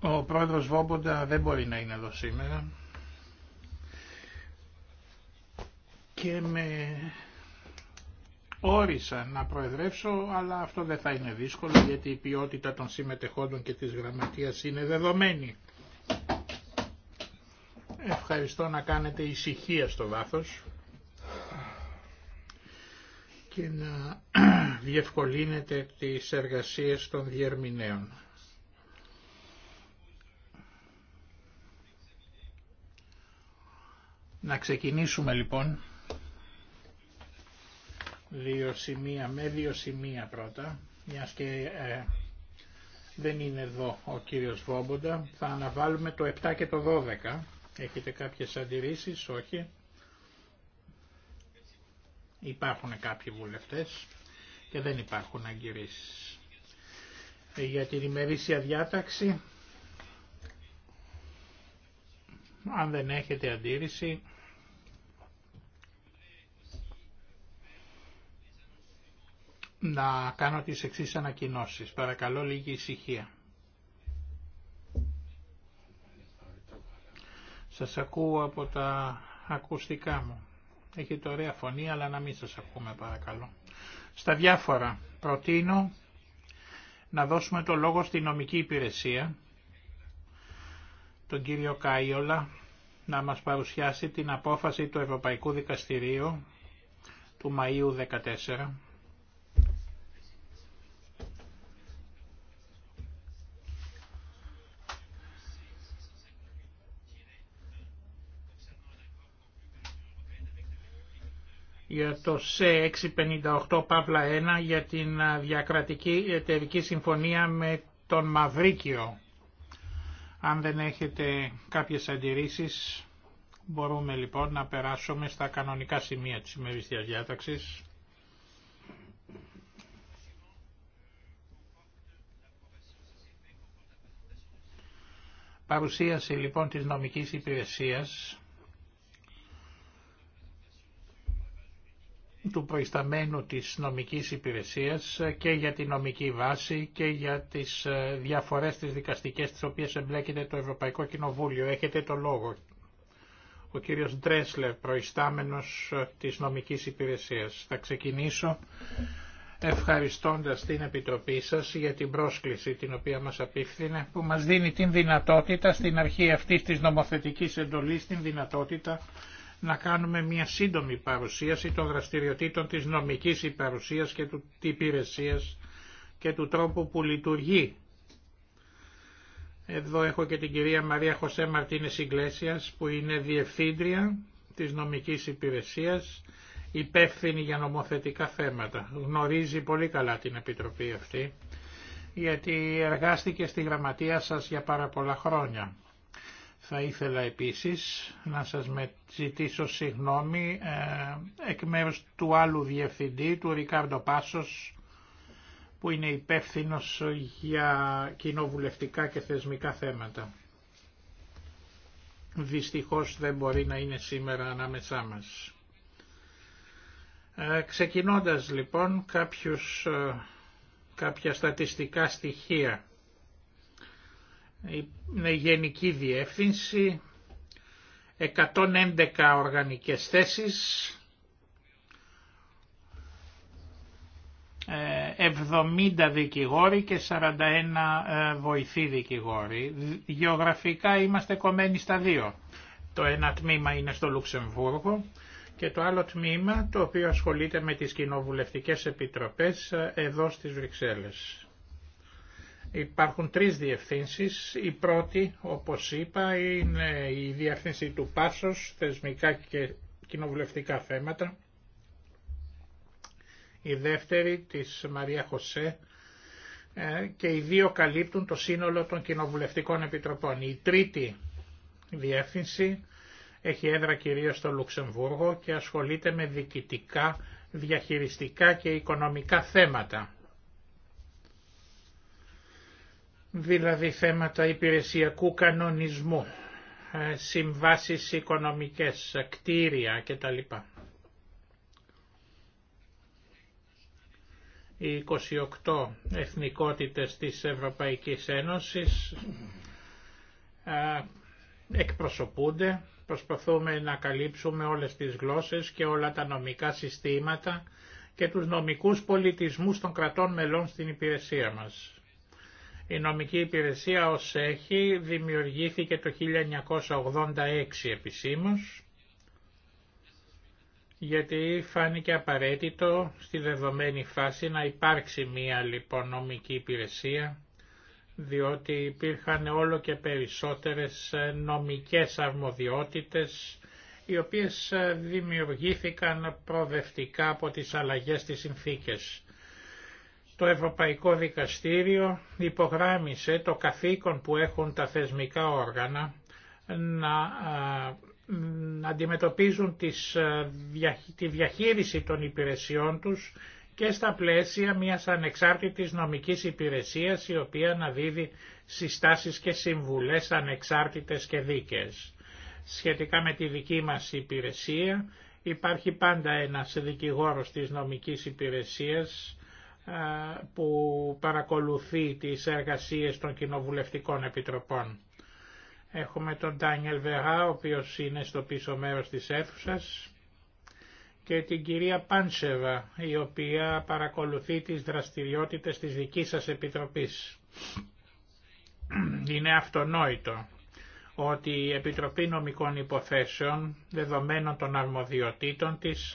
ο πρόεδρος Βόμποντα δεν μπορεί να είναι εδώ σήμερα και με όρισα να προεδρεύσω αλλά αυτό δεν θα είναι δύσκολο γιατί η ποιότητα των συμμετεχόντων και της γραμματείας είναι δεδομένη. Ευχαριστώ να κάνετε ησυχία στο βάθος και να διευκολύνεται τις εργασίες των διερμηνέων. Να ξεκινήσουμε λοιπόν δύο σημεία, με δύο σημεία πρώτα, μιας και ε, δεν είναι εδώ ο κύριος Βόμποντα. Θα αναβάλουμε το 7 και το 12. Έχετε κάποιες αντιρρήσεις, όχι. Υπάρχουν κάποιοι βουλευτές και δεν υπάρχουν αγκυρίσεις. Ε, για την ημερήσια διάταξη, αν δεν έχετε αντίρρηση, να κάνω τις εξής ανακοινώσεις. Παρακαλώ λίγη ησυχία. Σας ακούω από τα ακουστικά μου. Έχετε ωραία φωνή, αλλά να μην σας ακούμε παρακαλώ. Στα διάφορα προτείνω να δώσουμε το λόγο στη νομική υπηρεσία, τον κύριο Κάιολα, να μας παρουσιάσει την απόφαση του Ευρωπαϊκού Δικαστηρίου του Μαΐου 14 για το c 658 Παύλα 1 για την διακρατική εταιρική συμφωνία με τον Μαυρίκιο. Αν δεν έχετε κάποιες αντιρρήσεις μπορούμε λοιπόν να περάσουμε στα κανονικά σημεία της ημερήσιας διάταξης. Παρουσίαση λοιπόν της νομικής υπηρεσίας του προϊσταμένου της νομικής υπηρεσίας και για τη νομική βάση και για τις ε, διαφορές της δικαστικές τις οποίες εμπλέκεται το Ευρωπαϊκό Κοινοβούλιο. Έχετε το λόγο. Ο κύριος Ντρέσλερ, προϊστάμενος ε, της νομικής υπηρεσίας. Θα ξεκινήσω ευχαριστώντας την Επιτροπή σας για την πρόσκληση την οποία μας απίφθηνε που μας δίνει την δυνατότητα στην αρχή αυτής της νομοθετικής εντολής την δυνατότητα να κάνουμε μια σύντομη παρουσίαση των δραστηριοτήτων της νομικής υπερουσίας και του υπηρεσία και του τρόπου που λειτουργεί. Εδώ έχω και την κυρία Μαρία Χωσέ Μαρτίνες Ιγκλέσιας που είναι διευθύντρια της νομικής υπηρεσίας, υπεύθυνη για νομοθετικά θέματα. Γνωρίζει πολύ καλά την Επιτροπή αυτή, γιατί εργάστηκε στη γραμματεία σας για πάρα πολλά χρόνια. Θα ήθελα επίσης να σας ζητήσω συγγνώμη ε, εκ μέρους του άλλου διευθυντή, του Ρικάρντο Πάσος, που είναι υπεύθυνος για κοινοβουλευτικά και θεσμικά θέματα. Δυστυχώς δεν μπορεί να είναι σήμερα ανάμεσά μας. Ε, ξεκινώντας λοιπόν κάποιους, ε, κάποια στατιστικά στοιχεία είναι γενική διεύθυνση, 111 οργανικές θέσεις, 70 ε, δικηγόροι και 41 ε, βοηθοί δικηγόροι. Γεωγραφικά είμαστε κομμένοι στα δύο. Το ένα τμήμα είναι στο Λουξεμβούργο και το άλλο τμήμα το οποίο ασχολείται με τις κοινοβουλευτικές επιτροπές ε, εδώ στις Βρυξέλλες. Υπάρχουν τρεις διευθύνσεις. Η πρώτη, όπως είπα, είναι η διεύθυνση του Πάσος, θεσμικά και κοινοβουλευτικά θέματα. Η δεύτερη, της Μαρία Χωσέ, ε, και οι δύο καλύπτουν το σύνολο των κοινοβουλευτικών επιτροπών. Η τρίτη διεύθυνση έχει έδρα κυρίως στο Λουξεμβούργο και ασχολείται με διοικητικά, διαχειριστικά και οικονομικά θέματα. δηλαδή θέματα υπηρεσιακού κανονισμού, ε, συμβάσεις οικονομικές, κτίρια κτλ. Οι 28 εθνικότητες της Ευρωπαϊκής Ένωσης ε, εκπροσωπούνται. Προσπαθούμε να καλύψουμε όλες τις γλώσσες και όλα τα νομικά συστήματα και τους νομικούς πολιτισμούς των κρατών μελών στην υπηρεσία μας. Η νομική υπηρεσία ως έχει δημιουργήθηκε το 1986 επισήμως, γιατί φάνηκε απαραίτητο στη δεδομένη φάση να υπάρξει μία λοιπόν νομική υπηρεσία, διότι υπήρχαν όλο και περισσότερες ε, νομικές αρμοδιότητες, οι οποίες ε, δημιουργήθηκαν προοδευτικά από τις αλλαγές της συνθήκες. Το Ευρωπαϊκό Δικαστήριο υπογράμισε το καθήκον που έχουν τα θεσμικά όργανα να αντιμετωπίζουν τις, τη διαχείριση των υπηρεσιών τους και στα πλαίσια μιας ανεξάρτητης νομικής υπηρεσίας η οποία να δίδει συστάσεις και συμβουλές ανεξάρτητες και δίκαιες. Σχετικά με τη δική μας υπηρεσία υπάρχει πάντα ένας δικηγόρος της νομικής υπηρεσίας που παρακολουθεί τις εργασίες των κοινοβουλευτικών επιτροπών. Έχουμε τον Ντάνιελ Βερά, ο οποίος είναι στο πίσω μέρος της αίθουσας, και την κυρία Πάνσεβα, η οποία παρακολουθεί τις δραστηριότητες της δικής σας επιτροπής. Είναι αυτονόητο ότι η Επιτροπή Νομικών Υποθέσεων, δεδομένων των αρμοδιοτήτων της,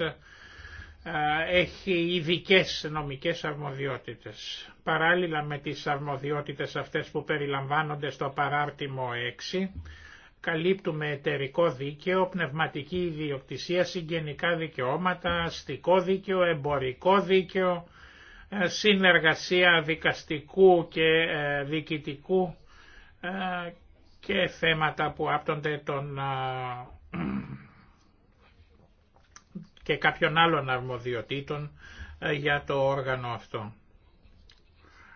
έχει ειδικέ νομικές αρμοδιότητες. Παράλληλα με τις αρμοδιότητες αυτές που περιλαμβάνονται στο παράρτημο 6, καλύπτουμε εταιρικό δίκαιο, πνευματική ιδιοκτησία, συγγενικά δικαιώματα, αστικό δίκαιο, εμπορικό δίκαιο, ε, συνεργασία δικαστικού και ε, διοικητικού ε, και θέματα που άπτονται των και κάποιων άλλων αρμοδιοτήτων ε, για το όργανο αυτό.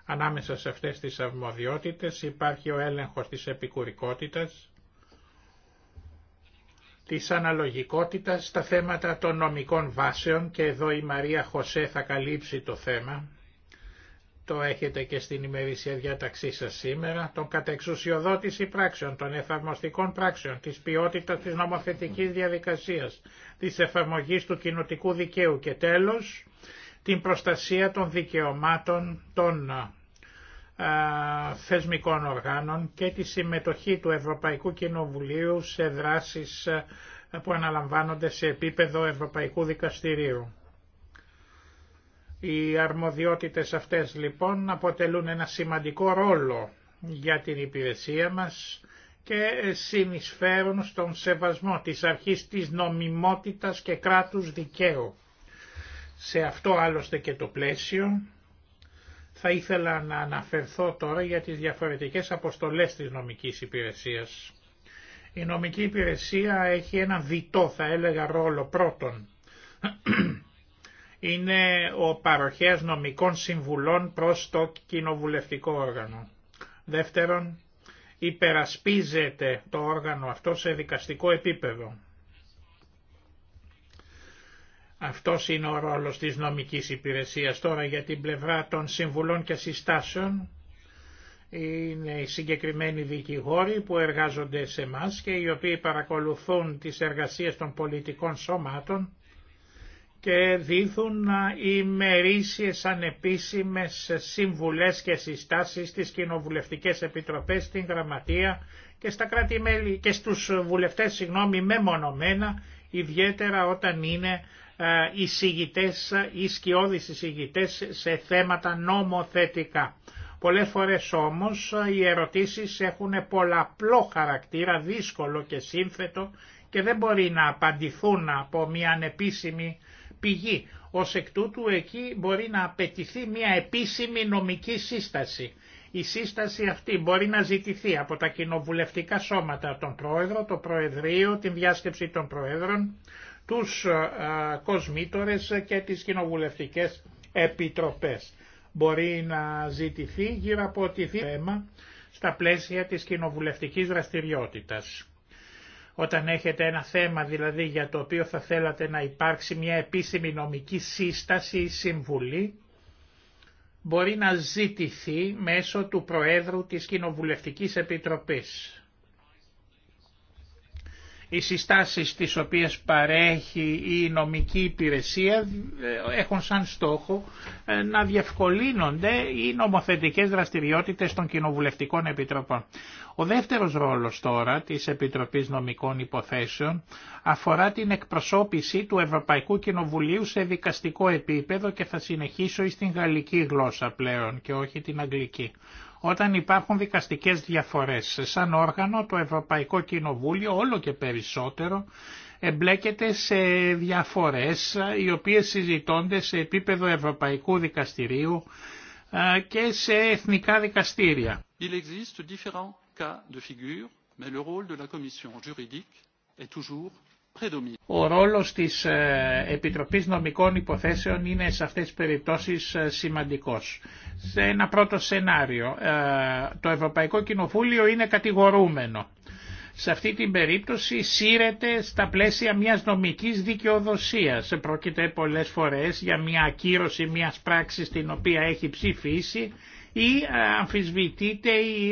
Ανάμεσα σε αυτές τις αρμοδιότητες υπάρχει ο έλεγχος της επικουρικότητας, της αναλογικότητας στα θέματα των νομικών βάσεων και εδώ η Μαρία Χωσέ θα καλύψει το θέμα το έχετε και στην ημερήσια διάταξή σας σήμερα, τον κατεξουσιοδότηση πράξεων, των εφαρμοστικών πράξεων, της ποιότητας της νομοθετικής διαδικασίας, της εφαρμογής του κοινοτικού δικαίου και τέλος, την προστασία των δικαιωμάτων των θεσμικών οργάνων και τη συμμετοχή του Ευρωπαϊκού Κοινοβουλίου σε δράσεις που αναλαμβάνονται σε επίπεδο Ευρωπαϊκού Δικαστηρίου. Οι αρμοδιότητες αυτές λοιπόν αποτελούν ένα σημαντικό ρόλο για την υπηρεσία μας και συνεισφέρουν στον σεβασμό της αρχής της νομιμότητας και κράτους δικαίου. Σε αυτό άλλωστε και το πλαίσιο θα ήθελα να αναφερθώ τώρα για τις διαφορετικές αποστολές της νομικής υπηρεσίας. Η νομική υπηρεσία έχει ένα διτό θα έλεγα ρόλο πρώτον είναι ο παροχέας νομικών συμβουλών προς το κοινοβουλευτικό όργανο. Δεύτερον, υπερασπίζεται το όργανο αυτό σε δικαστικό επίπεδο. Αυτός είναι ο ρόλος της νομικής υπηρεσίας. Τώρα για την πλευρά των συμβουλών και συστάσεων είναι οι συγκεκριμένοι δικηγόροι που εργάζονται σε μας και οι οποίοι παρακολουθούν τις εργασίες των πολιτικών σώματων και δίδουν ημερήσιες ανεπίσημες συμβουλές και συστάσεις στις κοινοβουλευτικές επιτροπές, στην γραμματεία και, στα κρατη και στους βουλευτές συγγνώμη, μεμονωμένα, ιδιαίτερα όταν είναι ε, εισηγητές ή σκιώδεις εισηγητές σε θέματα νομοθετικά. Πολλές φορές όμως οι ερωτήσεις έχουν πολλαπλό χαρακτήρα, δύσκολο και σύνθετο και δεν μπορεί να απαντηθούν από μια ανεπίσημη πηγή. Ως εκ τούτου εκεί μπορεί να απαιτηθεί μια επίσημη νομική σύσταση. Η σύσταση αυτή μπορεί να ζητηθεί από τα κοινοβουλευτικά σώματα, τον Πρόεδρο, το Προεδρείο, την διάσκεψη των Προέδρων, τους α, ε, κοσμήτορες και τις κοινοβουλευτικές επιτροπές. Μπορεί να ζητηθεί γύρω από τη θέμα στα πλαίσια της κοινοβουλευτικής δραστηριότητας. Όταν έχετε ένα θέμα δηλαδή για το οποίο θα θέλατε να υπάρξει μια επίσημη νομική σύσταση ή συμβουλή, μπορεί να ζητηθεί μέσω του Προέδρου της Κοινοβουλευτικής Επιτροπής. Οι συστάσεις τις οποίες παρέχει η νομική υπηρεσία ε, έχουν σαν στόχο ε, να διευκολύνονται οι νομοθετικές δραστηριότητες των κοινοβουλευτικών επιτροπών. Ο δεύτερος ρόλος τώρα της Επιτροπής Νομικών Υποθέσεων αφορά την εκπροσώπηση του Ευρωπαϊκού Κοινοβουλίου σε δικαστικό επίπεδο και θα συνεχίσω στην γαλλική γλώσσα πλέον και όχι την αγγλική. Όταν υπάρχουν δικαστικές διαφορές σαν όργανο, το Ευρωπαϊκό Κοινοβούλιο όλο και περισσότερο εμπλέκεται σε διαφορές οι οποίες συζητώνται σε επίπεδο Ευρωπαϊκού Δικαστηρίου ε, και σε εθνικά δικαστήρια. Il existe différents cas de figure, mais le rôle de la commission juridique est toujours ο ρόλος της ε, Επιτροπής Νομικών Υποθέσεων είναι σε αυτές τις περιπτώσεις ε, σημαντικός. Σε ένα πρώτο σενάριο, ε, το Ευρωπαϊκό Κοινοβούλιο είναι κατηγορούμενο. Σε αυτή την περίπτωση σύρεται στα πλαίσια μιας νομικής δικαιοδοσίας. Πρόκειται πολλές φορές για μια ακύρωση μιας πράξης την οποία έχει ψηφίσει ή ε, αμφισβητείται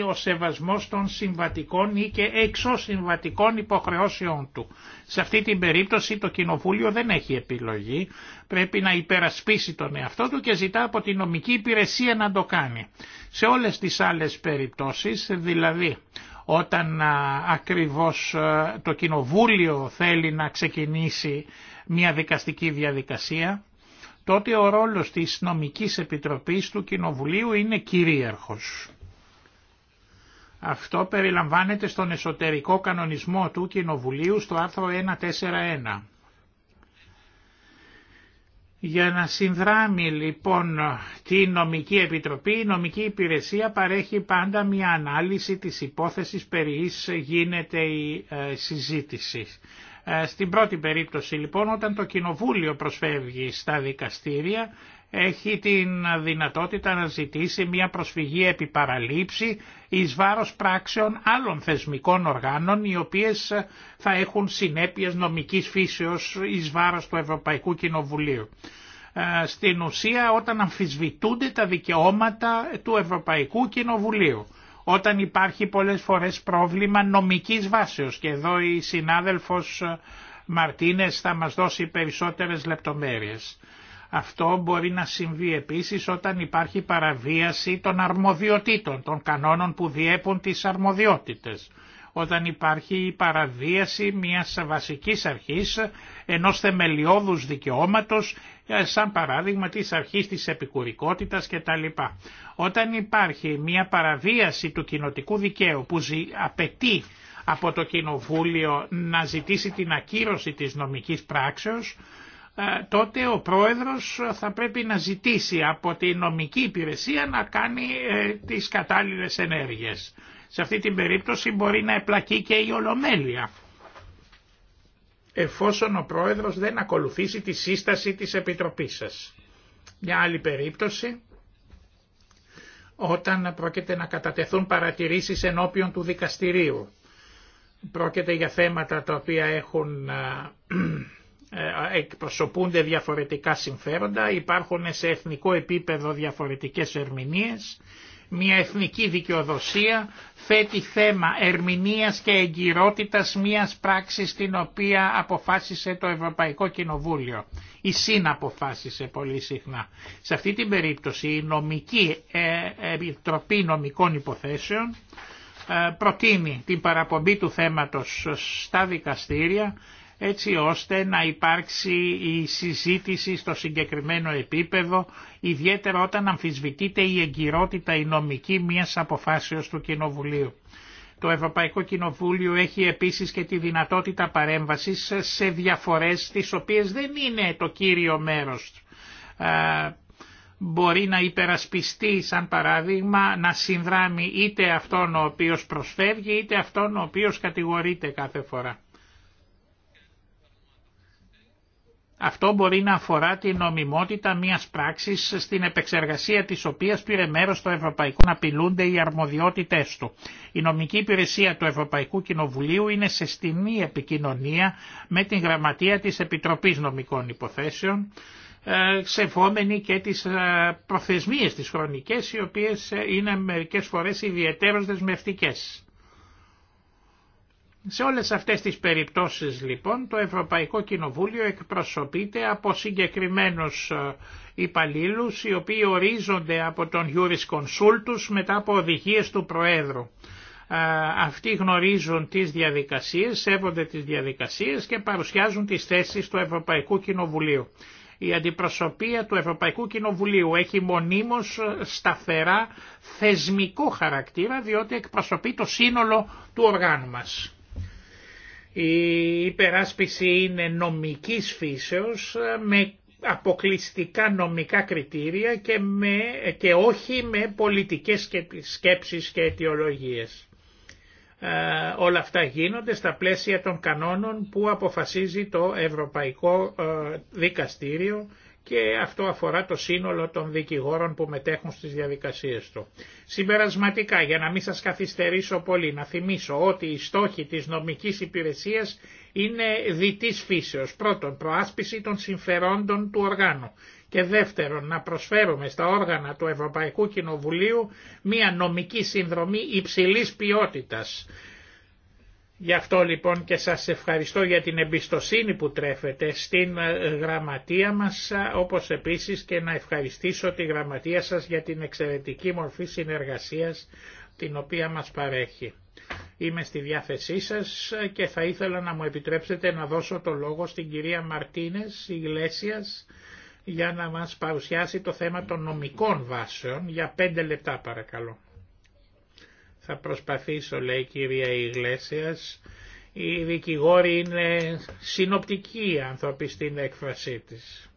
ο σεβασμός των συμβατικών ή και εξωσυμβατικών υποχρεώσεων του. Σε αυτή την περίπτωση το Κοινοβούλιο δεν έχει επιλογή, πρέπει να υπερασπίσει τον εαυτό του και ζητά από την νομική υπηρεσία να το κάνει. Σε όλες τις άλλες περιπτώσεις, δηλαδή όταν ακριβώς το Κοινοβούλιο θέλει να ξεκινήσει μια δικαστική διαδικασία, τότε ο ρόλος της νομικής επιτροπής του Κοινοβουλίου είναι κυρίαρχος. Αυτό περιλαμβάνεται στον εσωτερικό κανονισμό του Κοινοβουλίου στο άρθρο 141. Για να συνδράμει λοιπόν τη νομική επιτροπή, η νομική υπηρεσία παρέχει πάντα μια ανάλυση της υπόθεσης περί γίνεται η ε, συζήτηση. Ε, στην πρώτη περίπτωση λοιπόν όταν το κοινοβούλιο προσφεύγει στα δικαστήρια έχει την δυνατότητα να ζητήσει μια προσφυγή επί παραλήψη εις βάρος πράξεων άλλων θεσμικών οργάνων οι οποίες θα έχουν συνέπειες νομικής φύσεως εις βάρος του Ευρωπαϊκού Κοινοβουλίου. Ε, στην ουσία όταν αμφισβητούνται τα δικαιώματα του Ευρωπαϊκού Κοινοβουλίου όταν υπάρχει πολλές φορές πρόβλημα νομικής βάσεως και εδώ η συνάδελφος ε, Μαρτίνες θα μας δώσει περισσότερες λεπτομέρειες. Αυτό μπορεί να συμβεί επίσης όταν υπάρχει παραβίαση των αρμοδιοτήτων, των κανόνων που διέπουν τις αρμοδιότητες όταν υπάρχει η παραβίαση μιας βασικής αρχής ενός θεμελιώδους δικαιώματος ε, σαν παράδειγμα της αρχής της επικουρικότητας κτλ. Όταν υπάρχει μια παραβίαση του κοινοτικού δικαίου που απαιτεί από το Κοινοβούλιο να ζητήσει την ακύρωση της νομικής πράξεως, ε, τότε ο πρόεδρος θα πρέπει να ζητήσει από τη νομική υπηρεσία να κάνει ε, τις κατάλληλες ενέργειες. Σε αυτή την περίπτωση μπορεί να επλακεί και η Ολομέλεια εφόσον ο πρόεδρος δεν ακολουθήσει τη σύσταση της Επιτροπής σας. Μια άλλη περίπτωση, όταν πρόκειται να κατατεθούν παρατηρήσεις ενώπιον του δικαστηρίου. Πρόκειται για θέματα τα οποία έχουν, ε, εκπροσωπούνται διαφορετικά συμφέροντα, υπάρχουν σε εθνικό επίπεδο διαφορετικές ερμηνείες μια εθνική δικαιοδοσία θέτει θέμα ερμηνείας και εγκυρότητας μιας πράξης την οποία αποφάσισε το Ευρωπαϊκό Κοινοβούλιο ή συναποφάσισε πολύ συχνά. Σε αυτή την περίπτωση η νομική ε, επιτροπή νομικών υποθέσεων ε, προτείνει την παραπομπή του θέματος στα δικαστήρια έτσι ώστε να υπάρξει η συζήτηση στο συγκεκριμένο επίπεδο, ιδιαίτερα όταν αμφισβητείται η εγκυρότητα η νομική μιας αποφάσεως του Κοινοβουλίου. Το Ευρωπαϊκό Κοινοβούλιο έχει επίσης και τη δυνατότητα παρέμβασης σε διαφορές τις οποίες δεν είναι το κύριο μέρος. Μπορεί να υπερασπιστεί σαν παράδειγμα να συνδράμει είτε αυτόν ο οποίος προσφεύγει είτε αυτόν ο οποίος κατηγορείται κάθε φορά. Αυτό μπορεί να αφορά την νομιμότητα μιας πράξης στην επεξεργασία της οποίας πήρε μέρος το Ευρωπαϊκό να απειλούνται οι αρμοδιότητές του. Η νομική υπηρεσία του Ευρωπαϊκού Κοινοβουλίου είναι σε στενή επικοινωνία με την γραμματεία της Επιτροπής Νομικών Υποθέσεων, ε, σεβόμενη και τις ε, προθεσμίες, της χρονικές, οι οποίες ε, είναι μερικές φορές ιδιαίτερως δεσμευτικές. Σε όλες αυτές τις περιπτώσεις λοιπόν το Ευρωπαϊκό Κοινοβούλιο εκπροσωπείται από συγκεκριμένους ε, υπαλλήλου οι οποίοι ορίζονται από τον Juris Consultus μετά από οδηγίες του Προέδρου. Ε, αυτοί γνωρίζουν τις διαδικασίες, σέβονται τις διαδικασίες και παρουσιάζουν τις θέσεις του Ευρωπαϊκού Κοινοβουλίου. Η αντιπροσωπεία του Ευρωπαϊκού Κοινοβουλίου έχει μονίμως ε, σταθερά θεσμικό χαρακτήρα διότι εκπροσωπεί το σύνολο του οργάνου μας. Η υπεράσπιση είναι νομικής φύσεως με αποκλειστικά νομικά κριτήρια και, με, και όχι με πολιτικές σκέψεις και αιτιολογίες. Ε, όλα αυτά γίνονται στα πλαίσια των κανόνων που αποφασίζει το Ευρωπαϊκό ε, Δικαστήριο και αυτό αφορά το σύνολο των δικηγόρων που μετέχουν στις διαδικασίες του. Συμπερασματικά, για να μην σας καθυστερήσω πολύ, να θυμίσω ότι οι στόχοι της νομικής υπηρεσίας είναι διτής φύσεως. Πρώτον, προάσπιση των συμφερόντων του οργάνου και δεύτερον, να προσφέρουμε στα όργανα του Ευρωπαϊκού Κοινοβουλίου μία νομική συνδρομή υψηλής ποιότητας Γι' αυτό λοιπόν και σας ευχαριστώ για την εμπιστοσύνη που τρέφετε στην ε, γραμματεία μας, όπως επίσης και να ευχαριστήσω τη γραμματεία σας για την εξαιρετική μορφή συνεργασίας την οποία μας παρέχει. Είμαι στη διάθεσή σας και θα ήθελα να μου επιτρέψετε να δώσω το λόγο στην κυρία Μαρτίνες Ιγλέσιας για να μας παρουσιάσει το θέμα των νομικών βάσεων για πέντε λεπτά παρακαλώ. Θα προσπαθήσω, λέει η κυρία Ιγλέσιας. Οι δικηγόροι είναι συνοπτικοί, αν στην έκφρασή της.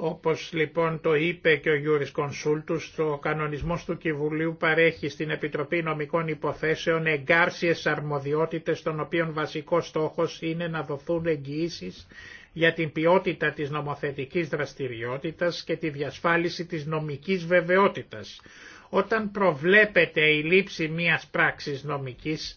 Όπως λοιπόν το είπε και ο Γιούρις Κονσούλτους, το κανονισμός του Κιβουλίου παρέχει στην Επιτροπή Νομικών Υποθέσεων εγκάρσιες αρμοδιότητες των οποίων βασικός στόχος είναι να δοθούν εγγυήσεις για την ποιότητα της νομοθετικής δραστηριότητας και τη διασφάλιση της νομικής βεβαιότητας. Όταν προβλέπεται η λήψη μιας πράξης νομικής,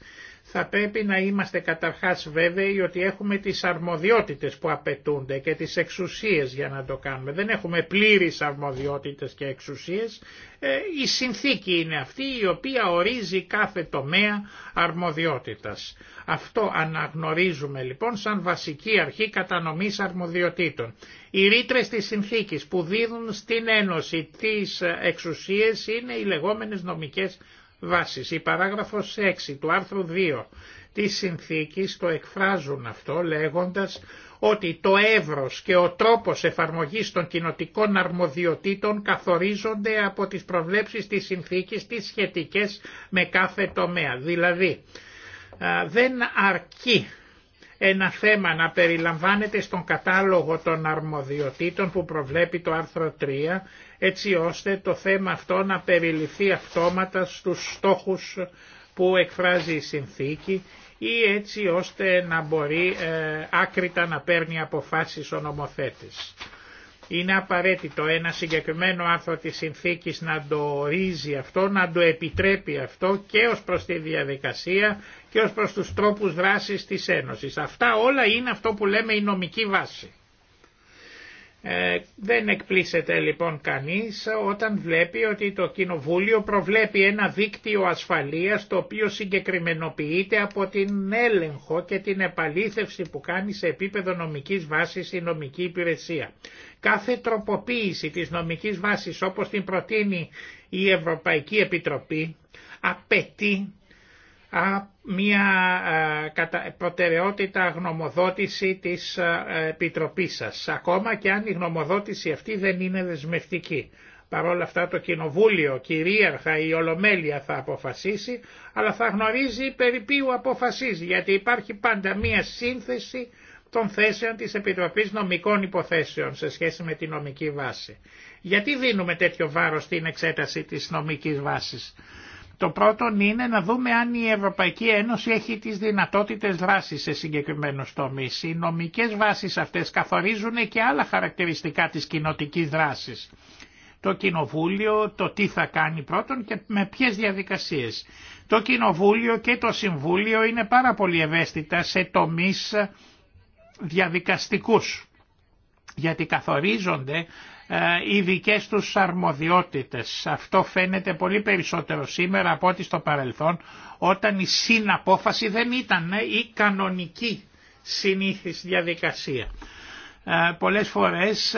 θα πρέπει να είμαστε καταρχάς βέβαιοι ότι έχουμε τις αρμοδιότητες που απαιτούνται και τις εξουσίες για να το κάνουμε. Δεν έχουμε πλήρεις αρμοδιότητες και εξουσίες. Ε, η συνθήκη είναι αυτή η οποία ορίζει κάθε τομέα αρμοδιότητας. Αυτό αναγνωρίζουμε λοιπόν σαν βασική αρχή κατανομής αρμοδιοτήτων. Οι ρήτρε της συνθήκης που δίδουν στην Ένωση τις εξουσίες είναι οι λεγόμενες νομικές βάσης. Η παράγραφος 6 του άρθρου 2 της συνθήκης το εκφράζουν αυτό λέγοντας ότι το εύρος και ο τρόπος εφαρμογής των κοινοτικών αρμοδιοτήτων καθορίζονται από τις προβλέψεις της συνθήκης τις σχετικές με κάθε τομέα. Δηλαδή δεν αρκεί ένα θέμα να περιλαμβάνεται στον κατάλογο των αρμοδιοτήτων που προβλέπει το άρθρο 3 έτσι ώστε το θέμα αυτό να περιληφθεί αυτόματα στους στόχους που εκφράζει η συνθήκη ή έτσι ώστε να μπορεί ε, άκρητα να παίρνει αποφάσεις ο νομοθέτης είναι απαραίτητο ένα συγκεκριμένο άρθρο της συνθήκης να το ορίζει αυτό, να το επιτρέπει αυτό και ως προς τη διαδικασία και ως προς τους τρόπους δράσης της Ένωσης. Αυτά όλα είναι αυτό που λέμε η νομική βάση. Ε, δεν εκπλήσεται λοιπόν κανείς όταν βλέπει ότι το Κοινοβούλιο προβλέπει ένα δίκτυο ασφαλείας το οποίο συγκεκριμενοποιείται από την έλεγχο και την επαλήθευση που κάνει σε επίπεδο νομικής βάσης η νομική υπηρεσία. Κάθε τροποποίηση της νομικής βάσης όπως την προτείνει η Ευρωπαϊκή Επιτροπή απαιτεί μία ε, προτεραιότητα γνωμοδότηση της ε, Επιτροπής σας, ακόμα και αν η γνωμοδότηση αυτή δεν είναι δεσμευτική. Παρ' όλα αυτά το Κοινοβούλιο κυρίαρχα η Ολομέλεια θα αποφασίσει, αλλά θα γνωρίζει περί ποιου αποφασίζει, γιατί υπάρχει πάντα μία σύνθεση των θέσεων της Επιτροπής Νομικών Υποθέσεων σε σχέση με τη νομική βάση. Γιατί δίνουμε τέτοιο βάρος στην εξέταση της νομικής βάσης. Το πρώτο είναι να δούμε αν η Ευρωπαϊκή Ένωση έχει τις δυνατότητες δράσης σε συγκεκριμένους τομείς. Οι νομικές βάσεις αυτές καθορίζουν και άλλα χαρακτηριστικά της κοινοτική δράσης. Το Κοινοβούλιο, το τι θα κάνει πρώτον και με ποιες διαδικασίες. Το Κοινοβούλιο και το Συμβούλιο είναι πάρα πολύ ευαίσθητα σε τομείς διαδικαστικούς γιατί καθορίζονται οι ε, δικές τους αρμοδιότητες. Αυτό φαίνεται πολύ περισσότερο σήμερα από ό,τι στο παρελθόν όταν η συναπόφαση δεν ήταν ε, η κανονική συνήθις διαδικασία. Ε, πολλές φορές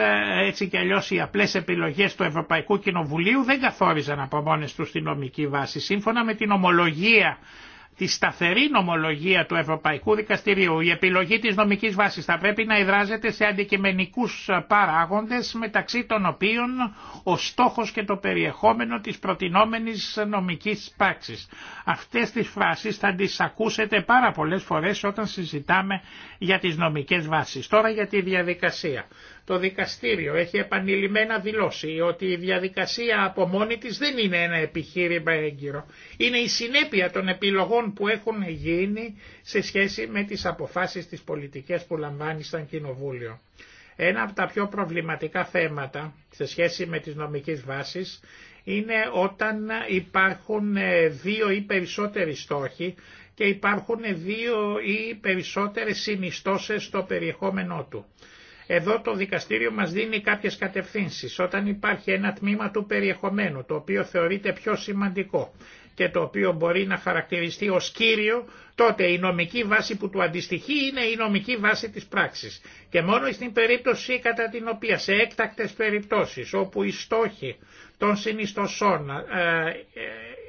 έτσι κι αλλιώς οι απλές επιλογές του Ευρωπαϊκού Κοινοβουλίου δεν καθόριζαν από μόνες τους τη νομική βάση. Σύμφωνα με την ομολογία τη σταθερή νομολογία του Ευρωπαϊκού Δικαστηρίου. Η επιλογή της νομικής βάσης θα πρέπει να εδράζεται σε αντικειμενικούς παράγοντες μεταξύ των οποίων ο στόχος και το περιεχόμενο της προτινόμενης νομικής πράξης. Αυτές τις φράσεις θα τις ακούσετε πάρα πολλές φορές όταν συζητάμε για τις νομικές βάσεις. Τώρα για τη διαδικασία. Το δικαστήριο έχει επανειλημμένα δηλώσει ότι η διαδικασία από μόνη της δεν είναι ένα επιχείρημα έγκυρο. Είναι η συνέπεια των επιλογών που έχουν γίνει σε σχέση με τις αποφάσεις της πολιτικές που λαμβάνει σαν κοινοβούλιο. Ένα από τα πιο προβληματικά θέματα σε σχέση με τις νομικές βάσεις είναι όταν υπάρχουν ε, δύο ή περισσότεροι στόχοι και υπάρχουν δύο ή περισσότερες συνιστώσεις στο περιεχόμενό του. Εδώ το δικαστήριο μας δίνει κάποιες κατευθύνσεις. Όταν υπάρχει ένα τμήμα του περιεχομένου το οποίο θεωρείται πιο σημαντικό και το οποίο μπορεί να χαρακτηριστεί ως κύριο, τότε η νομική βάση που του αντιστοιχεί είναι η νομική βάση της πράξης. Και μόνο στην περίπτωση κατά την οποία σε έκτακτες περιπτώσεις όπου οι στόχοι των συνιστοσών ε, ε,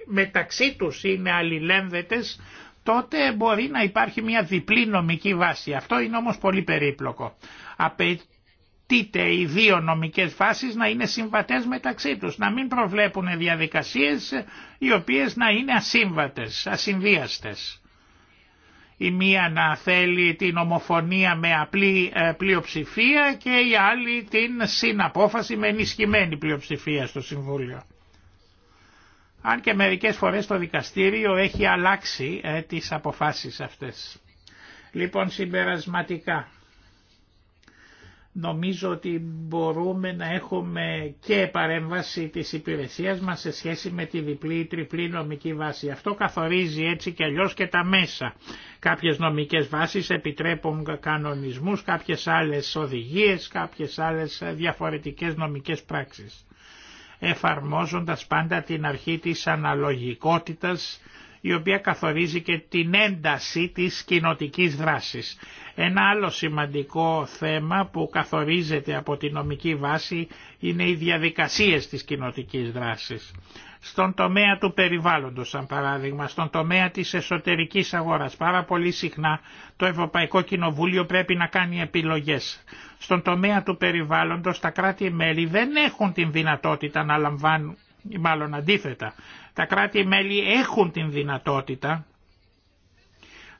μεταξύ τους είναι αλληλένδετες, τότε μπορεί να υπάρχει μια διπλή νομική βάση. Αυτό είναι όμως πολύ περίπλοκο απαιτείται οι δύο νομικές φάσεις να είναι συμβατές μεταξύ τους, να μην προβλέπουν διαδικασίες οι οποίες να είναι ασύμβατες, ασυνδίαστες. Η μία να θέλει την ομοφωνία με απλή ε, πλειοψηφία και η άλλη την συναπόφαση με ενισχυμένη πλειοψηφία στο Συμβούλιο. Αν και μερικές φορές το δικαστήριο έχει αλλάξει ε, τις αποφάσεις αυτές. Λοιπόν συμπερασματικά νομίζω ότι μπορούμε να έχουμε και παρέμβαση της υπηρεσίας μας σε σχέση με τη διπλή ή τριπλή νομική βάση. Αυτό καθορίζει έτσι και αλλιώς και τα μέσα. Κάποιες νομικές βάσεις επιτρέπουν κανονισμούς, κάποιες άλλες οδηγίες, κάποιες άλλες διαφορετικές νομικές πράξεις. Εφαρμόζοντας πάντα την αρχή της αναλογικότητας η οποία καθορίζει και την ένταση της κοινοτική δράσης. Ένα άλλο σημαντικό θέμα που καθορίζεται από τη νομική βάση είναι οι διαδικασίες της κοινοτική δράσης. Στον τομέα του περιβάλλοντος, σαν παράδειγμα, στον τομέα της εσωτερικής αγοράς, πάρα πολύ συχνά το Ευρωπαϊκό Κοινοβούλιο πρέπει να κάνει επιλογές. Στον τομέα του περιβάλλοντος τα κράτη-μέλη δεν έχουν την δυνατότητα να λαμβάνουν μάλλον αντίθετα, τα κράτη-μέλη έχουν την δυνατότητα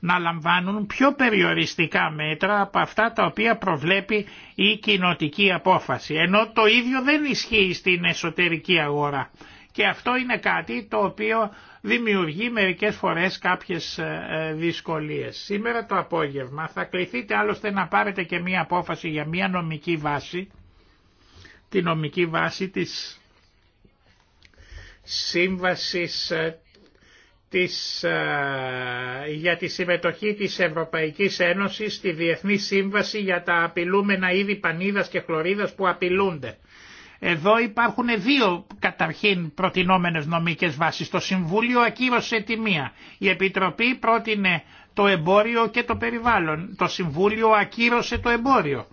να λαμβάνουν πιο περιοριστικά μέτρα από αυτά τα οποία προβλέπει η κοινοτική απόφαση. Ενώ το ίδιο δεν ισχύει στην εσωτερική αγορά. Και αυτό είναι κάτι το οποίο δημιουργεί μερικές φορές κάποιες ε, δυσκολίες. Σήμερα το απόγευμα θα κληθείτε άλλωστε να πάρετε και μία απόφαση για μία νομική βάση, τη νομική βάση της σύμβασης ε, της, ε, για τη συμμετοχή της Ευρωπαϊκής Ένωσης στη Διεθνή Σύμβαση για τα απειλούμενα είδη πανίδας και χλωρίδας που απειλούνται. Εδώ υπάρχουν δύο καταρχήν προτινόμενες νομικές βάσεις. Το Συμβούλιο ακύρωσε τη μία. Η Επιτροπή πρότεινε το εμπόριο και το περιβάλλον. Το Συμβούλιο ακύρωσε το εμπόριο.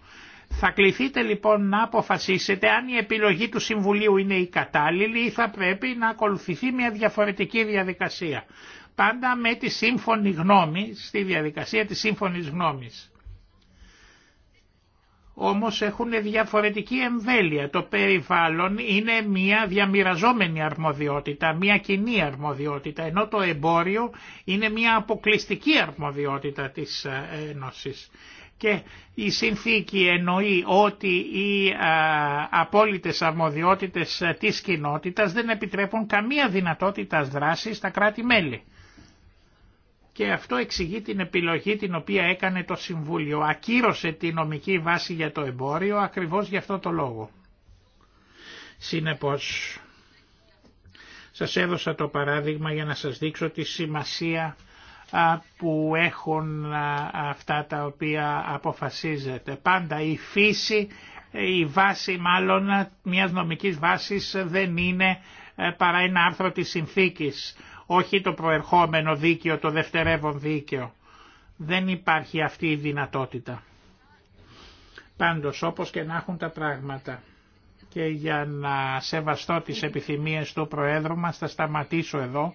Θα κληθείτε λοιπόν να αποφασίσετε αν η επιλογή του Συμβουλίου είναι η κατάλληλη ή θα πρέπει να ακολουθηθεί μια διαφορετική διαδικασία. Πάντα με τη σύμφωνη γνώμη, στη διαδικασία της σύμφωνης γνώμης. Όμως έχουν διαφορετική εμβέλεια. Το περιβάλλον είναι μια διαμοιραζόμενη αρμοδιότητα, μια κοινή αρμοδιότητα, ενώ το εμπόριο είναι μια αποκλειστική αρμοδιότητα της ε, Ένωσης και η συνθήκη εννοεί ότι οι απόλυτες αρμοδιότητες της κοινότητας δεν επιτρέπουν καμία δυνατότητα δράσης στα κράτη-μέλη. Και αυτό εξηγεί την επιλογή την οποία έκανε το Συμβούλιο. Ακύρωσε τη νομική βάση για το εμπόριο ακριβώς γι' αυτό το λόγο. Συνεπώς, σας έδωσα το παράδειγμα για να σας δείξω τη σημασία που έχουν αυτά τα οποία αποφασίζεται. Πάντα η φύση, η βάση μάλλον μιας νομικής βάσης δεν είναι ε, παρά ένα άρθρο της συνθήκης, όχι το προερχόμενο δίκαιο, το δευτερεύον δίκαιο. Δεν υπάρχει αυτή η δυνατότητα. Πάντως όπως και να έχουν τα πράγματα και για να σεβαστώ τις επιθυμίες του Προέδρου μας θα σταματήσω εδώ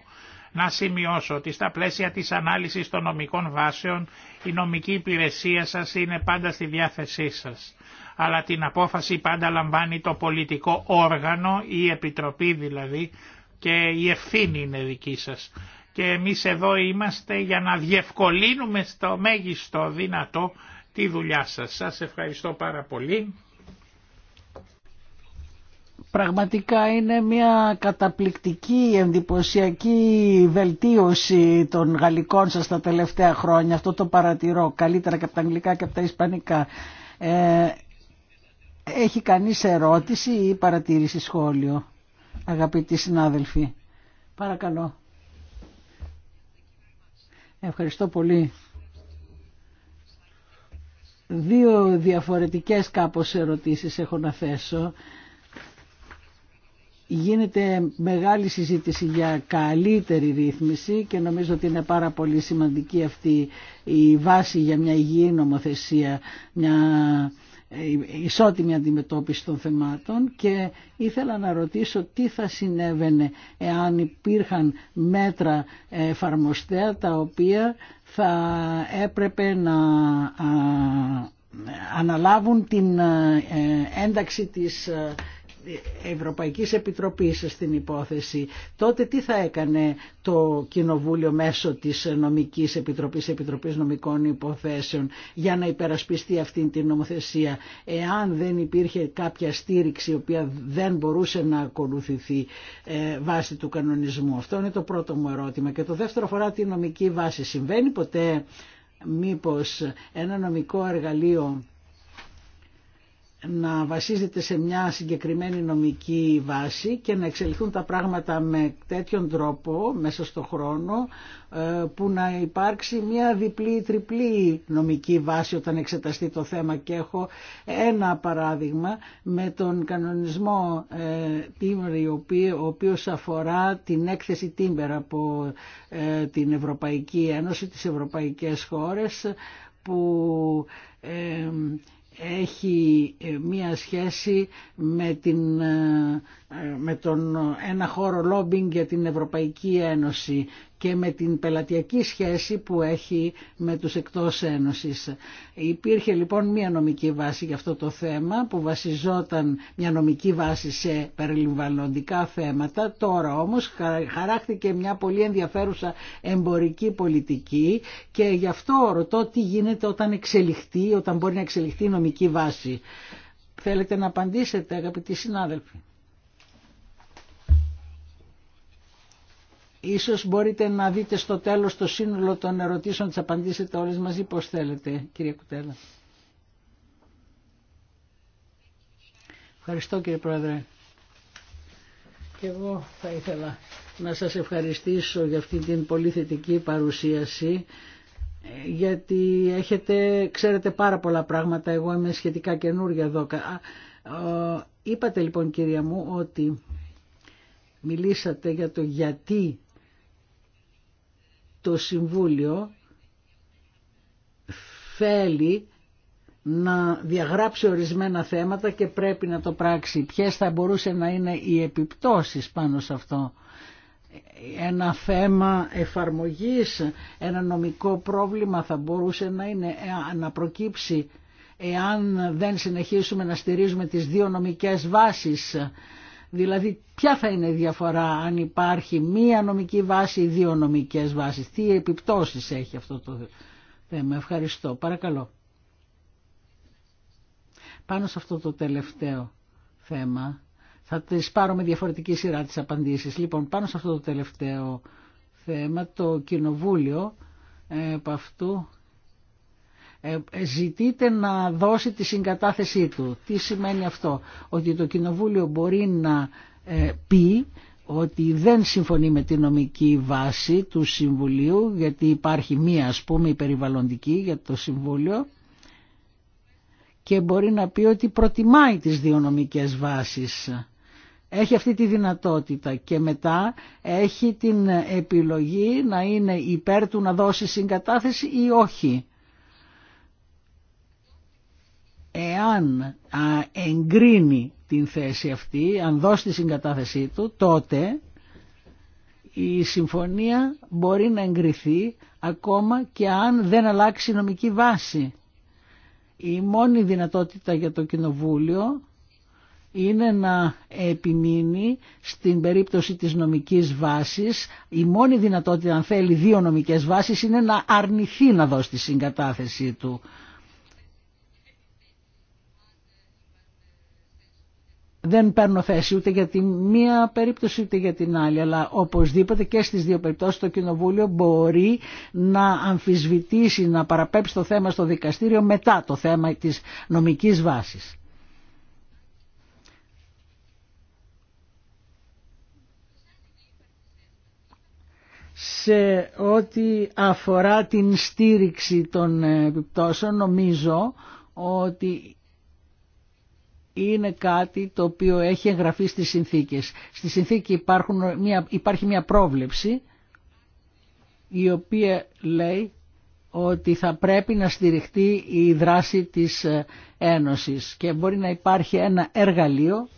να σημειώσω ότι στα πλαίσια της ανάλυσης των νομικών βάσεων η νομική υπηρεσία σας είναι πάντα στη διάθεσή σας. Αλλά την απόφαση πάντα λαμβάνει το πολιτικό όργανο, η Επιτροπή δηλαδή, και η ευθύνη είναι δική σας. Και εμείς εδώ είμαστε για να διευκολύνουμε στο μέγιστο δυνατό τη δουλειά σας. Σας ευχαριστώ πάρα πολύ. Πραγματικά είναι μια καταπληκτική, εντυπωσιακή βελτίωση των γαλλικών σας τα τελευταία χρόνια. Αυτό το παρατηρώ καλύτερα και από τα αγγλικά και από τα ισπανικά. Ε, έχει κανείς ερώτηση ή παρατήρηση σχόλιο, αγαπητοί συνάδελφοι. Παρακαλώ. Ευχαριστώ πολύ. Δύο διαφορετικές κάπως ερωτήσεις έχω να θέσω γίνεται μεγάλη συζήτηση για καλύτερη ρύθμιση και νομίζω ότι είναι πάρα πολύ σημαντική αυτή η βάση για μια υγιή νομοθεσία, μια ε, ισότιμη αντιμετώπιση των θεμάτων και ήθελα να ρωτήσω τι θα συνέβαινε εάν υπήρχαν μέτρα εφαρμοστέα τα οποία θα έπρεπε να αναλάβουν την ε, ένταξη της ε, Ευρωπαϊκής Επιτροπής στην υπόθεση, τότε τι θα έκανε το Κοινοβούλιο μέσω της Νομικής Επιτροπής, Επιτροπής Νομικών Υποθέσεων για να υπερασπιστεί αυτήν την νομοθεσία. Εάν δεν υπήρχε κάποια στήριξη η οποία δεν μπορούσε να ακολουθηθεί ε, βάσει του κανονισμού. Αυτό είναι το πρώτο μου ερώτημα. Και το δεύτερο φορά τη νομική βάση. Συμβαίνει ποτέ μήπως ένα νομικό εργαλείο να βασίζεται σε μια συγκεκριμένη νομική βάση και να εξελιχθούν τα πράγματα με τέτοιον τρόπο μέσα στο χρόνο ε, που να υπάρξει μια διπλή ή τριπλή νομική βάση όταν εξεταστεί το θέμα και έχω ένα παράδειγμα με τον κανονισμό ε, Timber ο οποίος αφορά την έκθεση Τίμπερ από ε, την Ευρωπαϊκή Ένωση, τις ευρωπαϊκές χώρες που έχει ε, μία σχέση με την ε, με τον ένα χώρο lobbying για την Ευρωπαϊκή Ένωση και με την πελατειακή σχέση που έχει με τους εκτός Ένωσης. Υπήρχε λοιπόν μια νομική βάση για αυτό το θέμα που βασιζόταν μια νομική βάση σε περιβαλλοντικά θέματα. Τώρα όμως χαράχτηκε μια πολύ ενδιαφέρουσα εμπορική πολιτική και γι' αυτό ρωτώ τι γίνεται όταν εξελιχθεί, όταν μπορεί να εξελιχθεί η νομική βάση. Θέλετε να απαντήσετε αγαπητοί συνάδελφοι. Ίσως μπορείτε να δείτε στο τέλος το σύνολο των ερωτήσεων, τις απαντήσετε όλες μαζί πώς θέλετε, κύριε Κουτέλα. Ευχαριστώ κύριε Πρόεδρε. Και εγώ θα ήθελα να σας ευχαριστήσω για αυτή την πολύ θετική παρουσίαση γιατί έχετε, ξέρετε πάρα πολλά πράγματα, εγώ είμαι σχετικά καινούργια εδώ. Είπατε λοιπόν κυρία μου ότι μιλήσατε για το γιατί το Συμβούλιο θέλει να διαγράψει ορισμένα θέματα και πρέπει να το πράξει. Ποιες θα μπορούσε να είναι οι επιπτώσεις πάνω σε αυτό. Ένα θέμα εφαρμογής, ένα νομικό πρόβλημα θα μπορούσε να, είναι, να προκύψει εάν δεν συνεχίσουμε να στηρίζουμε τις δύο νομικές βάσεις Δηλαδή ποια θα είναι η διαφορά αν υπάρχει μία νομική βάση ή δύο νομικές βάσεις. Τι επιπτώσεις έχει αυτό το θέμα. Ευχαριστώ. Παρακαλώ. Πάνω σε αυτό το τελευταίο θέμα θα τις πάρω με διαφορετική σειρά τις απαντήσεις. Λοιπόν, πάνω σε αυτό το τελευταίο θέμα το Κοινοβούλιο ε, από αυτού ε, ζητείται να δώσει τη συγκατάθεσή του. Τι σημαίνει αυτό, ότι το Κοινοβούλιο μπορεί να ε, πει ότι δεν συμφωνεί με τη νομική βάση του Συμβουλίου γιατί υπάρχει μία ας πούμε η περιβαλλοντική για το Συμβούλιο και μπορεί να πει ότι προτιμάει τις δύο νομικές βάσεις. Έχει αυτή τη δυνατότητα και μετά έχει την επιλογή να είναι υπέρ του να δώσει συγκατάθεση ή όχι εάν α, εγκρίνει την θέση αυτή, αν δώσει τη συγκατάθεσή του, τότε η συμφωνία μπορεί να εγκριθεί ακόμα και αν δεν αλλάξει η νομική βάση. Η μόνη δυνατότητα για το Κοινοβούλιο είναι να επιμείνει στην περίπτωση της νομικής βάσης. Η μόνη δυνατότητα αν θέλει δύο νομικές βάσεις είναι να αρνηθεί να δώσει τη συγκατάθεσή του. δεν παίρνω θέση ούτε για τη μία περίπτωση ούτε για την άλλη, αλλά οπωσδήποτε και στις δύο περιπτώσεις το Κοινοβούλιο μπορεί να αμφισβητήσει, να παραπέψει το θέμα στο δικαστήριο μετά το θέμα της νομικής βάσης. Σε ό,τι αφορά την στήριξη των επιπτώσεων νομίζω ότι είναι κάτι το οποίο έχει εγγραφεί στις συνθήκες. Στη συνθήκη υπάρχουν μια, υπάρχει μια πρόβλεψη η οποία λέει ότι θα πρέπει να στηριχτεί η δράση της ε, Ένωσης και μπορεί να υπάρχει ένα εργαλείο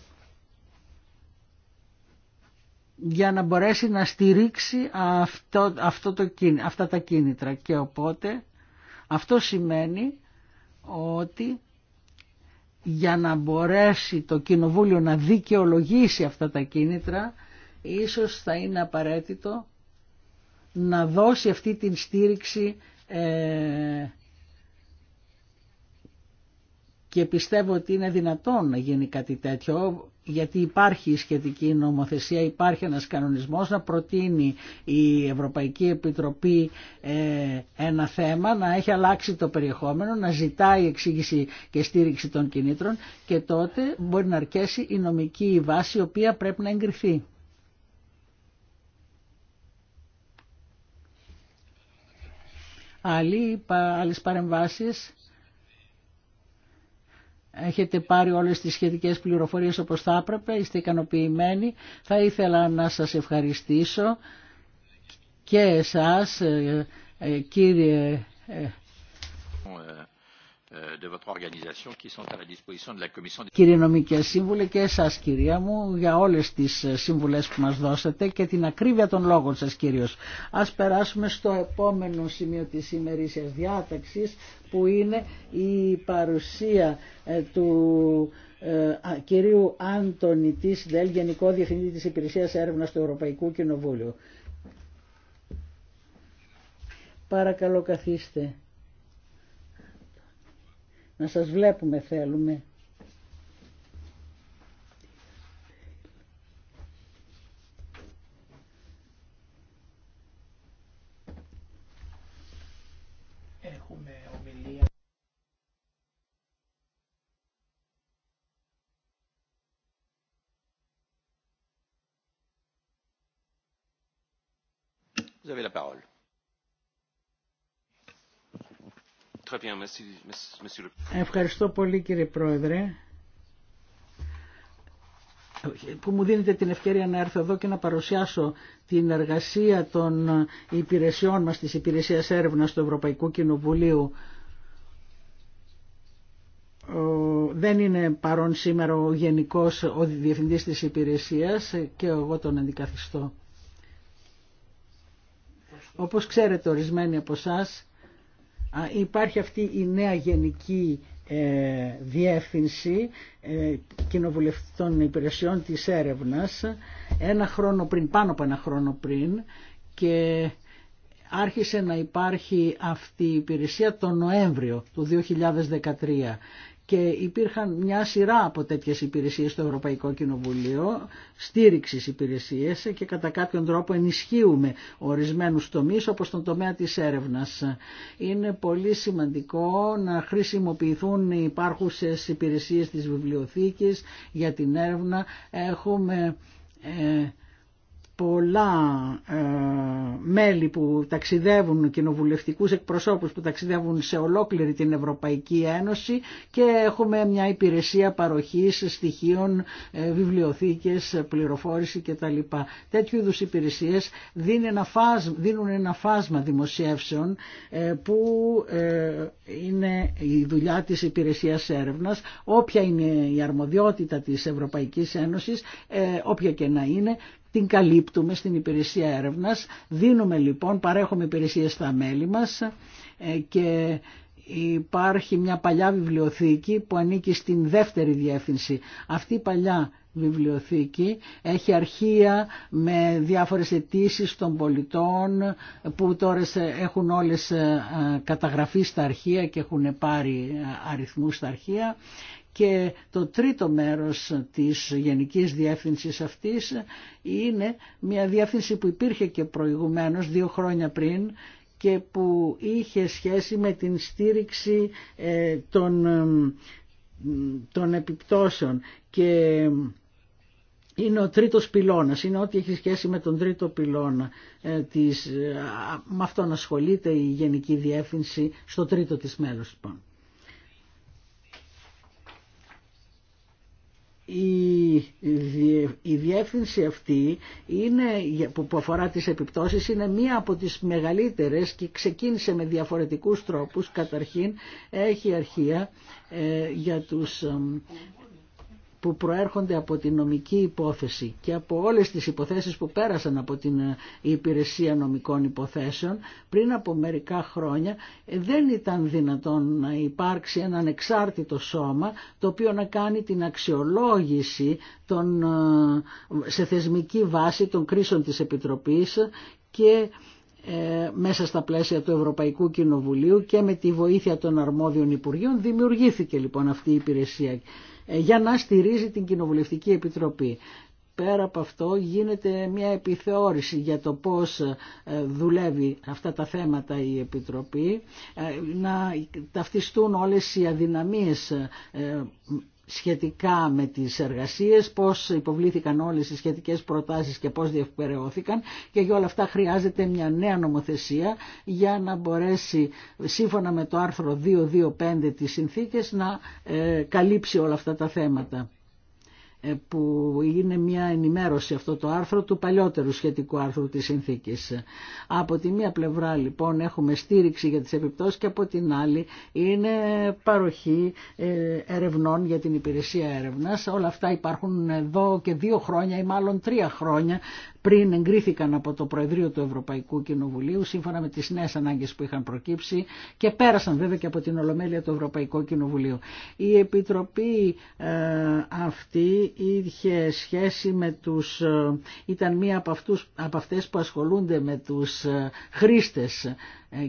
για να μπορέσει να στηρίξει αυτό, αυτό το, αυτά τα κίνητρα. Και οπότε αυτό σημαίνει ότι για να μπορέσει το Κοινοβούλιο να δικαιολογήσει αυτά τα κίνητρα, ίσως θα είναι απαραίτητο να δώσει αυτή την στήριξη ε, και πιστεύω ότι είναι δυνατόν να γίνει κάτι τέτοιο γιατί υπάρχει σχετική νομοθεσία, υπάρχει ένας κανονισμός να προτείνει η Ευρωπαϊκή Επιτροπή ε, ένα θέμα, να έχει αλλάξει το περιεχόμενο, να ζητάει εξήγηση και στήριξη των κινήτρων και τότε μπορεί να αρκέσει η νομική βάση η οποία πρέπει να εγκριθεί. Άλλοι, άλλες παρεμβάσεις έχετε πάρει όλες τις σχετικές πληροφορίες όπως θα έπρεπε, είστε ικανοποιημένοι. Θα ήθελα να σας ευχαριστήσω και εσάς ε, ε, κύριε ε, de Κύριε Νομικέ Σύμβουλε και εσάς κυρία μου για όλες τις ε, σύμβουλες που μας δώσατε και την ακρίβεια των λόγων σας κυρίως. Ας περάσουμε στο επόμενο σημείο της ημερήσιας διάταξης που είναι η παρουσία ε, του ε, κυρίου Άντωνη τη ΔΕΛ, Γενικό Διευθυντή της Υπηρεσίας Έρευνας του Ευρωπαϊκού Κοινοβούλιο. Παρακαλώ καθίστε. Να σας βλέπουμε θέλουμε. Έχουμε ομιλία. Vous avez la parole. Ευχαριστώ πολύ κύριε Πρόεδρε που μου δίνετε την ευκαιρία να έρθω εδώ και να παρουσιάσω την εργασία των υπηρεσιών μας της Υπηρεσίας Έρευνας του Ευρωπαϊκού Κοινοβουλίου. Δεν είναι παρόν σήμερα ο Γενικός, ο Διευθυντής της Υπηρεσίας και εγώ τον αντικαθιστώ. Όπως ξέρετε ορισμένοι από σας. Υπάρχει αυτή η νέα γενική ε, διεύθυνση ε, κοινοβουλευτών υπηρεσιών της έρευνας ένα χρόνο πριν, πάνω από ένα χρόνο πριν και άρχισε να υπάρχει αυτή η υπηρεσία τον Νοέμβριο του 2013 και υπήρχαν μια σειρά από τέτοιες υπηρεσίες στο Ευρωπαϊκό Κοινοβουλίο, στήριξης υπηρεσίες και κατά κάποιον τρόπο ενισχύουμε ορισμένους τομείς όπως τον τομέα της έρευνας. Είναι πολύ σημαντικό να χρησιμοποιηθούν οι υπάρχουσες υπηρεσίες της βιβλιοθήκης για την έρευνα. Έχουμε... Ε, πολλά ε, μέλη που ταξιδεύουν, κοινοβουλευτικούς εκπροσώπους που ταξιδεύουν σε ολόκληρη την Ευρωπαϊκή Ένωση και έχουμε μια υπηρεσία παροχής στοιχείων, ε, βιβλιοθήκες, πληροφόρηση κτλ. Τέτοιου είδους υπηρεσίες δίνουν ένα φάσμα, δίνουν ένα φάσμα δημοσιεύσεων ε, που είναι η δουλειά της υπηρεσίας έρευνας, όποια είναι η αρμοδιότητα της Ευρωπαϊκής Ένωσης, όποια και να είναι την καλύπτουμε στην υπηρεσία έρευνας. Δίνουμε λοιπόν, παρέχουμε υπηρεσίες στα μέλη μας ε, και υπάρχει μια παλιά βιβλιοθήκη που ανήκει στην δεύτερη διεύθυνση. Αυτή η παλιά βιβλιοθήκη έχει αρχεία με διάφορες αιτήσει των πολιτών που τώρα έχουν όλες ε, καταγραφεί στα αρχεία και έχουν πάρει ε, αριθμούς στα αρχεία και το τρίτο μέρος της γενικής διεύθυνσης αυτής είναι μια διεύθυνση που υπήρχε και προηγουμένως δύο χρόνια πριν και που είχε σχέση με την στήριξη ε, των, επιπτώσεων και ε, είναι ο τρίτος πυλώνας, είναι ό,τι έχει σχέση με τον τρίτο πυλώνα ε, της, με αυτόν ασχολείται η Γενική Διεύθυνση στο τρίτο της μέλος. Λοιπόν. η, διεύθυνση αυτή είναι, που αφορά τις επιπτώσεις είναι μία από τις μεγαλύτερες και ξεκίνησε με διαφορετικούς τρόπους. Καταρχήν έχει αρχεία ε, για τους που προέρχονται από την νομική υπόθεση και από όλες τις υποθέσεις που πέρασαν από την ε, υπηρεσία νομικών υποθέσεων πριν από μερικά χρόνια ε, δεν ήταν δυνατόν να υπάρξει ένα ανεξάρτητο σώμα το οποίο να κάνει την αξιολόγηση των, ε, σε θεσμική βάση των κρίσεων της Επιτροπής και μέσα στα πλαίσια του Ευρωπαϊκού Κοινοβουλίου και με τη βοήθεια των αρμόδιων Υπουργείων δημιουργήθηκε λοιπόν αυτή η υπηρεσία για να στηρίζει την Κοινοβουλευτική Επιτροπή. Πέρα από αυτό γίνεται μια επιθεώρηση για το πώς ε, δουλεύει αυτά τα θέματα η Επιτροπή, ε, να ταυτιστούν όλες οι αδυναμίες ε, σχετικά με τις εργασίες, πώς υποβλήθηκαν όλες οι σχετικές προτάσεις και πώς διευκαιρεώθηκαν και για όλα αυτά χρειάζεται μια νέα νομοθεσία για να μπορέσει σύμφωνα με το άρθρο 225 της συνθήκες να ε, καλύψει όλα αυτά τα θέματα. Ε, που είναι μια ενημέρωση αυτό το άρθρο του παλιότερου σχετικού άρθρου της συνθήκης. Από τη μία πλευρά λοιπόν έχουμε στήριξη για τις επιπτώσεις και από την άλλη είναι παροχή ε, ερευνών για την υπηρεσία έρευνας. Όλα αυτά υπάρχουν εδώ και δύο χρόνια ή μάλλον τρία χρόνια πριν εγκρίθηκαν από το Προεδρείο του Ευρωπαϊκού Κοινοβουλίου σύμφωνα με τις νέες ανάγκες που είχαν προκύψει και πέρασαν βέβαια και από την Ολομέλεια του Ευρωπαϊκού Κοινοβουλίου. Η Επιτροπή ε, αυτή είχε σχέση με τους, ε, ήταν μία από, αυτούς, από αυτές που ασχολούνται με τους ε, χρήστες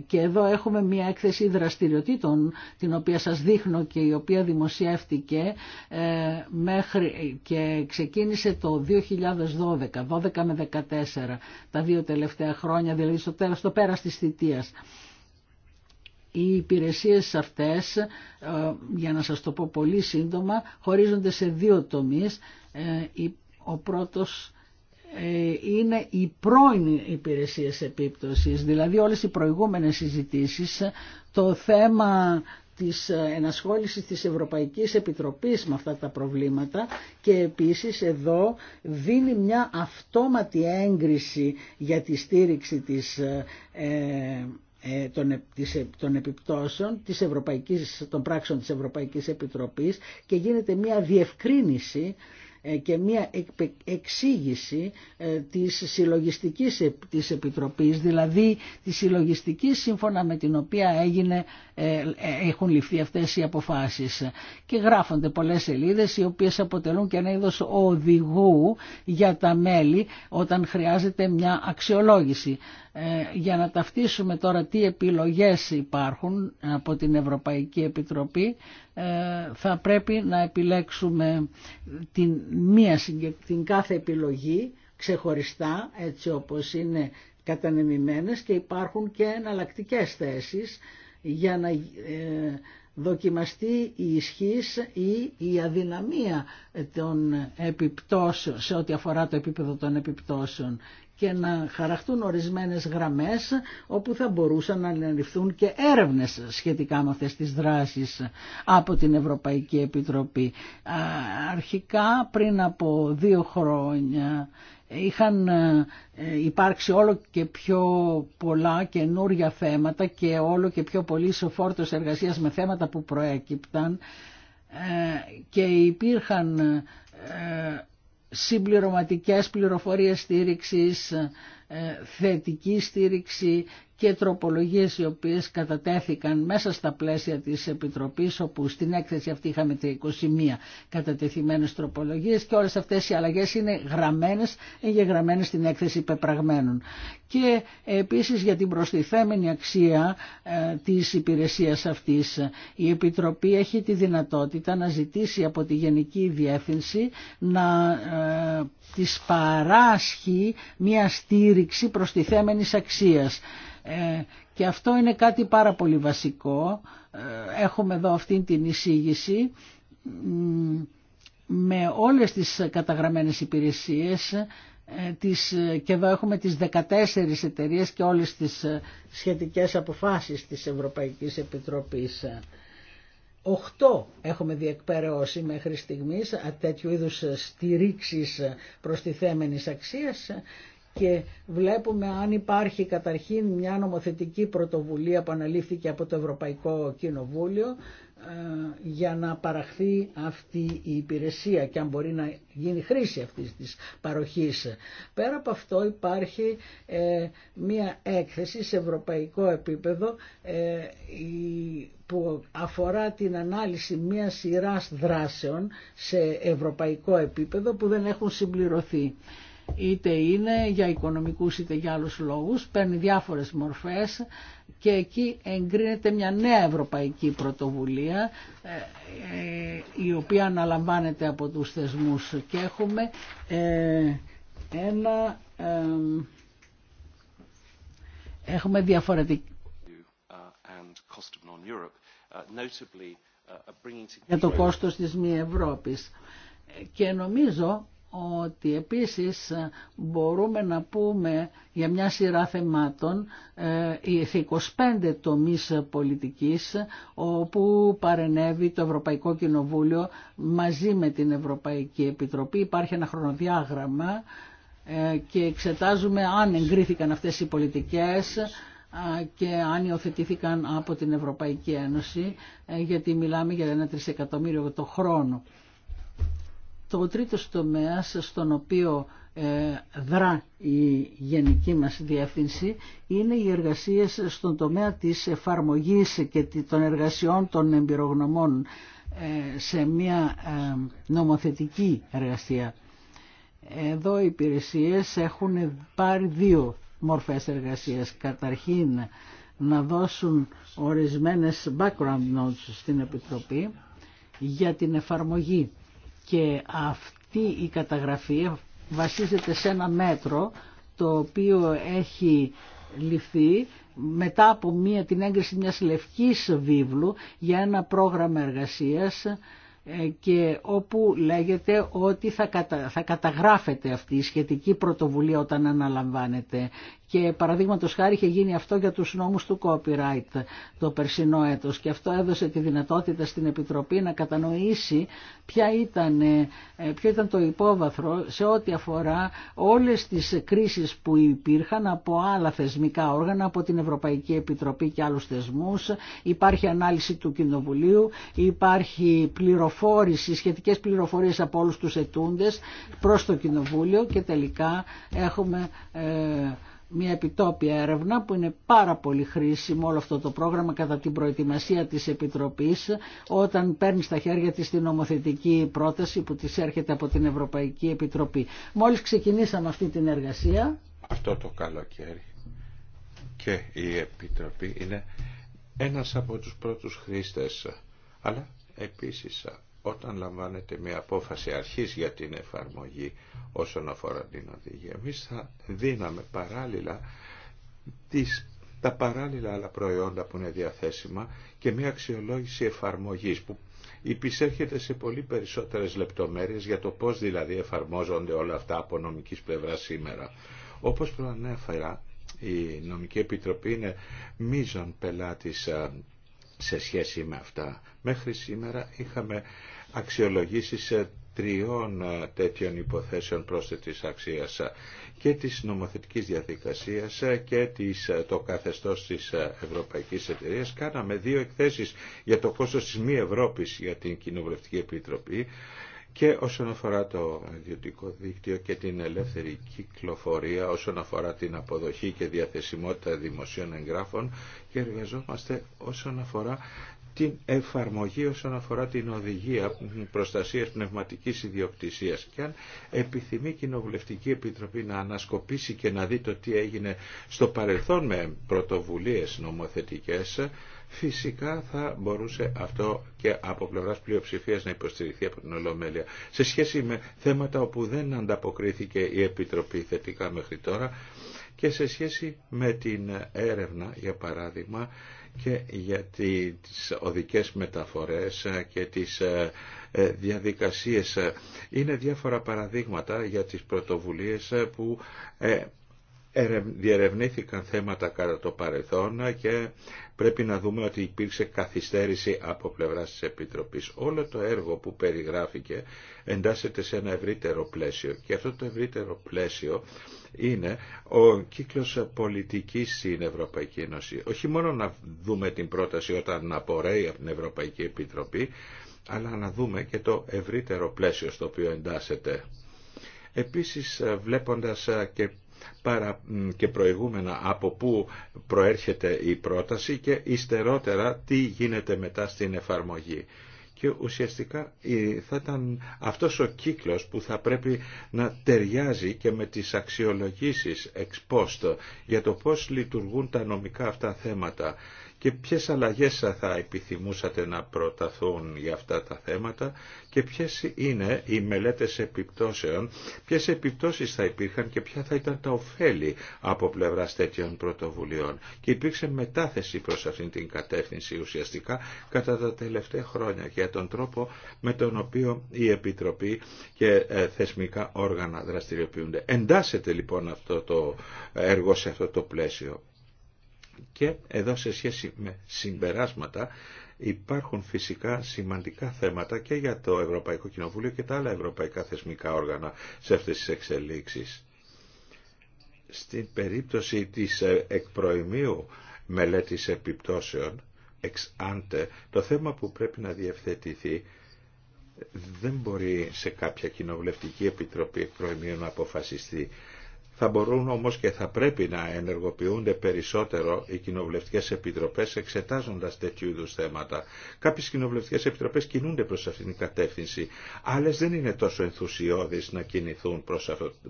και εδώ έχουμε μια έκθεση δραστηριοτήτων την οποία σας δείχνω και η οποία δημοσιεύτηκε ε, μέχρι και ξεκίνησε το 2012, 12 με 14, τα δύο τελευταία χρόνια, δηλαδή στο τέλος, στο πέρας της θητείας οι υπηρεσίες αυτές, ε, για να σας το πω πολύ σύντομα, χωρίζονται σε δύο τομείς. Ε, ο πρώτος ε, είναι η πρώην υπηρεσίες επίπτωσης, δηλαδή όλες οι προηγούμενες συζητήσεις, το θέμα της ενασχόλησης της Ευρωπαϊκής Επιτροπής με αυτά τα προβλήματα και επίσης εδώ δίνει μια αυτόματη έγκριση για τη στήριξη της, ε, ε, των, της, των επιπτώσεων της Ευρωπαϊκής, των πράξεων της Ευρωπαϊκής Επιτροπής και γίνεται μια διευκρίνηση ε, και μια εξήγηση ε, της συλλογιστικής της Επιτροπής, δηλαδή της συλλογιστικής σύμφωνα με την οποία έγινε ε, ε, έχουν ληφθεί αυτές οι αποφάσεις. Και γράφονται πολλές σελίδες οι οποίες αποτελούν και ένα είδος οδηγού για τα μέλη όταν χρειάζεται μια αξιολόγηση. Ε, για να ταυτίσουμε τώρα τι επιλογές υπάρχουν από την Ευρωπαϊκή Επιτροπή θα πρέπει να επιλέξουμε την, μία, την κάθε επιλογή ξεχωριστά έτσι όπως είναι κατανεμημένες και υπάρχουν και εναλλακτικέ θέσεις για να ε, δοκιμαστεί η ισχύς ή η αδυναμία των επιπτώσεων σε ό,τι αφορά το επίπεδο των επιπτώσεων και να χαραχτούν ορισμένες γραμμές όπου θα μπορούσαν να ληφθούν και έρευνες σχετικά με αυτές τις δράσεις από την Ευρωπαϊκή Επιτροπή. Αρχικά πριν από δύο χρόνια είχαν ε, υπάρξει όλο και πιο πολλά καινούργια θέματα και όλο και πιο πολύ φόρτος εργασίας με θέματα που προέκυπταν ε, και υπήρχαν ε, συμπληρωματικές πληροφορίες στήριξης, θετική στήριξη και τροπολογίες οι οποίες κατατέθηκαν μέσα στα πλαίσια της Επιτροπής όπου στην έκθεση αυτή είχαμε τα 21 κατατεθειμένες τροπολογίες και όλες αυτές οι αλλαγές είναι γραμμένες, εγγεγραμμένες στην έκθεση πεπραγμένων. Και επίσης για την προστιθέμενη αξία ε, της υπηρεσίας αυτής η Επιτροπή έχει τη δυνατότητα να ζητήσει από τη Γενική Διεύθυνση να ε, της παράσχει μια στήριξη προστιθέμενης αξίας και αυτό είναι κάτι πάρα πολύ βασικό. Ε, έχουμε εδώ αυτήν την εισήγηση με όλες τις καταγραμμένες υπηρεσίες ε, τις, και εδώ έχουμε τις 14 εταιρείες και όλες τις ε, σχετικές αποφάσεις της Ευρωπαϊκής Επιτροπής. 8 έχουμε διεκπαιρεώσει μέχρι στιγμής τέτοιου είδους στηρίξεις προστιθέμενης αξίας και βλέπουμε αν υπάρχει καταρχήν μια νομοθετική πρωτοβουλία που αναλήφθηκε από το Ευρωπαϊκό Κοινοβούλιο ε, για να παραχθεί αυτή η υπηρεσία και αν μπορεί να γίνει χρήση αυτής της παροχής. Πέρα από αυτό υπάρχει ε, μία έκθεση σε ευρωπαϊκό επίπεδο ε, που αφορά την ανάλυση μίας σειράς δράσεων σε ευρωπαϊκό επίπεδο που δεν έχουν συμπληρωθεί είτε είναι για οικονομικούς είτε για άλλους λόγους, παίρνει διάφορες μορφές και εκεί εγκρίνεται μια νέα ευρωπαϊκή πρωτοβουλία ε, η οποία αναλαμβάνεται από τους θεσμούς και έχουμε ε, ένα ε, έχουμε διαφορετική uh, uh, uh, για το κόστος της μη Ευρώπης και νομίζω ότι επίσης μπορούμε να πούμε για μια σειρά θεμάτων ε, οι 25 τομείς πολιτικής όπου παρενέβη το Ευρωπαϊκό Κοινοβούλιο μαζί με την Ευρωπαϊκή Επιτροπή. Υπάρχει ένα χρονοδιάγραμμα ε, και εξετάζουμε αν εγκρίθηκαν αυτές οι πολιτικές ε, και αν υιοθετήθηκαν από την Ευρωπαϊκή Ένωση γιατί μιλάμε για ένα τρισεκατομμύριο το χρόνο. Το τρίτο τομέα στον οποίο ε, δρά η γενική μας διεύθυνση είναι οι εργασίες στον τομέα της εφαρμογής και των εργασιών των εμπειρογνωμών ε, σε μια ε, νομοθετική εργασία. Εδώ οι υπηρεσίες έχουν πάρει δύο μορφές εργασίας. Καταρχήν να δώσουν ορισμένες background notes στην Επιτροπή για την εφαρμογή και αυτή η καταγραφή βασίζεται σε ένα μέτρο το οποίο έχει ληφθεί μετά από μία, την έγκριση μιας λευκής βίβλου για ένα πρόγραμμα εργασίας ε, και όπου λέγεται ότι θα, θα καταγράφεται αυτή η σχετική πρωτοβουλία όταν αναλαμβάνεται και παραδείγματος χάρη είχε γίνει αυτό για τους νόμους του copyright το περσινό έτος και αυτό έδωσε τη δυνατότητα στην Επιτροπή να κατανοήσει ποια ήταν, ε, ποιο ήταν το υπόβαθρο σε ό,τι αφορά όλες τις κρίσεις που υπήρχαν από άλλα θεσμικά όργανα, από την Ευρωπαϊκή Επιτροπή και άλλους θεσμούς. Υπάρχει ανάλυση του Κοινοβουλίου, υπάρχει πληροφόρηση, σχετικές πληροφορίες από όλους τους ετούντες προς το Κοινοβούλιο και τελικά έχουμε... Ε, μια επιτόπια έρευνα που είναι πάρα πολύ χρήσιμο όλο αυτό το πρόγραμμα κατά την προετοιμασία της Επιτροπής όταν παίρνει στα χέρια της την νομοθετική πρόταση που της έρχεται από την Ευρωπαϊκή Επιτροπή. Μόλις ξεκινήσαμε αυτή την εργασία... Αυτό το καλοκαίρι και η Επιτροπή είναι ένας από τους πρώτους χρήστες αλλά επίσης όταν λαμβάνεται μια απόφαση αρχής για την εφαρμογή όσον αφορά την οδηγία. Εμεί θα δίναμε παράλληλα τις, τα παράλληλα άλλα προϊόντα που είναι διαθέσιμα και μια αξιολόγηση εφαρμογής που υπησέρχεται σε πολύ περισσότερες λεπτομέρειες για το πώς δηλαδή εφαρμόζονται όλα αυτά από νομικής πλευρά σήμερα. Όπως προανέφερα, η Νομική Επιτροπή είναι μείζον πελάτης σε σχέση με αυτά. Μέχρι σήμερα είχαμε αξιολογήσεις ε, τριών ε, τέτοιων υποθέσεων πρόσθετης αξίας ε, και της νομοθετικής διαδικασίας και της, το καθεστώς της Ευρωπαϊκής Εταιρείας. Κάναμε δύο εκθέσεις για το κόστος της μη Ευρώπης για την Κοινοβουλευτική Επιτροπή και όσον αφορά το ιδιωτικό δίκτυο και την ελεύθερη κυκλοφορία, όσον αφορά την αποδοχή και διαθεσιμότητα δημοσίων εγγράφων και εργαζόμαστε όσον αφορά την εφαρμογή όσον αφορά την οδηγία προστασίας πνευματικής ιδιοκτησίας και αν επιθυμεί η Κοινοβουλευτική Επιτροπή να ανασκοπήσει και να δει το τι έγινε στο παρελθόν με πρωτοβουλίες νομοθετικές φυσικά θα μπορούσε αυτό και από πλευρά πλειοψηφία να υποστηριχθεί από την Ολομέλεια. Σε σχέση με θέματα όπου δεν ανταποκρίθηκε η Επιτροπή θετικά μέχρι τώρα και σε σχέση με την έρευνα, για παράδειγμα, και για τις οδικές μεταφορές και τις ε, ε, διαδικασίες. Είναι διάφορα παραδείγματα για τις πρωτοβουλίες που διερευνήθηκαν ε, θέματα κατά το παρελθόν και πρέπει να δούμε ότι υπήρξε καθυστέρηση από πλευρά της Επιτροπής. Όλο το έργο που περιγράφηκε εντάσσεται σε ένα ευρύτερο πλαίσιο και αυτό το ευρύτερο πλαίσιο είναι ο κύκλος πολιτικής στην Ευρωπαϊκή Ένωση. Όχι μόνο να δούμε την πρόταση όταν απορρέει από την Ευρωπαϊκή Επιτροπή, αλλά να δούμε και το ευρύτερο πλαίσιο στο οποίο εντάσσεται. Επίσης βλέποντας και και προηγούμενα από πού προέρχεται η πρόταση και ύστερότερα τι γίνεται μετά στην εφαρμογή. Και ουσιαστικά ε, θα ήταν αυτός ο κύκλος που θα πρέπει να ταιριάζει και με τις αξιολογήσεις εξ post για το πώς λειτουργούν τα νομικά αυτά θέματα και ποιες αλλαγές θα επιθυμούσατε να προταθούν για αυτά τα θέματα και ποιες είναι οι μελέτες επιπτώσεων, ποιες επιπτώσεις θα υπήρχαν και ποια θα ήταν τα ωφέλη από πλευρά τέτοιων πρωτοβουλειών. Και υπήρξε μετάθεση προς αυτήν την κατεύθυνση ουσιαστικά κατά τα τελευταία χρόνια για τον τρόπο με τον οποίο η Επιτροπή και ε, θεσμικά όργανα δραστηριοποιούνται. Εντάσσεται λοιπόν αυτό το έργο σε αυτό το πλαίσιο. Και εδώ σε σχέση με συμπεράσματα υπάρχουν φυσικά σημαντικά θέματα και για το Ευρωπαϊκό Κοινοβούλιο και τα άλλα ευρωπαϊκά θεσμικά όργανα σε αυτές τις εξελίξεις. Στην περίπτωση της ε, εκπροημίου μελέτης επιπτώσεων, εξ άντε, το θέμα που πρέπει να διευθετηθεί δεν μπορεί σε κάποια κοινοβουλευτική επιτροπή εκπροημίου να αποφασιστεί. Θα μπορούν όμως και θα πρέπει να ενεργοποιούνται περισσότερο οι κοινοβουλευτικές επιτροπές εξετάζοντας τέτοιου είδους θέματα. Κάποιες κοινοβουλευτικές επιτροπές κινούνται προς αυτήν την κατεύθυνση. Άλλες δεν είναι τόσο ενθουσιώδεις να κινηθούν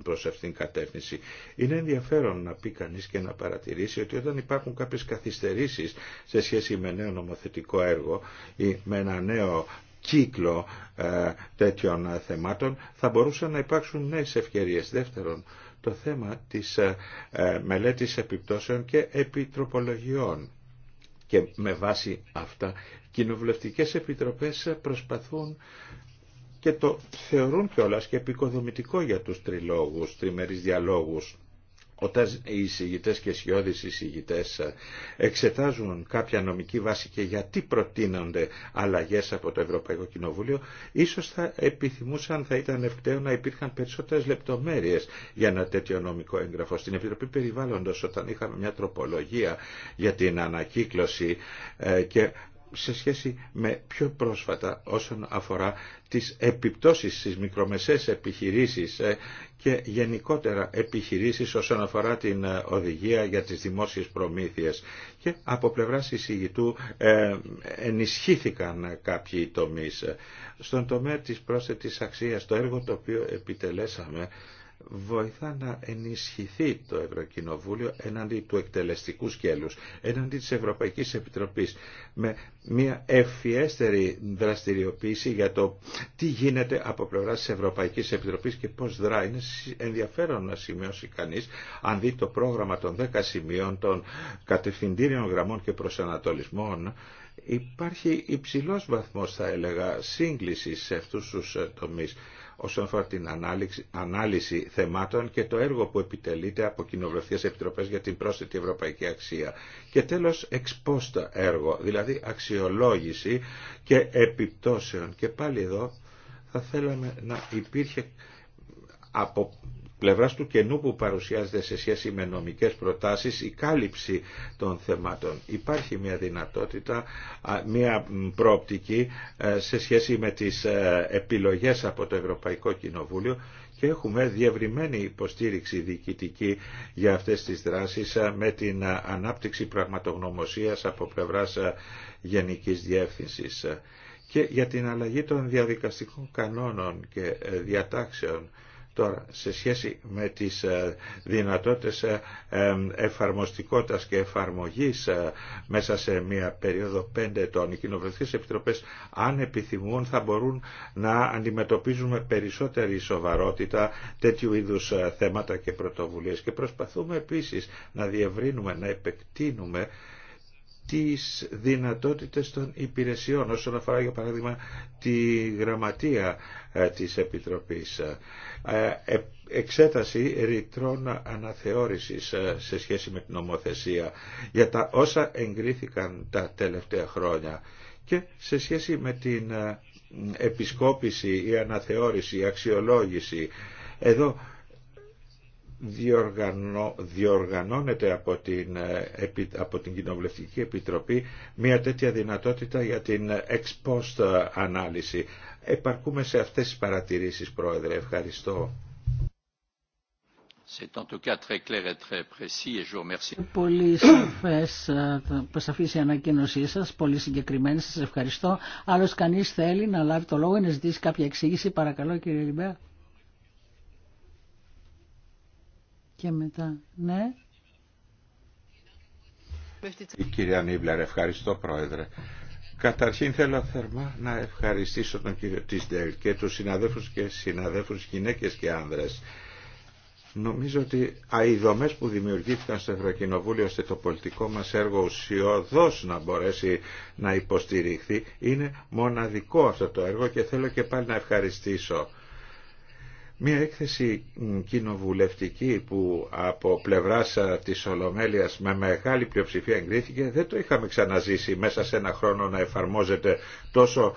προς αυτήν την κατεύθυνση. Είναι ενδιαφέρον να πει κανείς και να παρατηρήσει ότι όταν υπάρχουν κάποιες καθυστερήσεις σε σχέση με νέο νομοθετικό έργο ή με ένα νέο κύκλο ε, τέτοιων θεμάτων θα μπορούσαν να υπάρξουν νέες ευκαιρίες. Δεύτερον, το θέμα της ε, ε, μελέτης επιπτώσεων και επιτροπολογιών. Και με βάση αυτά, κοινοβουλευτικές επιτροπές προσπαθούν και το θεωρούν κιόλας και επικοδομητικό για τους τριλόγους, τριμερείς διαλόγους όταν οι εισηγητέ και οι σιώδεις εισηγητές ε, εξετάζουν κάποια νομική βάση και γιατί προτείνονται αλλαγές από το Ευρωπαϊκό Κοινοβούλιο, ίσως θα επιθυμούσαν, θα ήταν ευκταίο να υπήρχαν περισσότερες λεπτομέρειες για ένα τέτοιο νομικό έγγραφο. Στην Επιτροπή Περιβάλλοντος, όταν είχαμε μια τροπολογία για την ανακύκλωση ε, και σε σχέση με πιο πρόσφατα όσον αφορά τις επιπτώσεις στις μικρομεσαίες επιχειρήσεις ε, και γενικότερα επιχειρήσεις όσον αφορά την ε, οδηγία για τις δημόσιες προμήθειες. Και από πλευρά εισηγητού ε, ενισχύθηκαν κάποιοι τομείς. Στον τομέα της πρόσθετης αξίας, το έργο το οποίο επιτελέσαμε βοηθά να ενισχυθεί το Ευρωκοινοβούλιο έναντι του εκτελεστικού σκέλους, έναντι της Ευρωπαϊκής Επιτροπής, με μια ευφιέστερη δραστηριοποίηση για το τι γίνεται από πλευρά της Ευρωπαϊκής Επιτροπής και πώς δρά. Είναι ενδιαφέρον να σημειώσει κανείς, αν δει το πρόγραμμα των 10 σημείων, των κατευθυντήριων γραμμών και προσανατολισμών, υπάρχει υψηλός βαθμός θα έλεγα σύγκλησης σε αυτούς τους τομείς όσον αφορά την ανάλυση, ανάλυση θεμάτων και το έργο που επιτελείται από κοινοβουλευτικές επιτροπές για την πρόσθετη ευρωπαϊκή αξία. Και τέλος, εξπόστα έργο, δηλαδή αξιολόγηση και επιπτώσεων. Και πάλι εδώ θα θέλαμε να υπήρχε από πλευράς του κενού που παρουσιάζεται σε σχέση με νομικές προτάσεις η κάλυψη των θεμάτων. Υπάρχει μια δυνατότητα, μια πρόπτικη ε, σε σχέση με τις ε, επιλογές από το Ευρωπαϊκό Κοινοβούλιο και έχουμε διευρυμένη υποστήριξη διοικητική για αυτές τις δράσεις ε, με την ανάπτυξη πραγματογνωμοσίας από πλευράς Γενικής Διεύθυνσης και για την αλλαγή των διαδικαστικών κανόνων και διατάξεων Τώρα, σε σχέση με τις ε, δυνατότητες ε, ε, εφαρμοστικότητας και εφαρμογής μέσα σε μια περίοδο πέντε ετών, οι κοινοβουλευτικές επιτροπές, αν επιθυμούν, θα μπορούν να αντιμετωπίζουν με περισσότερη σοβαρότητα τέτοιου είδους θέματα και πρωτοβουλίες. Και προσπαθούμε επίσης να διευρύνουμε, να επεκτείνουμε τις δυνατότητες των υπηρεσιών όσον αφορά για παράδειγμα τη γραμματεία ε, της Επιτροπής ε, ε, εξέταση ρητρών αναθεώρησης σε σχέση με την νομοθεσία για τα όσα εγκρίθηκαν τα τελευταία χρόνια και σε σχέση με την επισκόπηση, η αναθεώρηση, η αξιολόγηση εδώ διοργανώ, διοργανώνεται από την, ε, από την Κοινοβουλευτική Επιτροπή μια τέτοια δυνατότητα για την ex post ανάλυση. Επαρκούμε σε αυτές τις παρατηρήσεις, Πρόεδρε. Ευχαριστώ. Πολύ σαφές, ε, σαφής η ανακοίνωσή σας, πολύ συγκεκριμένη, σας ευχαριστώ. Άλλος κανείς θέλει να λάβει το λόγο, να ζητήσει κάποια εξήγηση, παρακαλώ κύριε Λιμπέα. και μετά ναι. Η κυρία Νίμπλερ, ευχαριστώ πρόεδρε. Καταρχήν θέλω θερμά να ευχαριστήσω τον κύριο Τίσντελ και τους συναδέλφους και συναδέλφους γυναίκες και άνδρες. Νομίζω ότι οι δομές που δημιουργήθηκαν στο Ευρωκοινοβούλιο ώστε το πολιτικό μας έργο ουσιοδός να μπορέσει να υποστηριχθεί είναι μοναδικό αυτό το έργο και θέλω και πάλι να ευχαριστήσω Μία έκθεση κοινοβουλευτική που από πλευράς της ολομέλεια με μεγάλη πλειοψηφία εγκρίθηκε δεν το είχαμε ξαναζήσει μέσα σε ένα χρόνο να εφαρμόζεται τόσο,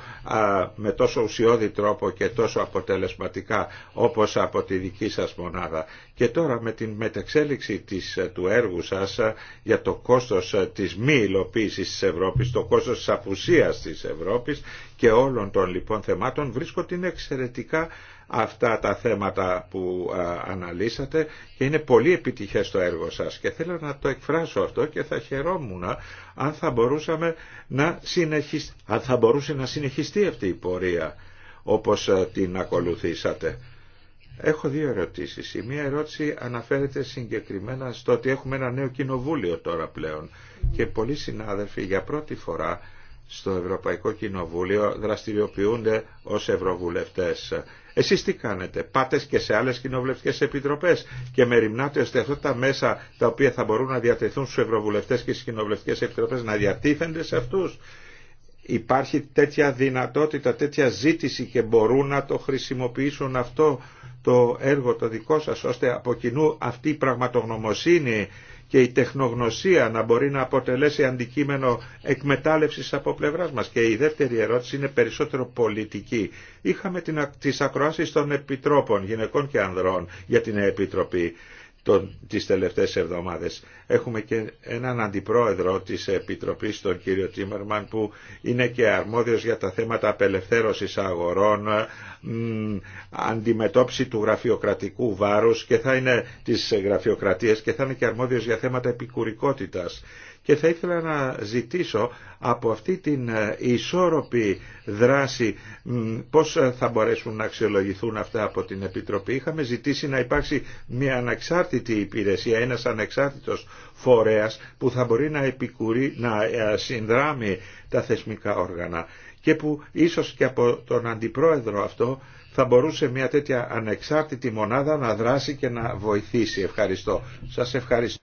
με τόσο ουσιώδη τρόπο και τόσο αποτελεσματικά όπως από τη δική σας μονάδα. Και τώρα με την μετεξέλιξη της, του έργου σας για το κόστος της μη υλοποίησης της Ευρώπης, το κόστος της απουσίας της Ευρώπης και όλων των λοιπόν θεμάτων βρίσκω ότι είναι εξαιρετικά αυτά τα θέματα που αναλύσατε και είναι πολύ επιτυχές το έργο σας και θέλω να το εκφράσω αυτό και θα χαιρόμουν αν θα, μπορούσαμε να συνεχισ... αν θα μπορούσε να συνεχιστεί αυτή η πορεία όπως την ακολουθήσατε. Έχω δύο ερωτήσεις. Η μία ερώτηση αναφέρεται συγκεκριμένα στο ότι έχουμε ένα νέο κοινοβούλιο τώρα πλέον και πολλοί συνάδελφοι για πρώτη φορά στο Ευρωπαϊκό Κοινοβούλιο δραστηριοποιούνται ως ευρωβουλευτές. Εσείς τι κάνετε, πάτε και σε άλλες κοινοβουλευτικές επιτροπές και μεριμνάτε ώστε αυτά τα μέσα τα οποία θα μπορούν να διατεθούν στους ευρωβουλευτές και στις κοινοβουλευτικές επιτροπές να διατίθενται σε αυτούς. Υπάρχει τέτοια δυνατότητα, τέτοια ζήτηση και μπορούν να το χρησιμοποιήσουν αυτό το έργο το δικό σας ώστε από κοινού αυτή η πραγματογνωμοσύνη και η τεχνογνωσία να μπορεί να αποτελέσει αντικείμενο εκμετάλλευσης από πλευράς μας. Και η δεύτερη ερώτηση είναι περισσότερο πολιτική. Είχαμε τις ακροάσεις των επιτρόπων, γυναικών και ανδρών, για την Επιτροπή τον, τις τελευταίες εβδομάδες. Έχουμε και έναν αντιπρόεδρο της Επιτροπής, τον κύριο Τίμερμαν, που είναι και αρμόδιος για τα θέματα απελευθέρωσης αγορών, αντιμετώπιση του γραφειοκρατικού βάρους και θα είναι της γραφειοκρατίας και θα είναι και αρμόδιος για θέματα επικουρικότητας και θα ήθελα να ζητήσω από αυτή την ε, ισόρροπη δράση πώς ε, θα μπορέσουν να αξιολογηθούν αυτά από την Επιτροπή. Είχαμε ζητήσει να υπάρξει μια ανεξάρτητη υπηρεσία, ένας ανεξάρτητος φορέας που θα μπορεί να, επικουρεί, να ε, συνδράμει τα θεσμικά όργανα και που ίσως και από τον αντιπρόεδρο αυτό θα μπορούσε μια τέτοια ανεξάρτητη μονάδα να δράσει και να βοηθήσει. Ευχαριστώ. Σας ευχαριστώ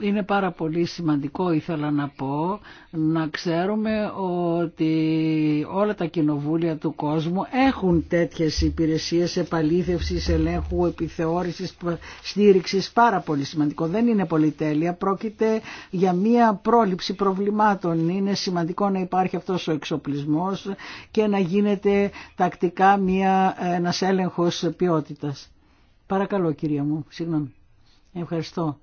είναι πάρα πολύ σημαντικό ήθελα να πω να ξέρουμε ότι όλα τα κοινοβούλια του κόσμου έχουν τέτοιες υπηρεσίες επαλήθευσης, ελέγχου, επιθεώρησης, στήριξης πάρα πολύ σημαντικό. Δεν είναι πολυτέλεια, πρόκειται για μία πρόληψη προβλημάτων. Είναι σημαντικό να υπάρχει αυτός ο εξοπλισμός και να γίνεται τακτικά μία, ένας έλεγχος ποιότητας. Παρακαλώ κυρία μου, συγγνώμη. Ευχαριστώ.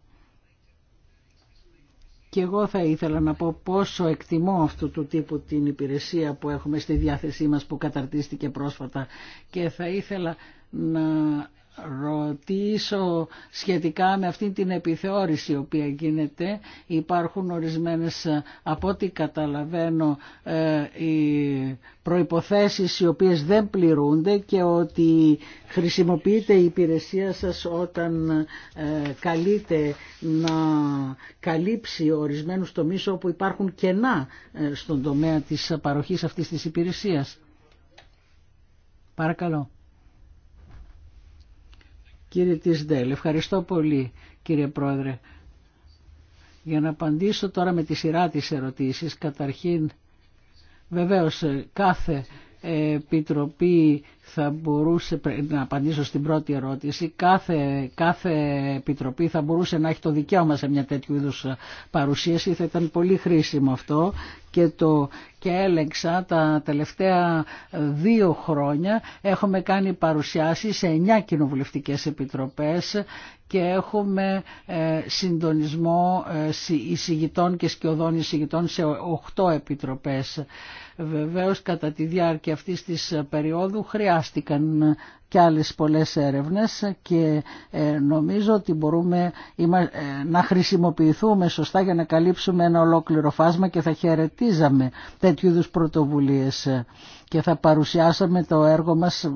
Και εγώ θα ήθελα να πω πόσο εκτιμώ αυτού του τύπου την υπηρεσία που έχουμε στη διάθεσή μας που καταρτίστηκε πρόσφατα και θα ήθελα να ρωτήσω σχετικά με αυτή την επιθεώρηση η οποία γίνεται. Υπάρχουν ορισμένες, από ό,τι καταλαβαίνω, ε, οι προϋποθέσεις οι οποίες δεν πληρούνται και ότι χρησιμοποιείται η υπηρεσία σας όταν ε, καλείτε να καλύψει ορισμένους τομείς όπου υπάρχουν κενά ε, στον τομέα της παροχής αυτής της υπηρεσίας. Παρακαλώ. Κύριε Τισδέλ, ευχαριστώ πολύ κύριε Πρόεδρε. Για να απαντήσω τώρα με τη σειρά της ερωτήσεις, καταρχήν βεβαίως κάθε επιτροπή θα μπορούσε, να απαντήσω στην πρώτη ερώτηση, κάθε, κάθε επιτροπή θα μπορούσε να έχει το δικαίωμα σε μια τέτοιου είδους παρουσίαση, θα ήταν πολύ χρήσιμο αυτό και, το, και έλεγξα τα τελευταία δύο χρόνια έχουμε κάνει παρουσιάσεις σε εννιά κοινοβουλευτικές επιτροπές και έχουμε ε, συντονισμό ε, εισηγητών και σκιωδών εισηγητών σε οχτώ επιτροπές. Βεβαίως κατά τη διάρκεια αυτής της περίοδου παρουσιάστηκαν και άλλες πολλές έρευνες και ε, νομίζω ότι μπορούμε ε, να χρησιμοποιηθούμε σωστά για να καλύψουμε ένα ολόκληρο φάσμα και θα χαιρετίζαμε τέτοιου είδους πρωτοβουλίες και θα παρουσιάσαμε το έργο μας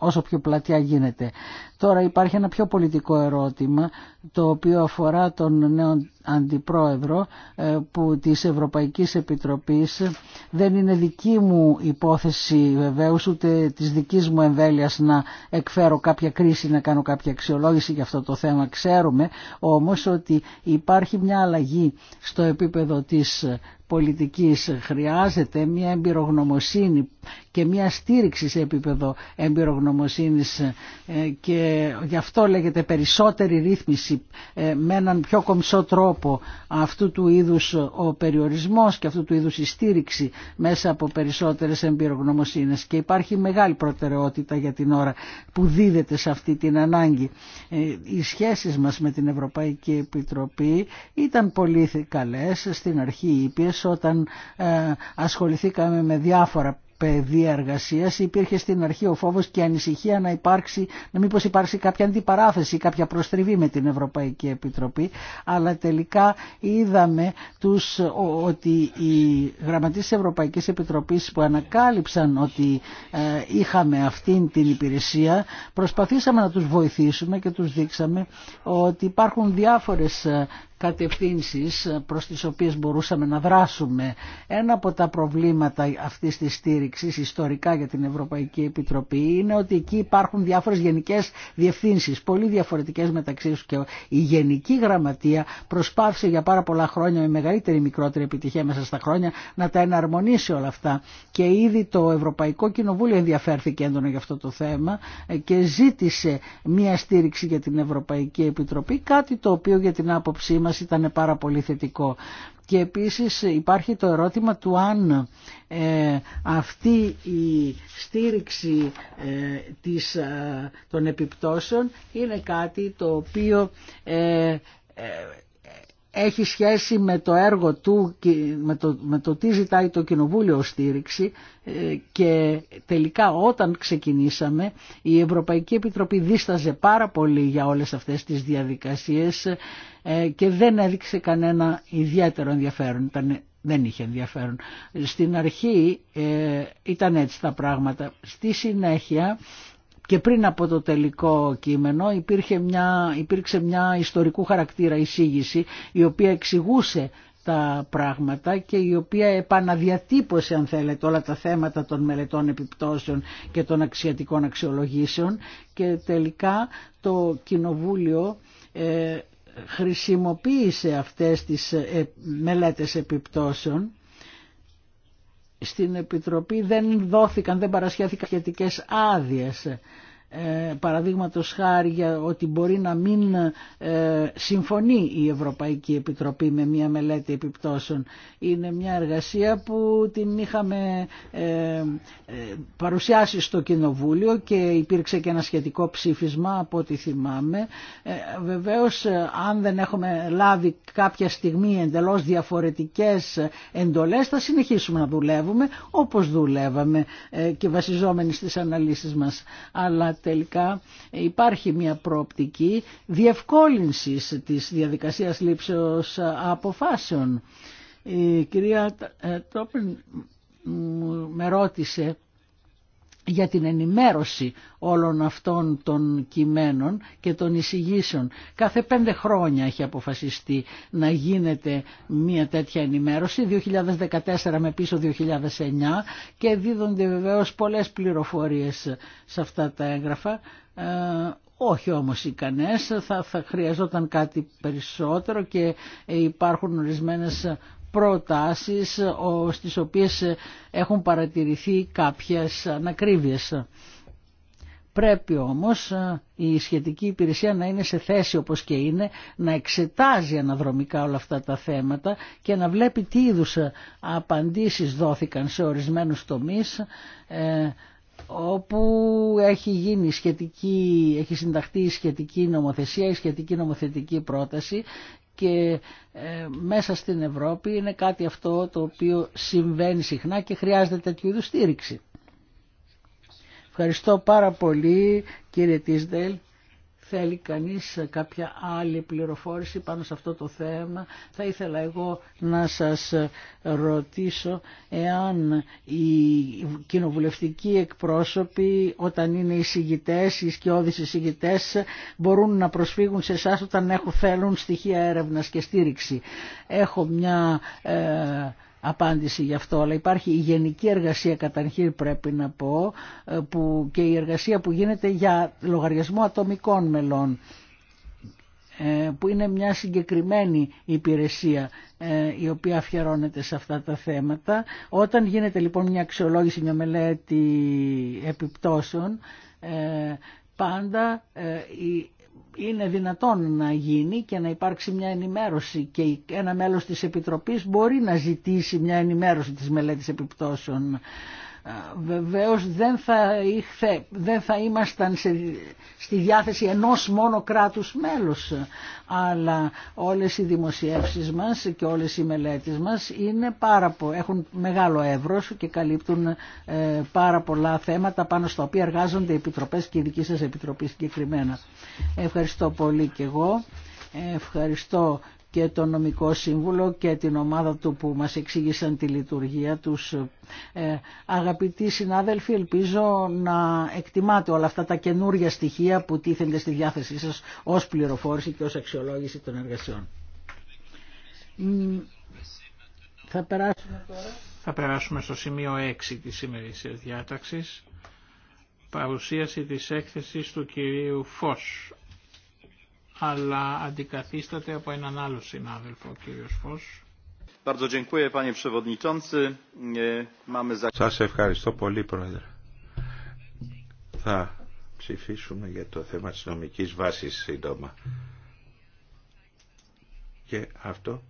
όσο πιο πλατιά γίνεται. Τώρα υπάρχει ένα πιο πολιτικό ερώτημα το οποίο αφορά τον νέο αντιπρόεδρο ε, που, της Ευρωπαϊκής Επιτροπής δεν είναι δική μου υπόθεση βεβαίως ούτε της δικής μου εμβέλειας να εκφέρω κάποια κρίση να κάνω κάποια αξιολόγηση για αυτό το θέμα ξέρουμε όμως ότι υπάρχει μια αλλαγή στο επίπεδο της πολιτικής χρειάζεται μια εμπειρογνωμοσύνη και μια στήριξη σε επίπεδο εμπειρογνωμοσύνης ε, και γι' αυτό λέγεται περισσότερη ρύθμιση ε, με έναν πιο κομψό τρόπο τρόπο αυτού του είδους ο περιορισμός και αυτού του είδους η στήριξη μέσα από περισσότερες εμπειρογνωμοσύνες και υπάρχει μεγάλη προτεραιότητα για την ώρα που δίδεται σε αυτή την ανάγκη. Ε, οι σχέσεις μας με την Ευρωπαϊκή Επιτροπή ήταν πολύ καλές στην αρχή ήπιες όταν ε, ασχοληθήκαμε με διάφορα πεδία εργασία υπήρχε στην αρχή ο φόβο και η ανησυχία να υπάρξει, να μήπω υπάρξει κάποια αντιπαράθεση, κάποια προστριβή με την Ευρωπαϊκή Επιτροπή. Αλλά τελικά είδαμε τους, ότι οι γραμματεί τη Ευρωπαϊκή Επιτροπή που ανακάλυψαν ότι ε, είχαμε αυτήν την υπηρεσία, προσπαθήσαμε να του βοηθήσουμε και του δείξαμε ότι υπάρχουν διάφορε ε, κατευθύνσεις προς τις οποίες μπορούσαμε να δράσουμε. Ένα από τα προβλήματα αυτής της στήριξης ιστορικά για την Ευρωπαϊκή Επιτροπή είναι ότι εκεί υπάρχουν διάφορες γενικές διευθύνσεις, πολύ διαφορετικές μεταξύ τους και η Γενική Γραμματεία προσπάθησε για πάρα πολλά χρόνια με μεγαλύτερη ή μικρότερη επιτυχία μέσα στα χρόνια να τα εναρμονίσει όλα αυτά και ήδη το Ευρωπαϊκό Κοινοβούλιο ενδιαφέρθηκε έντονα για αυτό το θέμα και ζήτησε μια στήριξη για την Ευρωπαϊκή Επιτροπή, κάτι το οποίο για την άποψή μας ήταν πάρα πολύ θετικό. Και επίσης υπάρχει το ερώτημα του αν ε, αυτή η στήριξη ε, της, ε, των επιπτώσεων είναι κάτι το οποίο έχει σχέση με το έργο του, με το, με το τι ζητάει το Κοινοβούλιο στήριξη ε, και τελικά όταν ξεκινήσαμε η Ευρωπαϊκή Επιτροπή δίσταζε πάρα πολύ για όλες αυτές τις διαδικασίες ε, και δεν έδειξε κανένα ιδιαίτερο ενδιαφέρον. δεν είχε ενδιαφέρον. Στην αρχή ε, ήταν έτσι τα πράγματα. Στη συνέχεια και πριν από το τελικό κείμενο υπήρχε μια, υπήρξε μια ιστορικού χαρακτήρα εισήγηση η οποία εξηγούσε τα πράγματα και η οποία επαναδιατύπωσε αν θέλετε όλα τα θέματα των μελετών επιπτώσεων και των αξιατικών αξιολογήσεων και τελικά το Κοινοβούλιο ε, χρησιμοποίησε αυτές τις ε, μελέτες επιπτώσεων στην Επιτροπή δεν δόθηκαν, δεν παρασχέθηκαν σχετικές άδειες ε, παραδείγματος χάρη για ότι μπορεί να μην ε, συμφωνεί η Ευρωπαϊκή Επιτροπή με μια μελέτη επιπτώσεων. Είναι μια εργασία που την είχαμε ε, ε, παρουσιάσει στο Κοινοβούλιο και υπήρξε και ένα σχετικό ψήφισμα από ό,τι θυμάμαι. Βεβαίως αν δεν έχουμε λάβει κάποια στιγμή εντελώς διαφορετικές εντολές θα συνεχίσουμε να δουλεύουμε όπως δουλεύαμε και βασιζόμενοι στις αναλύσεις μας τελικά υπάρχει μια προοπτική διευκόλυνσης της διαδικασίας λήψεως αποφάσεων. Η κυρία ε, Τόπιν με ρώτησε για την ενημέρωση όλων αυτών των κειμένων και των εισηγήσεων. Κάθε πέντε χρόνια έχει αποφασιστεί να γίνεται μια τέτοια ενημέρωση, 2014 με πίσω 2009 και δίδονται βεβαίως πολλές πληροφορίες σε αυτά τα έγγραφα. Ε, όχι όμως ικανές, θα, θα χρειαζόταν κάτι περισσότερο και υπάρχουν ορισμένες προτάσεις στις οποίες έχουν παρατηρηθεί κάποιες ανακρίβειες. Πρέπει όμως η σχετική υπηρεσία να είναι σε θέση όπως και είναι να εξετάζει αναδρομικά όλα αυτά τα θέματα και να βλέπει τι είδους απαντήσεις δόθηκαν σε ορισμένους τομείς ε, όπου έχει γίνει σχετική, έχει συνταχθεί η σχετική νομοθεσία, η σχετική νομοθετική πρόταση και ε, μέσα στην Ευρώπη είναι κάτι αυτό το οποίο συμβαίνει συχνά και χρειάζεται τέτοιου είδου στήριξη. Ευχαριστώ πάρα πολύ κύριε Τίσδελ θέλει κανείς κάποια άλλη πληροφόρηση πάνω σε αυτό το θέμα. Θα ήθελα εγώ να σας ρωτήσω εάν οι κοινοβουλευτικοί εκπρόσωποι όταν είναι οι εισηγητές, οι σκιώδεις εισηγητές μπορούν να προσφύγουν σε εσά όταν έχουν, θέλουν στοιχεία έρευνας και στήριξη. Έχω μια... Ε, απάντηση γι' αυτό, αλλά υπάρχει η γενική εργασία καταρχήν πρέπει να πω ε, που και η εργασία που γίνεται για λογαριασμό ατομικών μελών ε, που είναι μια συγκεκριμένη υπηρεσία ε, η οποία αφιερώνεται σε αυτά τα θέματα. Όταν γίνεται λοιπόν μια αξιολόγηση, μια μελέτη επιπτώσεων, πάντα η είναι δυνατόν να γίνει και να υπάρξει μια ενημέρωση και ένα μέλος της Επιτροπής μπορεί να ζητήσει μια ενημέρωση της μελέτης επιπτώσεων Βεβαίως δεν θα, δεν θα ήμασταν στη διάθεση ενός μόνο κράτους μέλους, αλλά όλες οι δημοσιεύσεις μας και όλες οι μελέτες μας είναι πάρα έχουν μεγάλο εύρος και καλύπτουν ε, πάρα πολλά θέματα πάνω στα οποία εργάζονται οι επιτροπές και η δική σας επιτροπή συγκεκριμένα. Ευχαριστώ πολύ και εγώ. Ευχαριστώ και το νομικό σύμβουλο και την ομάδα του που μας εξήγησαν τη λειτουργία τους. Ε, αγαπητοί συνάδελφοι, ελπίζω να εκτιμάτε όλα αυτά τα καινούργια στοιχεία που τίθενται στη διάθεσή σας ως πληροφόρηση και ως αξιολόγηση των εργασιών. Θα περάσουμε τώρα. Θα περάσουμε στο σημείο 6 της σημερινής διάταξης. Παρουσίαση της έκθεσης του κυρίου Φως αλλά αντικαθίσταται από έναν άλλο συνάδελφο, ο κύριος Φως. Ε, Σας ευχαριστώ πολύ, Πρόεδρε. Θα ψηφίσουμε για το θέμα της νομικής βάσης σύντομα. Και αυτό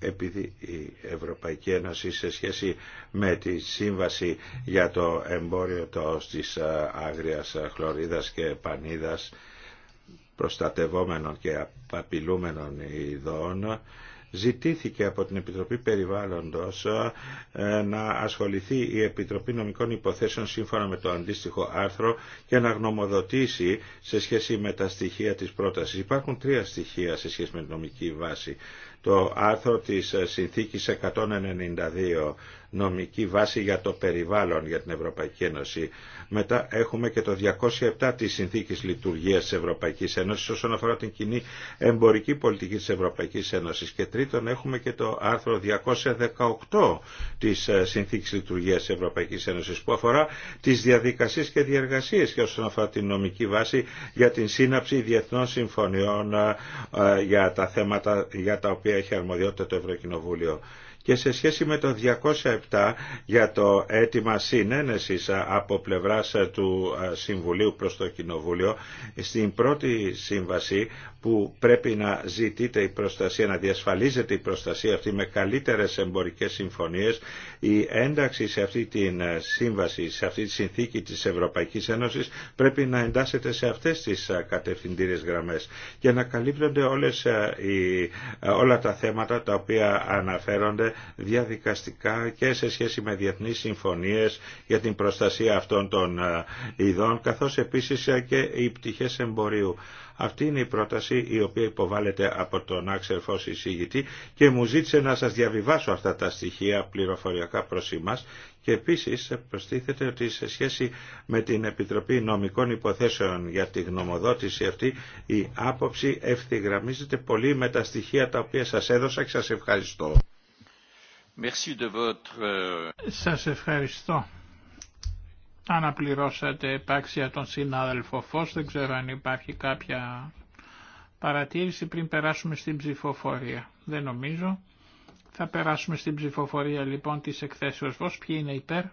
επειδή η Ευρωπαϊκή Ένωση σε σχέση με τη σύμβαση για το εμπόριο της ε, άγριας ε, χλωρίδας και πανίδας προστατευόμενων και απειλούμενων ειδών ζητήθηκε από την Επιτροπή Περιβάλλοντος ε, να ασχοληθεί η Επιτροπή Νομικών Υποθέσεων σύμφωνα με το αντίστοιχο άρθρο και να γνωμοδοτήσει σε σχέση με τα στοιχεία της πρότασης. Υπάρχουν τρία στοιχεία σε σχέση με την νομική βάση. Το άρθρο της Συνθήκης 192 νομική βάση για το περιβάλλον για την Ευρωπαϊκή Ένωση. Μετά έχουμε και το 207 της Συνθήκης Λειτουργίας της Ευρωπαϊκής Ένωσης όσον αφορά την κοινή εμπορική πολιτική της Ευρωπαϊκής Ένωσης. Και τρίτον έχουμε και το άρθρο 218 της ε, Συνθήκης Λειτουργίας της Ευρωπαϊκής Ένωσης που αφορά τις διαδικασίες και διεργασίες και όσον αφορά την νομική βάση για την σύναψη διεθνών συμφωνιών ε, ε, για τα θέματα για τα οποία έχει αρμοδιότητα το Ευρωκοινοβούλιο και σε σχέση με το 207 για το αίτημα συνένεσης από πλευράς του ε, Συμβουλίου προς το Κοινοβούλιο στην πρώτη σύμβαση που πρέπει να ζητείτε η προστασία, να διασφαλίζεται η προστασία αυτή με καλύτερες εμπορικές συμφωνίες η ένταξη σε αυτή τη ε, σύμβαση, σε αυτή τη συνθήκη της Ευρωπαϊκής Ένωσης πρέπει να εντάσσεται σε αυτές τις ε, κατευθυντήριες γραμμές και να καλύπτονται όλες όλα τα θέματα τα οποία αναφέρονται διαδικαστικά και σε σχέση με διεθνείς συμφωνίες για την προστασία αυτών των ε, ειδών, καθώς επίσης ε, και οι πτυχές εμπορίου. Αυτή είναι η πρόταση η οποία υποβάλλεται από τον άξερφος εισηγητή και μου ζήτησε να σας διαβιβάσω αυτά τα στοιχεία πληροφοριακά προς εμάς και επίσης προστίθεται ότι σε σχέση με την Επιτροπή Νομικών Υποθέσεων για τη γνωμοδότηση αυτή η άποψη ευθυγραμμίζεται πολύ με τα στοιχεία τα οποία σας έδωσα και σας ευχαριστώ. Σα euh, Σας ευχαριστώ. Αναπληρώσατε επάξια τον συνάδελφο Φως. Δεν ξέρω αν υπάρχει κάποια παρατήρηση πριν περάσουμε στην ψηφοφορία. Δεν νομίζω. Θα περάσουμε στην ψηφοφορία λοιπόν της εκθέσεως Φως. Ποιοι είναι υπέρ.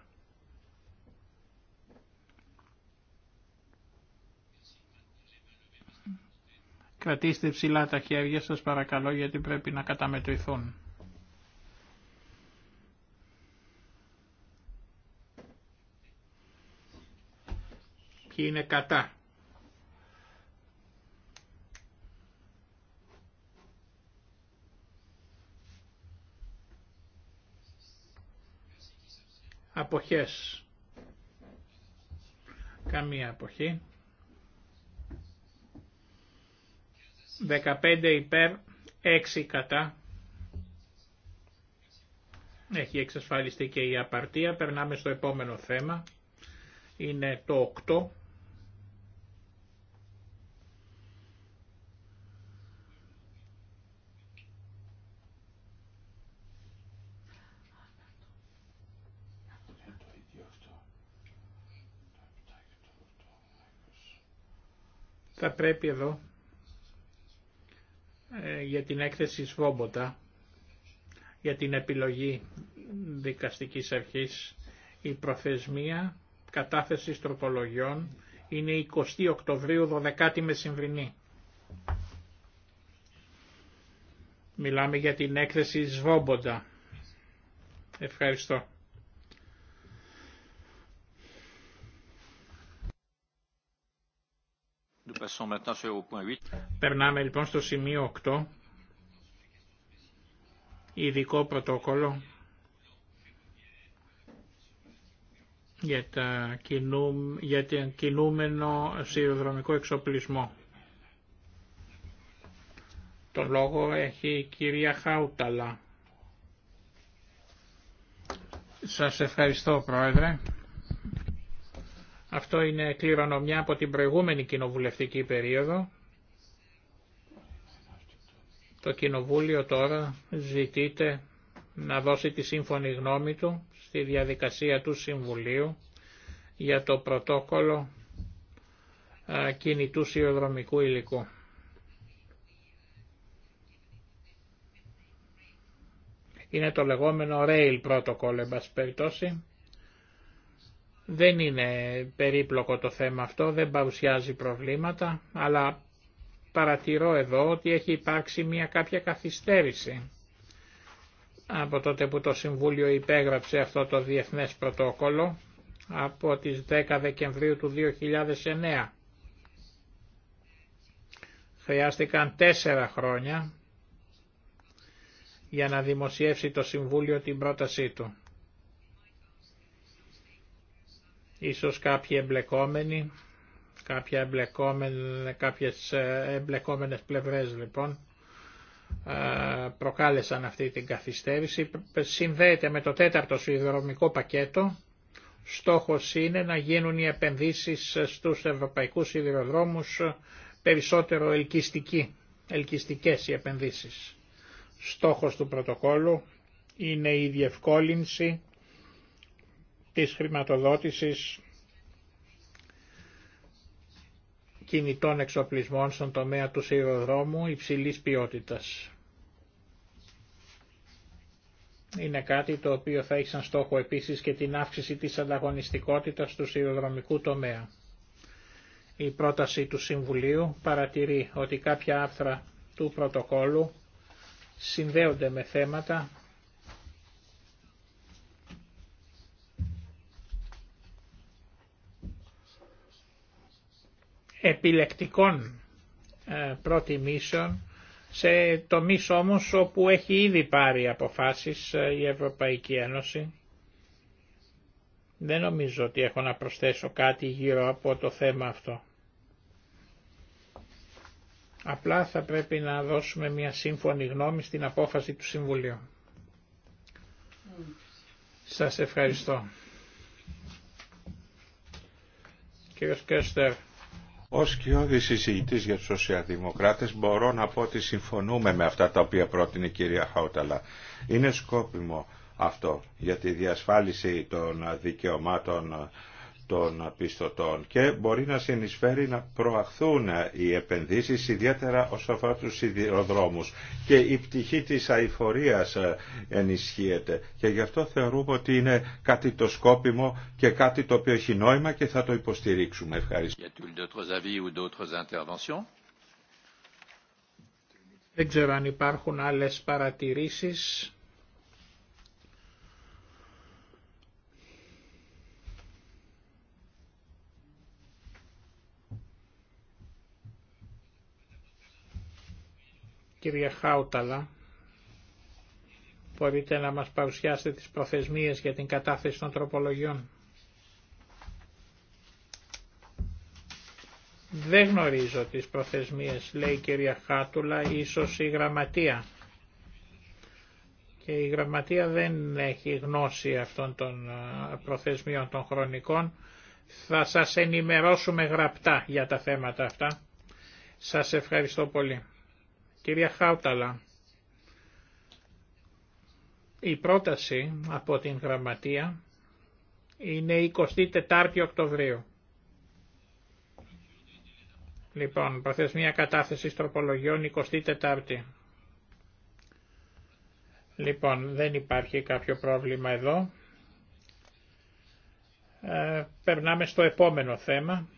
Κρατήστε ψηλά τα χέρια σας παρακαλώ γιατί πρέπει να καταμετρηθούν. είναι κατά. Αποχές. Καμία αποχή. 15 υπέρ, 6 κατά. Έχει εξασφαλιστεί και η απαρτία. Περνάμε στο επόμενο θέμα. Είναι το 8. Θα πρέπει εδώ ε, για την έκθεση Σβόμποτα, για την επιλογή δικαστικής αρχής, η προθεσμία κατάθεσης τροπολογιών είναι 20 Οκτωβρίου 12η μεσημβρινή. Μιλάμε για την έκθεση Σβόμποντα. Ευχαριστώ. Περνάμε λοιπόν στο σημείο 8, ειδικό πρωτόκολλο για, για την κινούμενο σιδηροδρομικό εξοπλισμό. Το λόγο έχει η κυρία Χάουταλα. Σας ευχαριστώ Πρόεδρε. Αυτό είναι κληρονομιά από την προηγούμενη κοινοβουλευτική περίοδο. Το Κοινοβούλιο τώρα ζητείται να δώσει τη σύμφωνη γνώμη του στη διαδικασία του Συμβουλίου για το πρωτόκολλο κινητού σιωδρομικού υλικού. Είναι το λεγόμενο Rail Protocol, εν δεν είναι περίπλοκο το θέμα αυτό, δεν παρουσιάζει προβλήματα, αλλά παρατηρώ εδώ ότι έχει υπάρξει μια κάποια καθυστέρηση από τότε που το Συμβούλιο υπέγραψε αυτό το Διεθνές Πρωτόκολλο από τις 10 Δεκεμβρίου του 2009. Χρειάστηκαν τέσσερα χρόνια για να δημοσιεύσει το Συμβούλιο την πρότασή του. Ίσως κάποιοι εμπλεκόμενοι, κάποια εμπλεκόμενε κάποιες ε, εμπλεκόμενες πλευρές λοιπόν ε, προκάλεσαν αυτή την καθυστέρηση. Συνδέεται με το τέταρτο σιδηροδρομικό πακέτο. Στόχος είναι να γίνουν οι επενδύσεις στους ευρωπαϊκούς σιδηροδρόμους περισσότερο ελκυστικοί, ελκυστικές οι επενδύσεις. Στόχος του πρωτοκόλλου είναι η διευκόλυνση της χρηματοδότησης κινητών εξοπλισμών στον τομέα του σιδηροδρόμου υψηλής ποιότητας. Είναι κάτι το οποίο θα έχει σαν στόχο επίσης και την αύξηση της ανταγωνιστικότητας του σιδηροδρομικού τομέα. Η πρόταση του Συμβουλίου παρατηρεί ότι κάποια άρθρα του πρωτοκόλλου συνδέονται με θέματα επιλεκτικών ε, προτιμήσεων σε τομείς όμως όπου έχει ήδη πάρει αποφάσεις ε, η Ευρωπαϊκή Ένωση. Δεν νομίζω ότι έχω να προσθέσω κάτι γύρω από το θέμα αυτό. Απλά θα πρέπει να δώσουμε μια σύμφωνη γνώμη στην απόφαση του Συμβουλίου. Σας ευχαριστώ. Κύριος Κέστερ. Ως κοιόδη εισηγητής για τους Σοσιαλδημοκράτες μπορώ να πω ότι συμφωνούμε με αυτά τα οποία πρότεινε η κυρία Χαούταλα. Είναι σκόπιμο αυτό για τη διασφάλιση των δικαιωμάτων των πιστωτών και μπορεί να συνεισφέρει να προαχθούν οι επενδύσεις ιδιαίτερα όσον αφορά τους σιδηροδρόμους και η πτυχή της αηφορίας ε, ενισχύεται και γι' αυτό θεωρούμε ότι είναι κάτι το σκόπιμο και κάτι το οποίο έχει νόημα και θα το υποστηρίξουμε. Ευχαριστώ. Δεν ξέρω αν υπάρχουν άλλες παρατηρήσεις. Κυρία Χάουταλα, μπορείτε να μας παρουσιάσετε τις προθεσμίες για την κατάθεση των τροπολογιών. Δεν γνωρίζω τις προθεσμίες, λέει η κυρία Χάτουλα, ίσως η γραμματεία. Και η γραμματεία δεν έχει γνώση αυτών των προθεσμίων των χρονικών. Θα σας ενημερώσουμε γραπτά για τα θέματα αυτά. Σας ευχαριστώ πολύ. Κυρία Χάουταλα, η πρόταση από την Γραμματεία είναι 24 Οκτωβρίου. Λοιπόν, προθεσμία κατάθεση τροπολογιών 24η. Λοιπόν, δεν υπάρχει κάποιο πρόβλημα εδώ. Ε, περνάμε στο επόμενο θέμα.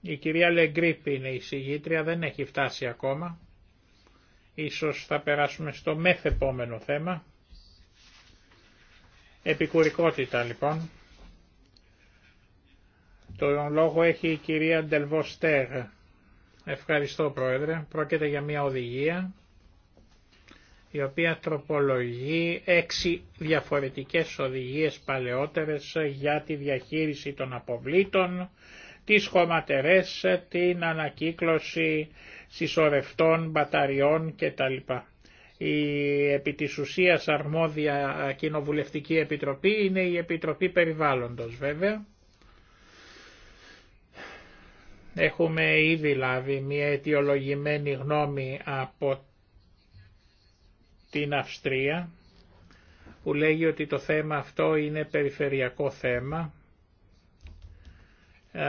Η κυρία Λεγκρίπη είναι η συγγήτρια, δεν υπαρχει καποιο προβλημα εδω περναμε στο φτάσει ακόμα. Ίσως θα περάσουμε στο μεθεπόμενο θέμα. Επικουρικότητα λοιπόν. Το λόγο έχει η κυρία Ντελβοστέρ. Ευχαριστώ Πρόεδρε. Πρόκειται για μια οδηγία η οποία τροπολογεί έξι διαφορετικές οδηγίες παλαιότερες για τη διαχείριση των αποβλήτων, τις χωματερές, την ανακύκλωση συσσωρευτών, μπαταριών κτλ. Η επί της ουσίας αρμόδια κοινοβουλευτική επιτροπή είναι η Επιτροπή Περιβάλλοντος βέβαια. Έχουμε ήδη λάβει δηλαδή, μια αιτιολογημένη γνώμη από την Αυστρία που λέγει ότι το θέμα αυτό είναι περιφερειακό θέμα ε,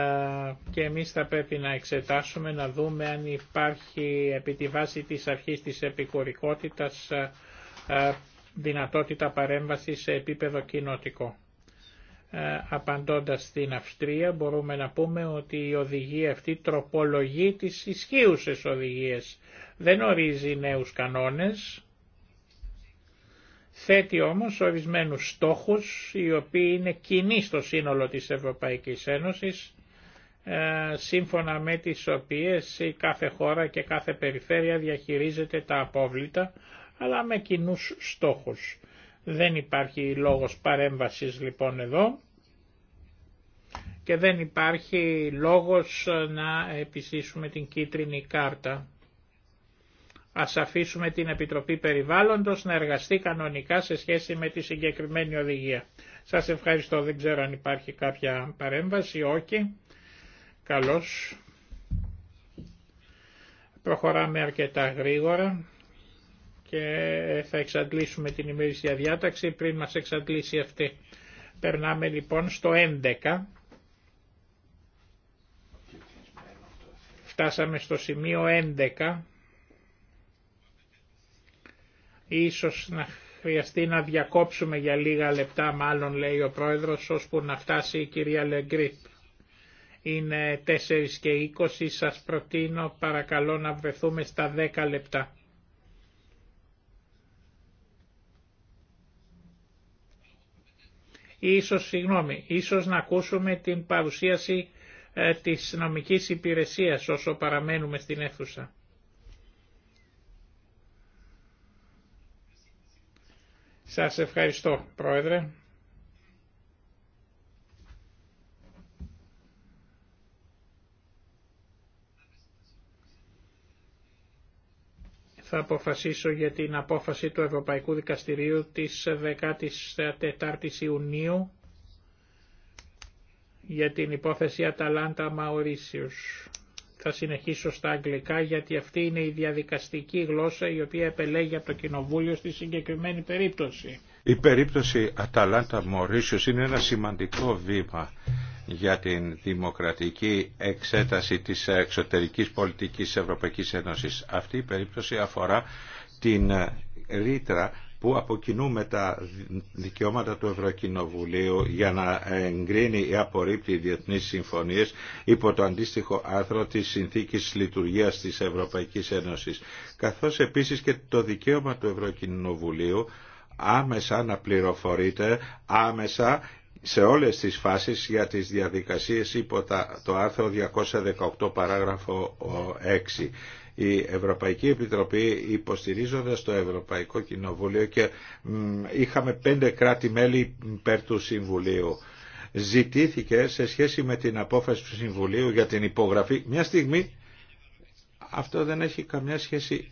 και εμείς θα πρέπει να εξετάσουμε να δούμε αν υπάρχει επί τη βάση της αρχής της επικορικότητας ε, ε, δυνατότητα παρέμβασης σε επίπεδο κοινοτικό. Απαντώντας στην Αυστρία μπορούμε να πούμε ότι η οδηγία αυτή τροπολογεί τις ισχύουσες οδηγίες. Δεν ορίζει νέους κανόνες, Θέτει όμως ορισμένους στόχους οι οποίοι είναι κοινοί στο σύνολο της Ευρωπαϊκής Ένωσης ε, σύμφωνα με τις οποίες κάθε χώρα και κάθε περιφέρεια διαχειρίζεται τα απόβλητα αλλά με κοινού στόχους. Δεν υπάρχει λόγος παρέμβασης λοιπόν εδώ και δεν υπάρχει λόγος να επιστήσουμε την κίτρινη κάρτα Ας αφήσουμε την Επιτροπή Περιβάλλοντος να εργαστεί κανονικά σε σχέση με τη συγκεκριμένη οδηγία. Σας ευχαριστώ. Δεν ξέρω αν υπάρχει κάποια παρέμβαση. Όχι. Καλώς. Προχωράμε αρκετά γρήγορα και θα εξαντλήσουμε την ημερήσια διάταξη πριν μας εξαντλήσει αυτή. Περνάμε λοιπόν στο 11. Φτάσαμε στο σημείο 11 Ίσως να χρειαστεί να διακόψουμε για λίγα λεπτά μάλλον λέει ο πρόεδρος ώσπου να φτάσει η κυρία Λεγκρίπ. Είναι 4 και 20, σας προτείνω παρακαλώ να βρεθούμε στα 10 λεπτά. Ίσως, συγγνώμη, ίσως να ακούσουμε την παρουσίαση ε, της νομικής υπηρεσίας όσο παραμένουμε στην αίθουσα. Σας ευχαριστώ, Πρόεδρε. θα αποφασίσω για την απόφαση του Ευρωπαϊκού Δικαστηρίου της 14ης Ιουνίου για την υπόθεση Αταλάντα Μαωρίσιους. Θα συνεχίσω στα αγγλικά γιατί αυτή είναι η διαδικαστική γλώσσα η οποία επελέγει από το Κοινοβούλιο στη συγκεκριμένη περίπτωση. Η περίπτωση Αταλάντα Μωρίσιος είναι ένα σημαντικό βήμα για την δημοκρατική εξέταση της εξωτερικής πολιτικής Ευρωπαϊκής Ένωσης. Αυτή η περίπτωση αφορά την ρήτρα που αποκοινούμε τα δικαιώματα του Ευρωκοινοβουλίου για να εγκρίνει ή απορρίπτει διεθνείς συμφωνίες υπό το αντίστοιχο άρθρο της Συνθήκης Λειτουργίας της Ευρωπαϊκής Ένωσης, καθώς επίσης και το δικαίωμα του Ευρωκοινοβουλίου άμεσα να πληροφορείται άμεσα σε όλες τις φάσεις για τις διαδικασίες υπό το άρθρο 218 παράγραφο 6 η Ευρωπαϊκή Επιτροπή υποστηρίζοντας το Ευρωπαϊκό Κοινοβούλιο και είχαμε πέντε κράτη-μέλη υπέρ του Συμβουλίου ζητήθηκε σε σχέση με την απόφαση του Συμβουλίου για την υπογραφή. Μια στιγμή αυτό δεν έχει καμιά σχέση.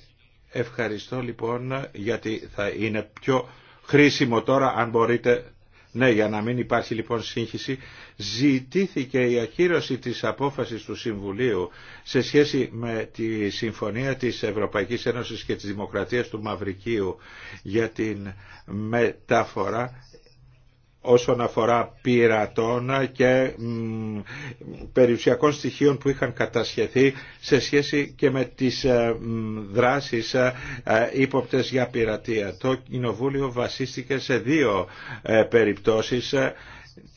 Ευχαριστώ λοιπόν γιατί θα είναι πιο χρήσιμο τώρα αν μπορείτε ναι, για να μην υπάρχει λοιπόν σύγχυση, ζητήθηκε η ακύρωση της απόφασης του Συμβουλίου σε σχέση με τη Συμφωνία της Ευρωπαϊκής Ένωσης και της Δημοκρατίας του Μαυρικίου για την μεταφορά όσον αφορά πειρατών και περιουσιακών στοιχείων που είχαν κατασχεθεί σε σχέση και με τις ε, δράσεις ε, ύποπτες για πειρατεία. Το Κοινοβούλιο βασίστηκε σε δύο ε, περιπτώσεις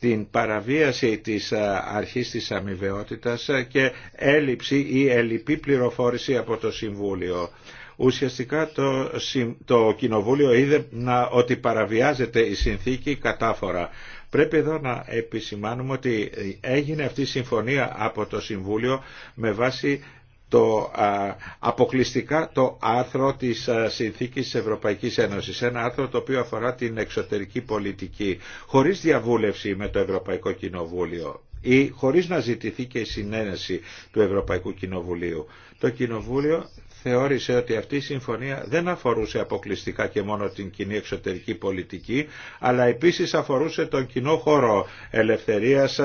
την παραβίαση της αρχής της αμοιβαιότητας και έλλειψη ή ελλειπή πληροφόρηση από το Συμβούλιο ουσιαστικά το, το Κοινοβούλιο είδε να, ότι παραβιάζεται η συνθήκη κατάφορα. Πρέπει εδώ να επισημάνουμε ότι έγινε αυτή η συμφωνία από το Συμβούλιο με βάση το αποκλειστικά το άρθρο της Συνθήκης της Ευρωπαϊκής Ένωσης. Ένα άρθρο το οποίο αφορά την εξωτερική πολιτική, χωρίς διαβούλευση με το Ευρωπαϊκό Κοινοβούλιο ή χωρίς να ζητηθεί και η συνένεση του Ευρωπαϊκού Κοινοβουλίου. Το θεώρησε ότι αυτή η συμφωνία δεν αφορούσε αποκλειστικά και μόνο την κοινή εξωτερική πολιτική, αλλά επίσης αφορούσε τον κοινό χώρο ελευθερίας,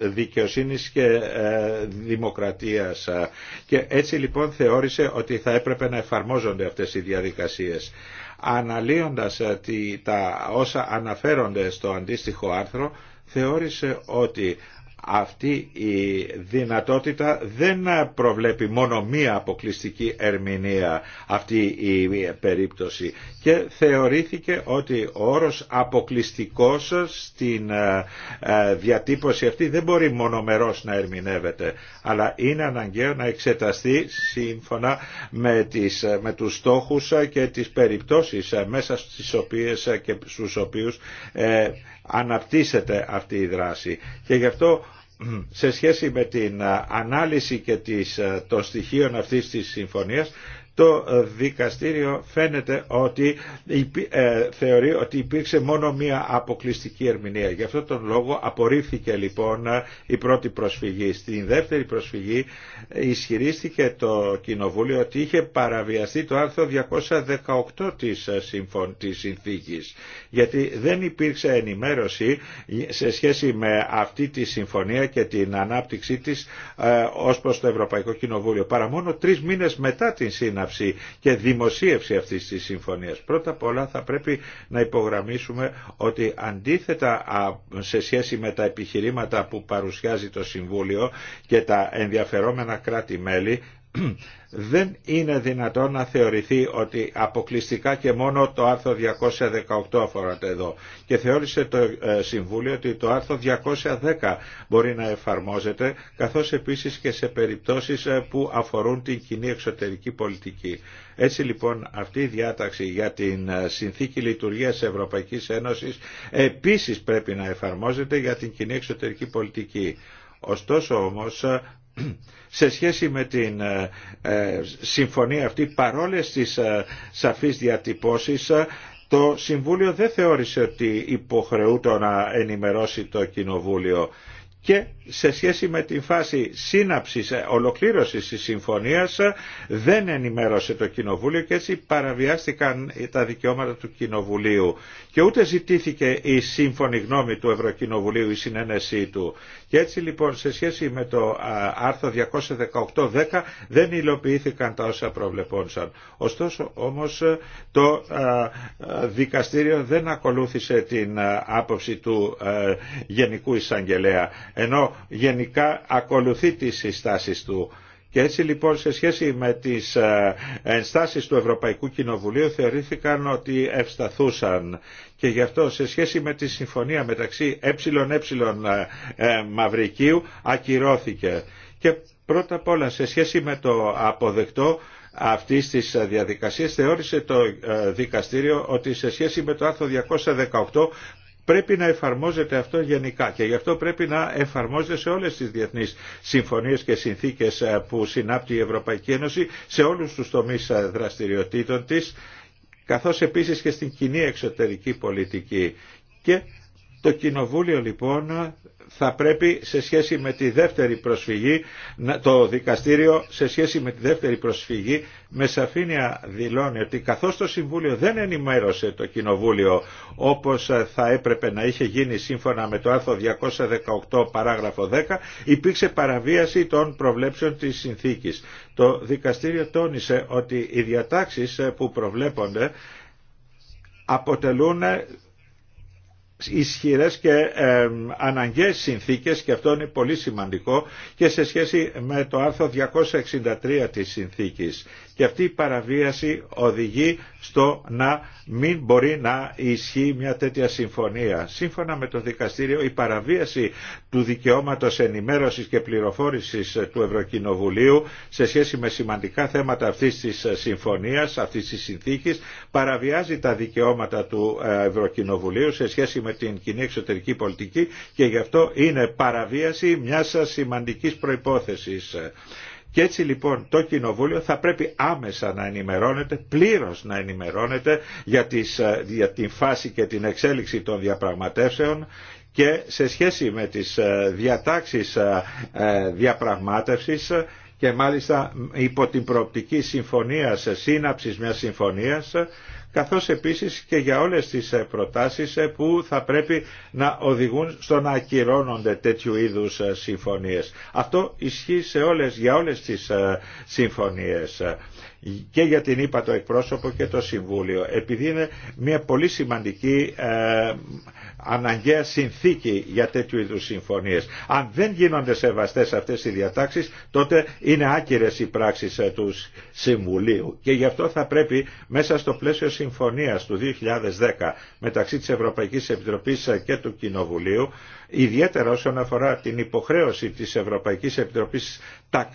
δικαιοσύνης και ε, δημοκρατίας. Και έτσι λοιπόν θεώρησε ότι θα έπρεπε να εφαρμόζονται αυτές οι διαδικασίες αναλύοντας ε, τα όσα αναφέρονται στο αντίστοιχο άρθρο, θεώρησε ότι αυτή η δυνατότητα δεν προβλέπει μόνο μία αποκλειστική ερμηνεία αυτή η περίπτωση και θεωρήθηκε ότι ο όρος αποκλειστικός στην ε, ε, διατύπωση αυτή δεν μπορεί μονομερός να ερμηνεύεται αλλά είναι αναγκαίο να εξεταστεί σύμφωνα με, τις, με τους στόχους και τις περιπτώσεις μέσα στις οποίες και στους οποίους ε, αναπτύσσεται αυτή η δράση. Και γι' αυτό σε σχέση με την ανάλυση και ε, των στοιχείων αυτής της συμφωνίας το δικαστήριο φαίνεται ότι ε, θεωρεί ότι υπήρξε μόνο μία αποκλειστική ερμηνεία. Γι' αυτό τον λόγο απορρίφθηκε λοιπόν η πρώτη προσφυγή. Στην δεύτερη προσφυγή ε, ισχυρίστηκε το Κοινοβούλιο ότι είχε παραβιαστεί το άρθρο 218 της, ε, συμφων... συνθήκης γιατί δεν υπήρξε ενημέρωση σε σχέση με αυτή τη συμφωνία και την ανάπτυξή της ως προς το Ευρωπαϊκό Κοινοβούλιο παρά μόνο τρεις μήνες μετά την και δημοσίευση αυτής της συμφωνίας. Πρώτα απ' όλα θα πρέπει να υπογραμμίσουμε ότι αντίθετα σε σχέση με τα επιχειρήματα που παρουσιάζει το Συμβούλιο και τα ενδιαφερόμενα κράτη-μέλη, δεν είναι δυνατόν να θεωρηθεί ότι αποκλειστικά και μόνο το άρθρο 218 αφοράται εδώ. Και θεώρησε το ε, Συμβούλιο ότι το άρθρο 210 μπορεί να εφαρμόζεται, καθώς επίσης και σε περιπτώσεις ε, που αφορούν την κοινή εξωτερική πολιτική. Έτσι λοιπόν αυτή η διάταξη για την ε, συνθήκη λειτουργίας Ευρωπαϊκής Ένωσης επίσης πρέπει να εφαρμόζεται για την κοινή εξωτερική πολιτική. Ωστόσο όμως σε σχέση με την ε, ε, συμφωνία αυτή παρόλες τις ε, σαφείς διατυπώσεις το Συμβούλιο δεν θεώρησε ότι υποχρεούτο να ενημερώσει το Κοινοβούλιο και σε σχέση με την φάση σύναψης, ε, ολοκλήρωσης της συμφωνίας ε, δεν ενημέρωσε το Κοινοβούλιο και έτσι παραβιάστηκαν τα δικαιώματα του Κοινοβουλίου και ούτε ζητήθηκε η σύμφωνη γνώμη του Ευρωκοινοβουλίου, η συνένεσή του. Και έτσι λοιπόν σε σχέση με το άρθρο 218 218-10 δεν υλοποιήθηκαν τα όσα προβλεπόνσαν Ωστόσο όμως ε, το δικαστήριο δεν ακολούθησε την άποψη του Γενικού Εισαγγελέα ενώ γενικά ακολουθεί τις συστάσεις του. Και έτσι λοιπόν σε σχέση με τις ε, ενστάσεις του Ευρωπαϊκού Κοινοβουλίου θεωρήθηκαν ότι ευσταθούσαν και γι' αυτό σε σχέση με τη συμφωνία μεταξύ ΕΕ Μαυρικίου ακυρώθηκε. Και πρώτα απ' όλα σε σχέση με το αποδεκτό αυτή της διαδικασίας θεώρησε το ε, δικαστήριο ότι σε σχέση με το άρθρο 218 πρέπει να εφαρμόζεται αυτό γενικά και γι' αυτό πρέπει να εφαρμόζεται σε όλες τις διεθνείς συμφωνίες και συνθήκες ε, που συνάπτει η Ευρωπαϊκή Ένωση σε όλους τους τομείς ε, δραστηριοτήτων της καθώς επίσης και στην κοινή εξωτερική πολιτική και το Κοινοβούλιο λοιπόν θα πρέπει σε σχέση με τη δεύτερη προσφυγή, το δικαστήριο σε σχέση με τη δεύτερη προσφυγή με σαφήνεια δηλώνει ότι καθώς το Συμβούλιο δεν ενημέρωσε το Κοινοβούλιο όπως θα έπρεπε να είχε γίνει σύμφωνα με το άρθρο 218 παράγραφο 10 υπήρξε παραβίαση των προβλέψεων της συνθήκης. Το δικαστήριο τόνισε ότι οι διατάξεις που προβλέπονται αποτελούν ισχυρές και ε, αναγκαίες συνθήκες και αυτό είναι πολύ σημαντικό και σε σχέση με το άρθρο 263 της συνθήκης. Και αυτή η παραβίαση οδηγεί στο να μην μπορεί να ισχύει μια τέτοια συμφωνία. Σύμφωνα με το δικαστήριο η παραβίαση του δικαιώματος ενημέρωσης και πληροφόρησης του Ευρωκοινοβουλίου σε σχέση με σημαντικά θέματα αυτής της συμφωνίας, αυτής της συνθήκης παραβιάζει τα δικαιώματα του ε, Ευρωκοινοβουλίου σε σχέση με την κοινή εξωτερική πολιτική και γι' αυτό είναι παραβίαση μιας σημαντικής προϋπόθεσης. Και έτσι λοιπόν το Κοινοβούλιο θα πρέπει άμεσα να ενημερώνεται, πλήρως να ενημερώνεται για, την φάση και την εξέλιξη των διαπραγματεύσεων και σε σχέση με τις ε, διατάξεις ε, ε, διαπραγμάτευσης και μάλιστα υπό την προοπτική συμφωνίας, σύναψης μιας συμφωνίας καθώς επίσης και για όλες τις ε, προτάσεις ε, που θα πρέπει να οδηγούν στο να ακυρώνονται τέτοιου είδους ε, συμφωνίες. Αυτό ισχύει σε όλες, για όλες τις συμφωνίες και για την είπα το εκπρόσωπο και το Συμβούλιο επειδή είναι μια πολύ σημαντική ε, αναγκαία συνθήκη για τέτοιου είδους συμφωνίες. Αν δεν γίνονται σεβαστές αυτές οι διατάξεις τότε είναι άκυρες οι πράξεις ε, του Συμβουλίου και γι' αυτό θα πρέπει μέσα στο πλαίσιο συμφωνίας του 2010 μεταξύ της Ευρωπαϊκής Επιτροπής ε, και του Κοινοβουλίου ιδιαίτερα όσον αφορά την υποχρέωση της Ευρωπαϊκής Επιτροπής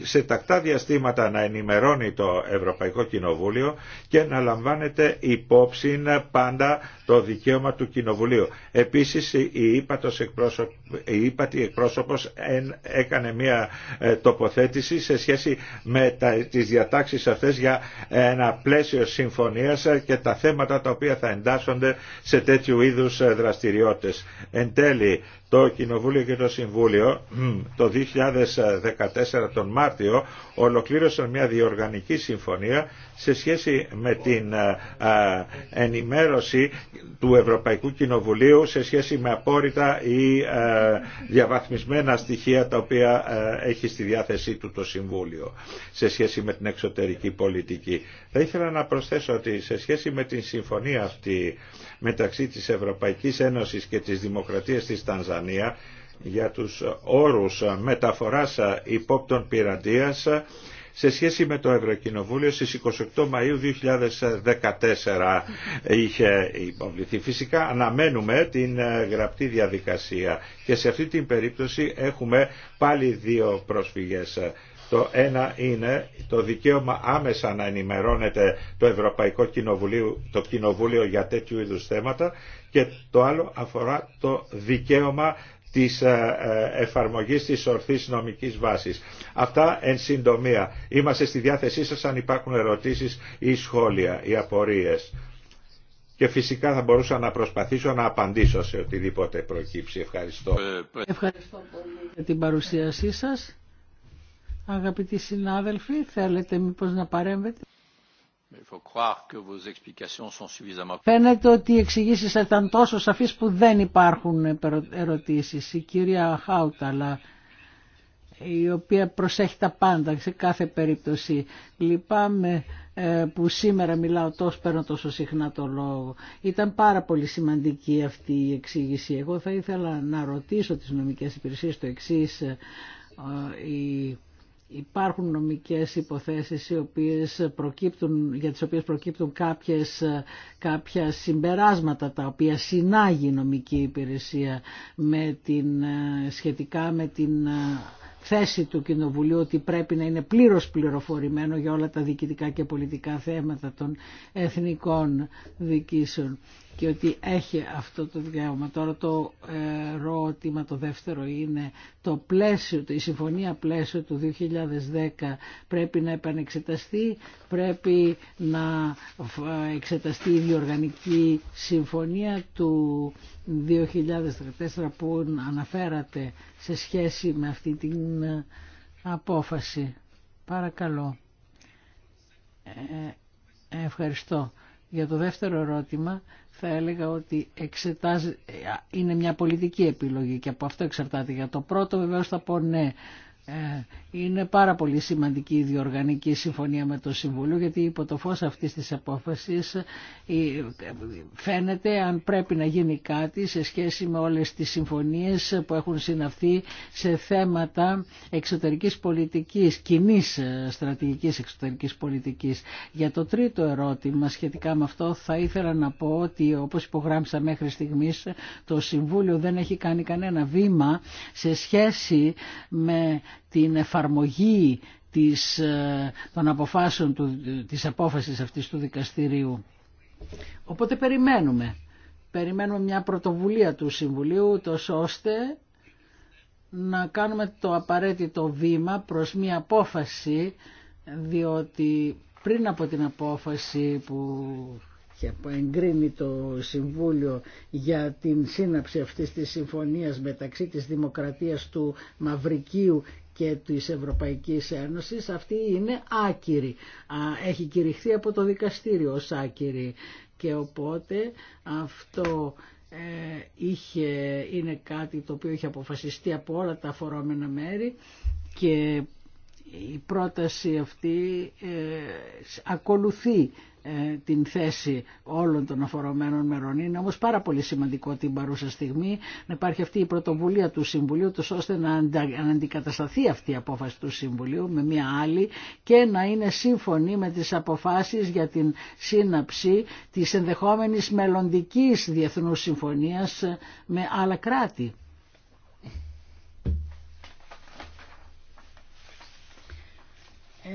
σε τακτά διαστήματα να ενημερώνει το Ευρωπαϊκό Κοινοβούλιο και να λαμβάνεται υπόψη πάντα το δικαίωμα του Κοινοβουλίου. Επίσης η ύπατος εκπρόσωπος, η ύπατη εκπρόσωπος έκανε μια ε, τοποθέτηση σε σχέση με τα, τις διατάξεις αυτές για ένα πλαίσιο συμφωνίας ε, και τα θέματα τα οποία θα εντάσσονται σε τέτοιου είδους ε, δραστηριότητες. Εν τέλει, το Κοινοβούλιο και το Συμβούλιο hm, το 2014 τον Μάρτιο ολοκλήρωσαν μια διοργανική συμφωνία σε σχέση με την ε, ε, ενημέρωση του Ευρωπαϊκού Κοινοβουλίου σε σχέση με απόρριτα ή ε, διαβαθμισμένα στοιχεία τα οποία έχει στη διάθεσή του το Συμβούλιο σε σχέση με την εξωτερική πολιτική. Θα ήθελα να προσθέσω ότι σε σχέση με την συμφωνία αυτή μεταξύ της Ευρωπαϊκής Ένωσης και της Δημοκρατίας της Τανζανία για τους όρους μεταφοράς υπόπτων πειραντίας σε σχέση με το Ευρωκοινοβούλιο στις 28 Μαΐου 2014 είχε υποβληθεί. Φυσικά αναμένουμε την ε, γραπτή διαδικασία και σε αυτή την περίπτωση έχουμε πάλι δύο πρόσφυγες. Το ένα είναι το δικαίωμα άμεσα να ενημερώνεται το Ευρωπαϊκό Κοινοβουλίο, το Κοινοβούλιο για τέτοιου είδους θέματα και το άλλο αφορά το δικαίωμα της ε, ε, εφαρμογής της ορθής νομικής βάσης. Αυτά εν συντομία. Είμαστε στη διάθεσή σας αν υπάρχουν ερωτήσεις ή σχόλια ή απορίες. Και φυσικά θα μπορούσα να προσπαθήσω να απαντήσω σε οτιδήποτε προκύψει. Ευχαριστώ. Ευχαριστώ πολύ για την παρουσίασή σας. Αγαπητοί συνάδελφοι, θέλετε μήπως να παρέμβετε. Φαίνεται ότι οι εξηγήσει ήταν τόσο σαφείς που δεν υπάρχουν ερωτήσει, Η κυρία Χάουταλα, η οποία προσέχει τα πάντα σε κάθε περίπτωση. Λυπάμαι ε, που σήμερα μιλάω τόσο, παίρνω τόσο συχνά το λόγο. Ήταν πάρα πολύ σημαντική αυτή η εξήγηση. Εγώ θα ήθελα να ρωτήσω τις νομικές υπηρεσίες το εξής. Ε, υπάρχουν νομικές υποθέσεις οι οποίες προκύπτουν, για τις οποίες προκύπτουν κάποιες, κάποια συμπεράσματα τα οποία συνάγει η νομική υπηρεσία με την, ε, σχετικά με την ε, θέση του Κοινοβουλίου ότι πρέπει να είναι πλήρως πληροφορημένο για όλα τα διοικητικά και πολιτικά θέματα των εθνικών διοικήσεων και ότι έχει αυτό το δικαίωμα. Τώρα το ερώτημα το δεύτερο είναι το πλαίσιο, η συμφωνία πλαίσιο του 2010 πρέπει να επανεξεταστεί, πρέπει να ε, εξεταστεί η διοργανική συμφωνία του 2014 που αναφέρατε σε σχέση με αυτή την απόφαση. Παρακαλώ. Ε, ε ευχαριστώ. Για το δεύτερο ερώτημα θα έλεγα ότι εξετάζει, ε, είναι μια πολιτική επιλογή και από αυτό εξαρτάται. Για το πρώτο βεβαίως θα πω ναι ε, είναι πάρα πολύ σημαντική η διοργανική συμφωνία με το Συμβούλιο γιατί υπό το φως αυτής της απόφασης φαίνεται αν πρέπει να γίνει κάτι σε σχέση με όλες τις συμφωνίες που έχουν συναυθεί σε θέματα εξωτερικής πολιτικής, κοινή ε, στρατηγικής εξωτερικής πολιτικής. Για το τρίτο ερώτημα σχετικά με αυτό θα ήθελα να πω ότι όπως υπογράμμισα μέχρι στιγμής το Συμβούλιο δεν έχει κάνει κανένα βήμα σε σχέση με την εφαρμογή της, ε, των αποφάσεων του, της απόφασης αυτής του δικαστηρίου. Οπότε περιμένουμε. Περιμένουμε μια πρωτοβουλία του Συμβουλίου, τόσο ώστε να κάνουμε το απαραίτητο βήμα προς μια απόφαση, διότι πριν από την απόφαση που εγκρίνει το Συμβούλιο για την σύναψη αυτής της συμφωνίας μεταξύ της Δημοκρατίας του Μαυρικίου και της Ευρωπαϊκής Ένωσης αυτή είναι άκυρη. Έχει κηρυχθεί από το δικαστήριο ως άκυρη και οπότε αυτό ε, είχε, είναι κάτι το οποίο έχει αποφασιστεί από όλα τα αφορόμενα μέρη και η πρόταση αυτή ε, ακολουθεί ε, την θέση όλων των αφορομένων μερών. Είναι όμως πάρα πολύ σημαντικό την παρούσα στιγμή να υπάρχει αυτή η πρωτοβουλία του Συμβουλίου τους ώστε να αντικατασταθεί αυτή η απόφαση του Συμβουλίου με μια άλλη και να είναι σύμφωνη με τις αποφάσεις για την σύναψη της ενδεχόμενης μελλοντικής διεθνούς συμφωνίας με άλλα κράτη.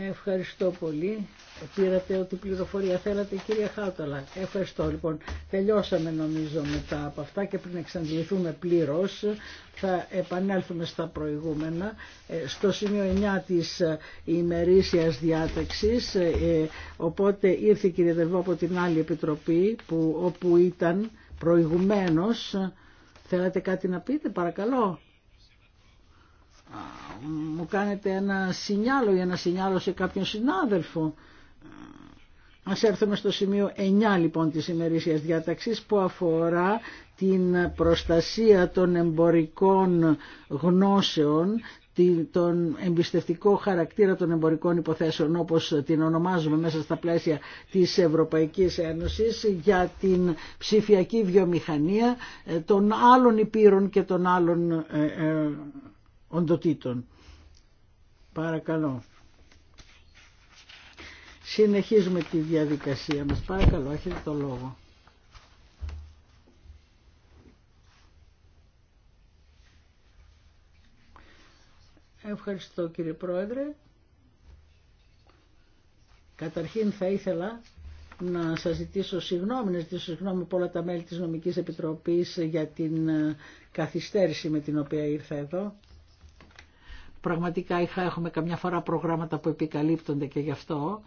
Ευχαριστώ πολύ. Πήρατε ό,τι πληροφορία θέλατε κύριε Χάουταλα. Ευχαριστώ λοιπόν. Τελειώσαμε νομίζω μετά από αυτά και πριν εξαντληθούμε πλήρως θα επανέλθουμε στα προηγούμενα. Ε, στο σημείο 9 της ε, ημερήσιας διάταξης ε, οπότε ήρθε η κυρία από την άλλη επιτροπή που, όπου ήταν προηγουμένω, Θέλατε κάτι να πείτε παρακαλώ μου κάνετε ένα σινιάλο ή ένα σινιάλο σε κάποιον συνάδελφο. Α έρθουμε στο σημείο 9 λοιπόν της ημερήσιας διάταξης που αφορά την προστασία των εμπορικών γνώσεων, τον εμπιστευτικό χαρακτήρα των εμπορικών υποθέσεων όπως την ονομάζουμε μέσα στα πλαίσια της Ευρωπαϊκής Ένωσης για την ψηφιακή βιομηχανία ε, των άλλων υπήρων και των άλλων ε, ε, οντοτήτων. Παρακαλώ. Συνεχίζουμε τη διαδικασία μας. Παρακαλώ, έχετε το λόγο. Ευχαριστώ κύριε Πρόεδρε. Καταρχήν θα ήθελα να σας ζητήσω συγγνώμη, να ζητήσω συγγνώμη από όλα τα μέλη της Νομικής Επιτροπής για την καθυστέρηση με την οποία ήρθα εδώ. Πραγματικά είχα, έχουμε καμιά φορά προγράμματα που επικαλύπτονται και γι' αυτό.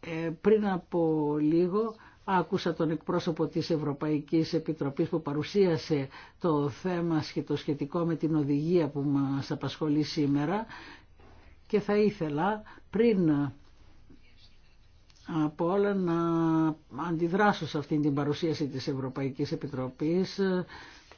Ε, πριν από λίγο άκουσα τον εκπρόσωπο της Ευρωπαϊκής Επιτροπής που παρουσίασε το θέμα το σχετικό με την οδηγία που μας απασχολεί σήμερα και θα ήθελα πριν από όλα να αντιδράσω σε αυτήν την παρουσίαση της Ευρωπαϊκής Επιτροπής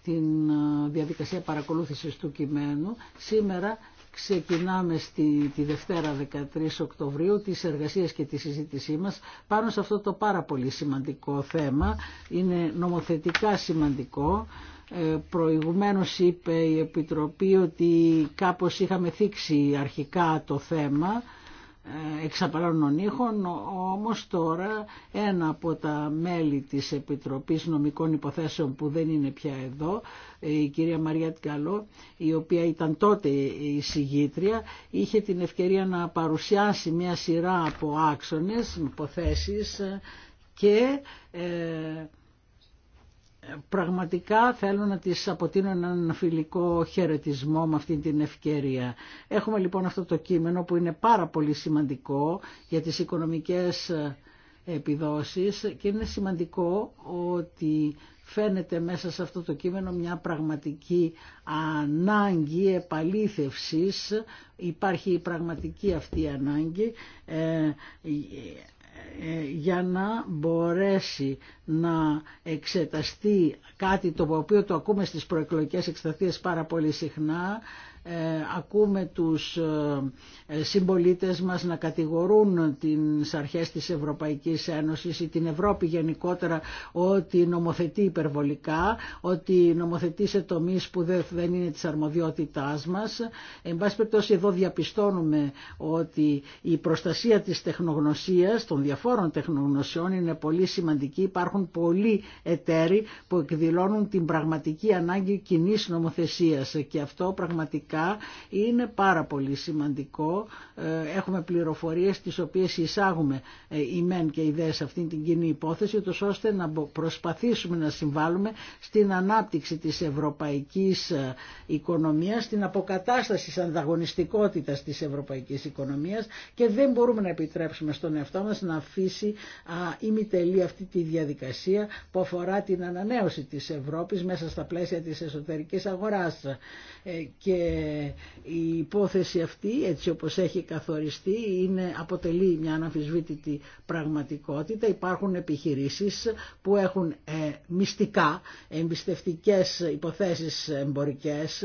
την ε, διαδικασία παρακολούθησης του κειμένου. Σήμερα ξεκινάμε στη, τη Δευτέρα 13 Οκτωβρίου τις εργασίες και τη συζήτησή μας πάνω σε αυτό το πάρα πολύ σημαντικό θέμα. Είναι νομοθετικά σημαντικό. Ε, προηγουμένως είπε η Επιτροπή ότι κάπως είχαμε θίξει αρχικά το θέμα ε, εξαπλώνων ήχων, όμως τώρα ένα από τα μέλη της Επιτροπής Νομικών Υποθέσεων που δεν είναι πια εδώ, ε, η κυρία Μαριά Τικαλό, η οποία ήταν τότε η συγγήτρια, είχε την ευκαιρία να παρουσιάσει μια σειρά από άξονες, υποθέσεις ε, και πραγματικά θέλω να τις αποτείνω έναν φιλικό χαιρετισμό με αυτή την ευκαιρία. Έχουμε λοιπόν αυτό το κείμενο που είναι πάρα πολύ σημαντικό για τις οικονομικές ε, επιδόσεις και είναι σημαντικό ότι φαίνεται μέσα σε αυτό το κείμενο μια πραγματική ανάγκη επαλήθευσης. Υπάρχει η πραγματική αυτή ανάγκη ε, ε, για να μπορέσει να εξεταστεί κάτι το οποίο το ακούμε στις προεκλογικές εκσταθίες πάρα πολύ συχνά ε, ακούμε τους ε, συμπολίτες μας να κατηγορούν την αρχές της Ευρωπαϊκής Ένωσης ή την Ευρώπη γενικότερα ότι νομοθετεί υπερβολικά, ότι νομοθετεί σε τομείς που δεν είναι της αρμοδιότητάς μας. Εν πάση περιπτώσει εδώ διαπιστώνουμε ότι η προστασία της τεχνογνωσίας, των διαφόρων τεχνογνωσιών είναι πολύ σημαντική. Υπάρχουν πολλοί εταίροι που εκδηλώνουν την πραγματική ανάγκη κοινή νομοθεσίας και αυτό πραγματικά είναι πάρα πολύ σημαντικό. Ε, έχουμε πληροφορίες τις οποίες εισάγουμε ε, οι μεν και οι δε σε αυτήν την κοινή υπόθεση ώστε να προσπαθήσουμε να συμβάλλουμε στην ανάπτυξη της ευρωπαϊκής ε, οικονομίας, στην αποκατάσταση της ανταγωνιστικότητας της ευρωπαϊκής οικονομίας και δεν μπορούμε να επιτρέψουμε στον εαυτό μας να αφήσει ημιτελή αυτή τη διαδικασία που αφορά την ανανέωση της Ευρώπης μέσα στα πλαίσια της εσωτερικής αγοράς και ε, η υπόθεση αυτή έτσι όπως έχει καθοριστεί είναι, αποτελεί μια αναμφισβήτητη πραγματικότητα. Υπάρχουν επιχειρήσεις που έχουν ε, μυστικά εμπιστευτικές υποθέσεις εμπορικές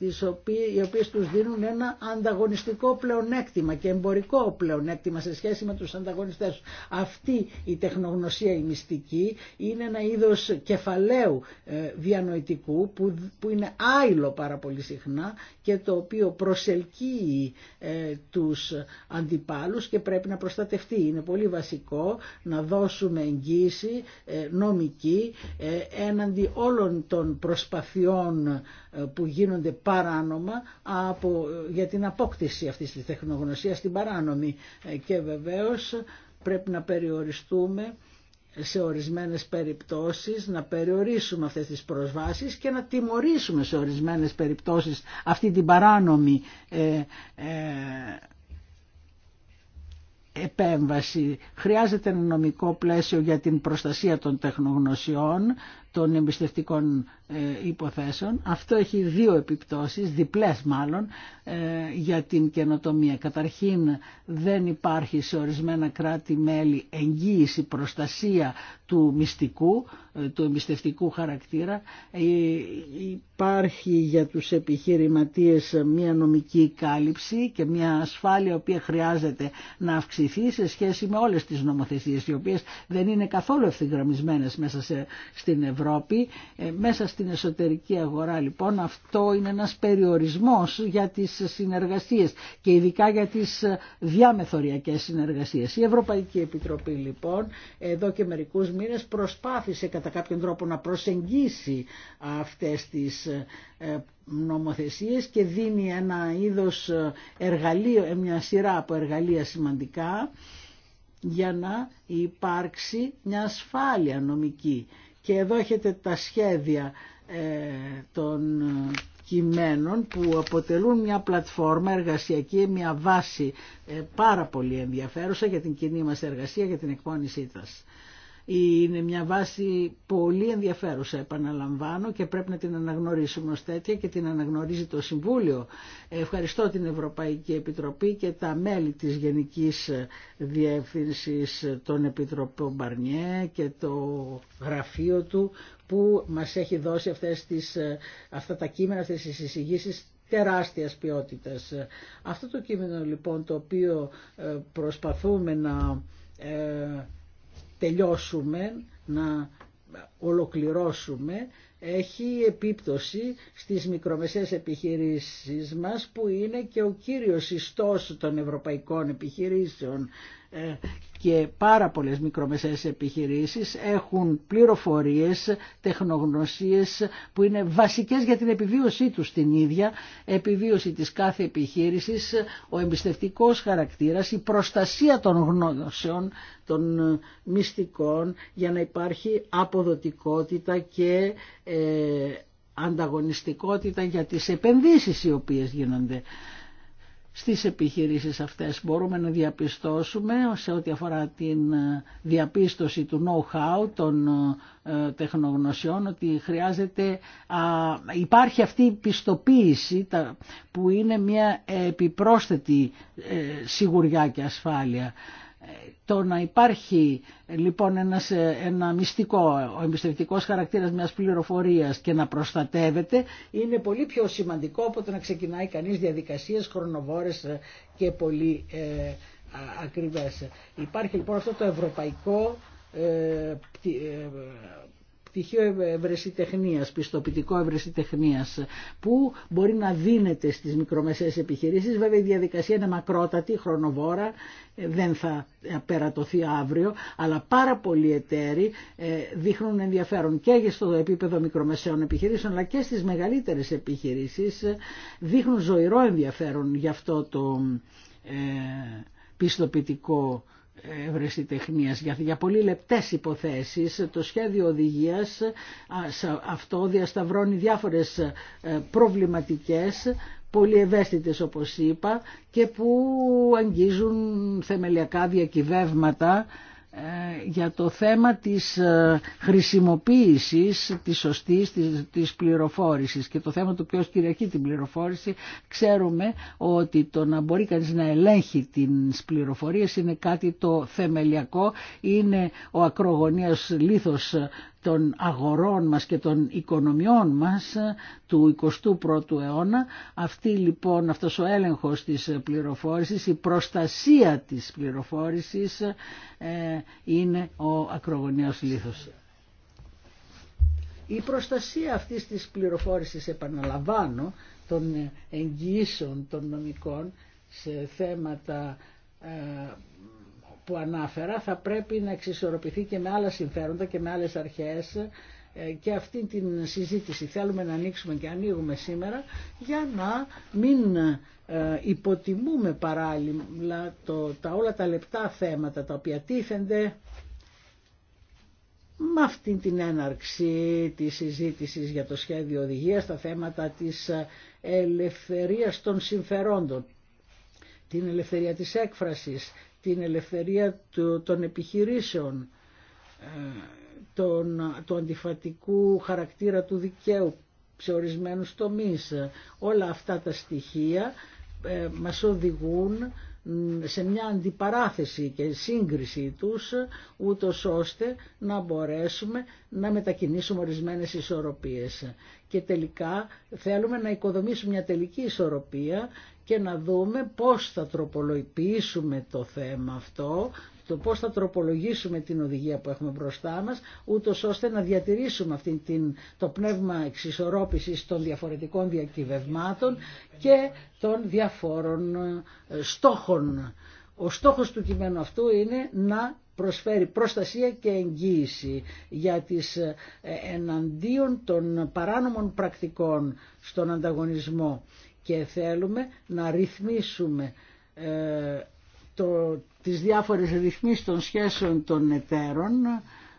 τις οποίες, οι οποίες τους δίνουν ένα ανταγωνιστικό πλεονέκτημα και εμπορικό πλεονέκτημα σε σχέση με τους ανταγωνιστές. Αυτή η τεχνογνωσία η μυστική είναι ένα είδος κεφαλαίου ε, διανοητικού που, που είναι άειλο πάρα πολύ συχνά και το οποίο προσελκύει ε, τους αντιπάλους και πρέπει να προστατευτεί. Είναι πολύ βασικό να δώσουμε εγγύηση ε, νομική έναντι όλων των προσπαθειών ε, που γίνονται παράνομα από, ε, για την απόκτηση αυτής της τεχνογνωσίας την παράνομη ε, και βεβαίως πρέπει να περιοριστούμε σε ορισμένες περιπτώσεις να περιορίσουμε αυτές τις προσβάσεις και να τιμωρήσουμε σε ορισμένες περιπτώσεις αυτή την παράνομη επέμβαση. Χρειάζεται ένα νομικό πλαίσιο για την προστασία των τεχνογνωσιών, των εμπιστευτικών ε, υποθέσεων. Αυτό έχει δύο επιπτώσεις, διπλές μάλλον, ε, για την καινοτομία. Καταρχήν δεν υπάρχει σε ορισμένα κράτη-μέλη εγγύηση, προστασία του μυστικού, ε, του εμπιστευτικού χαρακτήρα. Υπάρχει για τους επιχειρηματίες μια νομική κάλυψη και μια ασφάλεια η οποία χρειάζεται να αυξηθεί σε σχέση με όλες τις νομοθεσίες οι οποίες δεν είναι καθόλου ευθυγραμμισμένες μέσα στην Ευρώπη, μέσα στην εσωτερική αγορά λοιπόν αυτό είναι ένας περιορισμός για τις συνεργασίες και ειδικά για τις διαμεθοριακές συνεργασίες. Η Ευρωπαϊκή Επιτροπή λοιπόν εδώ και μερικούς μήνες προσπάθησε κατά κάποιον τρόπο να προσεγγίσει αυτές τις ε, νομοθεσίες και δίνει ένα είδος εργαλείο, μια σειρά από εργαλεία σημαντικά για να υπάρξει μια ασφάλεια νομική. Και εδώ έχετε τα σχέδια των κειμένων που αποτελούν μια πλατφόρμα εργασιακή, μια βάση ε, πάρα πολύ ενδιαφέρουσα για την κοινή μας εργασία, για την εκπόνησή της. Είναι μια βάση πολύ ενδιαφέρουσα, επαναλαμβάνω, και πρέπει να την αναγνωρίσουμε ως τέτοια και την αναγνωρίζει το Συμβούλιο. Ευχαριστώ την Ευρωπαϊκή Επιτροπή και τα μέλη της Γενικής Διεύθυνσης των Επιτροπών Μπαρνιέ και το γραφείο του που μας έχει δώσει αυτές τις, ε, αυτά τα κείμενα, αυτές τις εισηγήσεις τεράστιας ποιότητας. Αυτό το κείμενο λοιπόν το οποίο ε, προσπαθούμε να ε, τελειώσουμε, να ολοκληρώσουμε έχει επίπτωση στις μικρομεσαίες επιχειρήσεις μας που είναι και ο κύριος ιστός των ευρωπαϊκών επιχειρήσεων ε, και πάρα πολλές μικρομεσαίες επιχειρήσεις έχουν πληροφορίες, τεχνογνωσίες που είναι βασικές για την επιβίωσή τους την ίδια, επιβίωση της κάθε επιχείρησης, ο εμπιστευτικός χαρακτήρας, η προστασία των γνώσεων, των μυστικών για να υπάρχει αποδοτικότητα και ε, ανταγωνιστικότητα για τις επενδύσεις οι οποίες γίνονται στις επιχειρήσεις αυτές. Μπορούμε να διαπιστώσουμε σε ό,τι αφορά την ε, διαπίστωση του know-how των ε, τεχνογνωσιών ότι χρειάζεται, υπάρχει αυτή η πιστοποίηση που είναι μια επιπρόσθετη σιγουριά και ασφάλεια το να υπάρχει λοιπόν ένα μυστικό, ο εμπιστευτικός χαρακτήρας μιας πληροφορίας και να προστατεύεται είναι πολύ πιο σημαντικό από το να ξεκινάει κανείς διαδικασίες χρονοβόρες και πολύ ε, ακριβές. Υπάρχει λοιπόν αυτό το ευρωπαϊκό ε, ε, πτυχίο ευρεσιτεχνία, πιστοποιητικό ευρεσιτεχνίας που μπορεί να δίνεται στις μικρομεσαίες επιχειρήσεις. Βέβαια η διαδικασία είναι μακρότατη, χρονοβόρα, ε, δεν θα περατωθεί αύριο, αλλά πάρα πολλοί εταίροι ε, δείχνουν ενδιαφέρον και στο επίπεδο μικρομεσαίων επιχειρήσεων αλλά και στις μεγαλύτερε επιχειρήσει, ε, δείχνουν ζωηρό ενδιαφέρον για αυτό το πιστοποιητικό ευρεσιτεχνίας για, για πολύ λεπτές υποθέσεις το σχέδιο οδηγίας αυτό διασταυρώνει διάφορες ε, προβληματικές πολύ ευαίσθητες όπως είπα και που αγγίζουν θεμελιακά διακυβεύματα ε, για το θέμα της ε, χρησιμοποίησης της σωστής της, της πληροφόρησης και το θέμα του ποιος κυριαρχεί την πληροφόρηση ξέρουμε ότι το να μπορεί κανείς να ελέγχει την πληροφορίες είναι κάτι το θεμελιακό είναι ο ακρογωνίας λίθος των αγορών μας και των οικονομιών μας του 21ου αιώνα. Αυτή λοιπόν, αυτός ο έλεγχος της πληροφόρησης, η προστασία της πληροφόρησης ε, είναι ο ακρογωνιαίος λίθος. Η προστασία αυτής της πληροφόρησης, επαναλαμβάνω, των εγγύσεων των νομικών σε θέματα ε, που ανάφερα θα πρέπει να εξισορροπηθεί και με άλλα συμφέροντα και με άλλες αρχές ε, και αυτή την συζήτηση θέλουμε να ανοίξουμε και ανοίγουμε σήμερα για να μην ε, υποτιμούμε παράλληλα το, τα όλα τα λεπτά θέματα τα οποία τίθενται με αυτήν την έναρξη της συζήτησης για το σχέδιο οδηγίας τα θέματα της ε, ελευθερίας των συμφερόντων την ελευθερία της έκφρασης, την ελευθερία των επιχειρήσεων, ε, τον, του αντιφατικού χαρακτήρα του δικαίου σε ορισμένους τομείς. Όλα αυτά τα στοιχεία ε, μας οδηγούν σε μια αντιπαράθεση και σύγκριση τους ούτως ώστε να μπορέσουμε να μετακινήσουμε ορισμένες ισορροπίες. Και τελικά θέλουμε να οικοδομήσουμε μια τελική ισορροπία και να δούμε πώς θα τροπολοποιήσουμε το θέμα αυτό το πώς θα τροπολογήσουμε την οδηγία που έχουμε μπροστά μας, ούτω ώστε να διατηρήσουμε αυτή την, το πνεύμα εξισορρόπησης των διαφορετικών διακυβευμάτων και των διαφόρων ε, στόχων. Ο στόχος του κειμένου αυτού είναι να προσφέρει προστασία και εγγύηση για τις ε, εναντίον των παράνομων πρακτικών στον ανταγωνισμό και θέλουμε να ρυθμίσουμε ε, το, τις διάφορες ρυθμίσεις των σχέσεων των εταίρων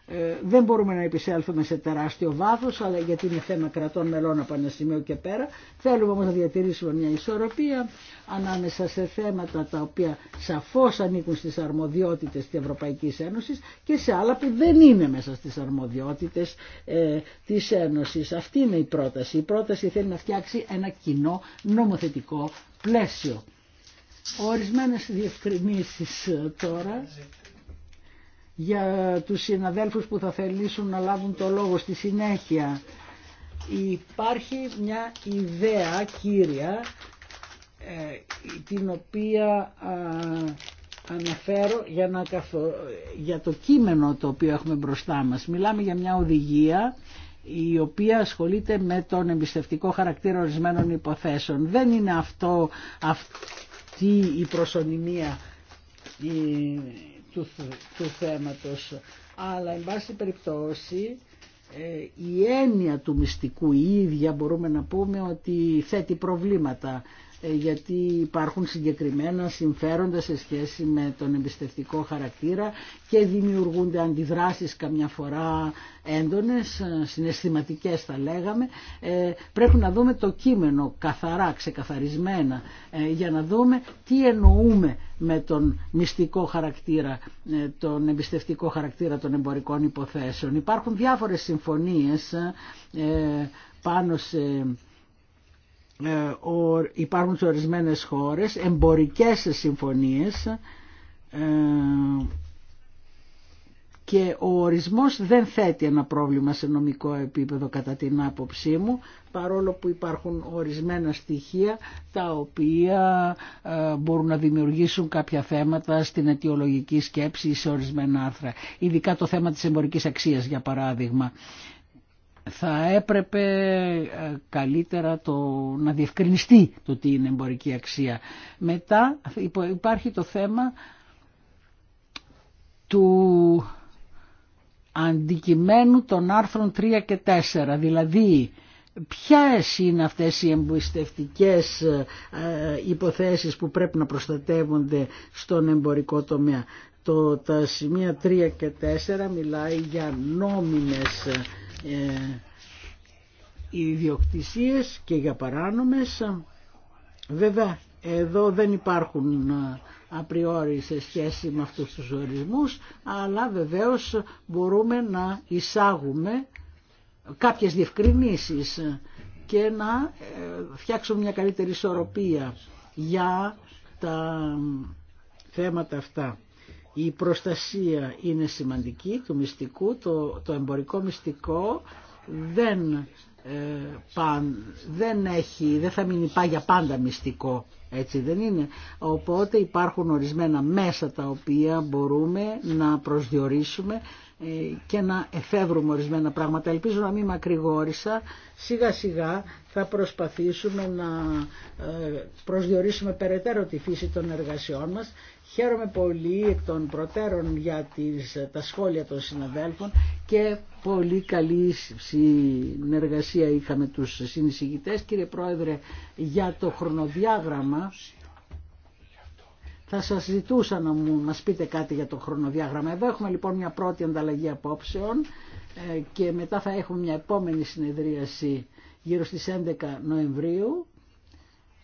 ε, δεν μπορούμε να επισέλθουμε σε τεράστιο βάθος αλλά γιατί είναι θέμα κρατών μελών από ένα σημείο και πέρα θέλουμε όμως να διατηρήσουμε μια ισορροπία ανάμεσα σε θέματα τα οποία σαφώς ανήκουν στις αρμοδιότητες της Ευρωπαϊκής Ένωσης και σε άλλα που δεν είναι μέσα στις αρμοδιότητες ε, της Ένωσης. Αυτή είναι η πρόταση. Η πρόταση θέλει να φτιάξει ένα κοινό νομοθετικό πλαίσιο. Ορισμένες διευκρινήσεις ε, τώρα για τους συναδέλφους που θα θελήσουν να λάβουν το λόγο στη συνέχεια. Υπάρχει μια ιδέα κύρια ε, την οποία αναφέρω για, να το κείμενο το οποίο έχουμε μπροστά μας. Μιλάμε για μια οδηγία η οποία ασχολείται με τον εμπιστευτικό χαρακτήρα ορισμένων υποθέσεων. Δεν είναι αυτό αυτή η προσωνυμία του, του θέματος αλλά εν πάση περιπτώσει ε, η έννοια του μυστικού η ίδια μπορούμε να πούμε ότι θέτει προβλήματα ε, γιατί υπάρχουν συγκεκριμένα συμφέροντα σε σχέση με τον εμπιστευτικό χαρακτήρα και δημιουργούνται αντιδράσεις καμιά φορά έντονες, ε, συναισθηματικές θα λέγαμε. Ε, πρέπει να δούμε το κείμενο καθαρά, ξεκαθαρισμένα για να δούμε τι εννοούμε με τον μυστικό χαρακτήρα, τον εμπιστευτικό χαρακτήρα των εμπορικών υποθέσεων. Υπάρχουν διάφορες συμφωνίες πάνω σε ε, υπάρχουν σε ορισμένες χώρες εμπορικές συμφωνίες ε, και ο ορισμός δεν θέτει ένα πρόβλημα σε νομικό επίπεδο κατά την άποψή μου παρόλο που υπάρχουν ορισμένα στοιχεία τα οποία ε, μπορούν να δημιουργήσουν κάποια θέματα στην αιτιολογική σκέψη ή σε ορισμένα άρθρα. Ειδικά το θέμα της εμπορικής αξίας για παράδειγμα θα έπρεπε ε, καλύτερα το, να διευκρινιστεί το τι είναι εμπορική αξία. Μετά υπάρχει το θέμα του αντικειμένου των άρθρων 3 και 4, δηλαδή ποιες είναι αυτές οι εμπιστευτικές ε, υποθέσεις που πρέπει να προστατεύονται στον εμπορικό τομέα. Το, τα σημεία 3 και 4 μιλάει για νόμιμες ε, ε, οι ιδιοκτησίες και για παράνομες βέβαια εδώ δεν υπάρχουν ε, απριόρι σε σχέση με αυτούς τους ορισμούς αλλά βεβαίως μπορούμε να εισάγουμε κάποιες διευκρινήσεις και να ε, φτιάξουμε μια καλύτερη ισορροπία για τα θέματα αυτά. Η προστασία είναι σημαντική του μυστικού, το, το εμπορικό μυστικό δεν, ε, παν, δεν, έχει, δεν θα μείνει πάγια πάντα μυστικό, έτσι δεν είναι. Οπότε υπάρχουν ορισμένα μέσα τα οποία μπορούμε να προσδιορίσουμε ε, και να εφεύρουμε ορισμένα πράγματα. Ελπίζω να μην μακρηγόρησα. Σιγά σιγά θα προσπαθήσουμε να ε, προσδιορίσουμε περαιτέρω τη φύση των εργασιών μας. Χαίρομαι πολύ εκ των προτέρων για τις, τα σχόλια των συναδέλφων και πολύ καλή συνεργασία είχαμε τους συνεισηγητές. Κύριε Πρόεδρε, για το χρονοδιάγραμμα θα σας ζητούσα να μου, μας πείτε κάτι για το χρονοδιάγραμμα. Εδώ έχουμε λοιπόν μια πρώτη ανταλλαγή απόψεων ε, και μετά θα έχουμε μια επόμενη συνεδρίαση γύρω στις 11 Νοεμβρίου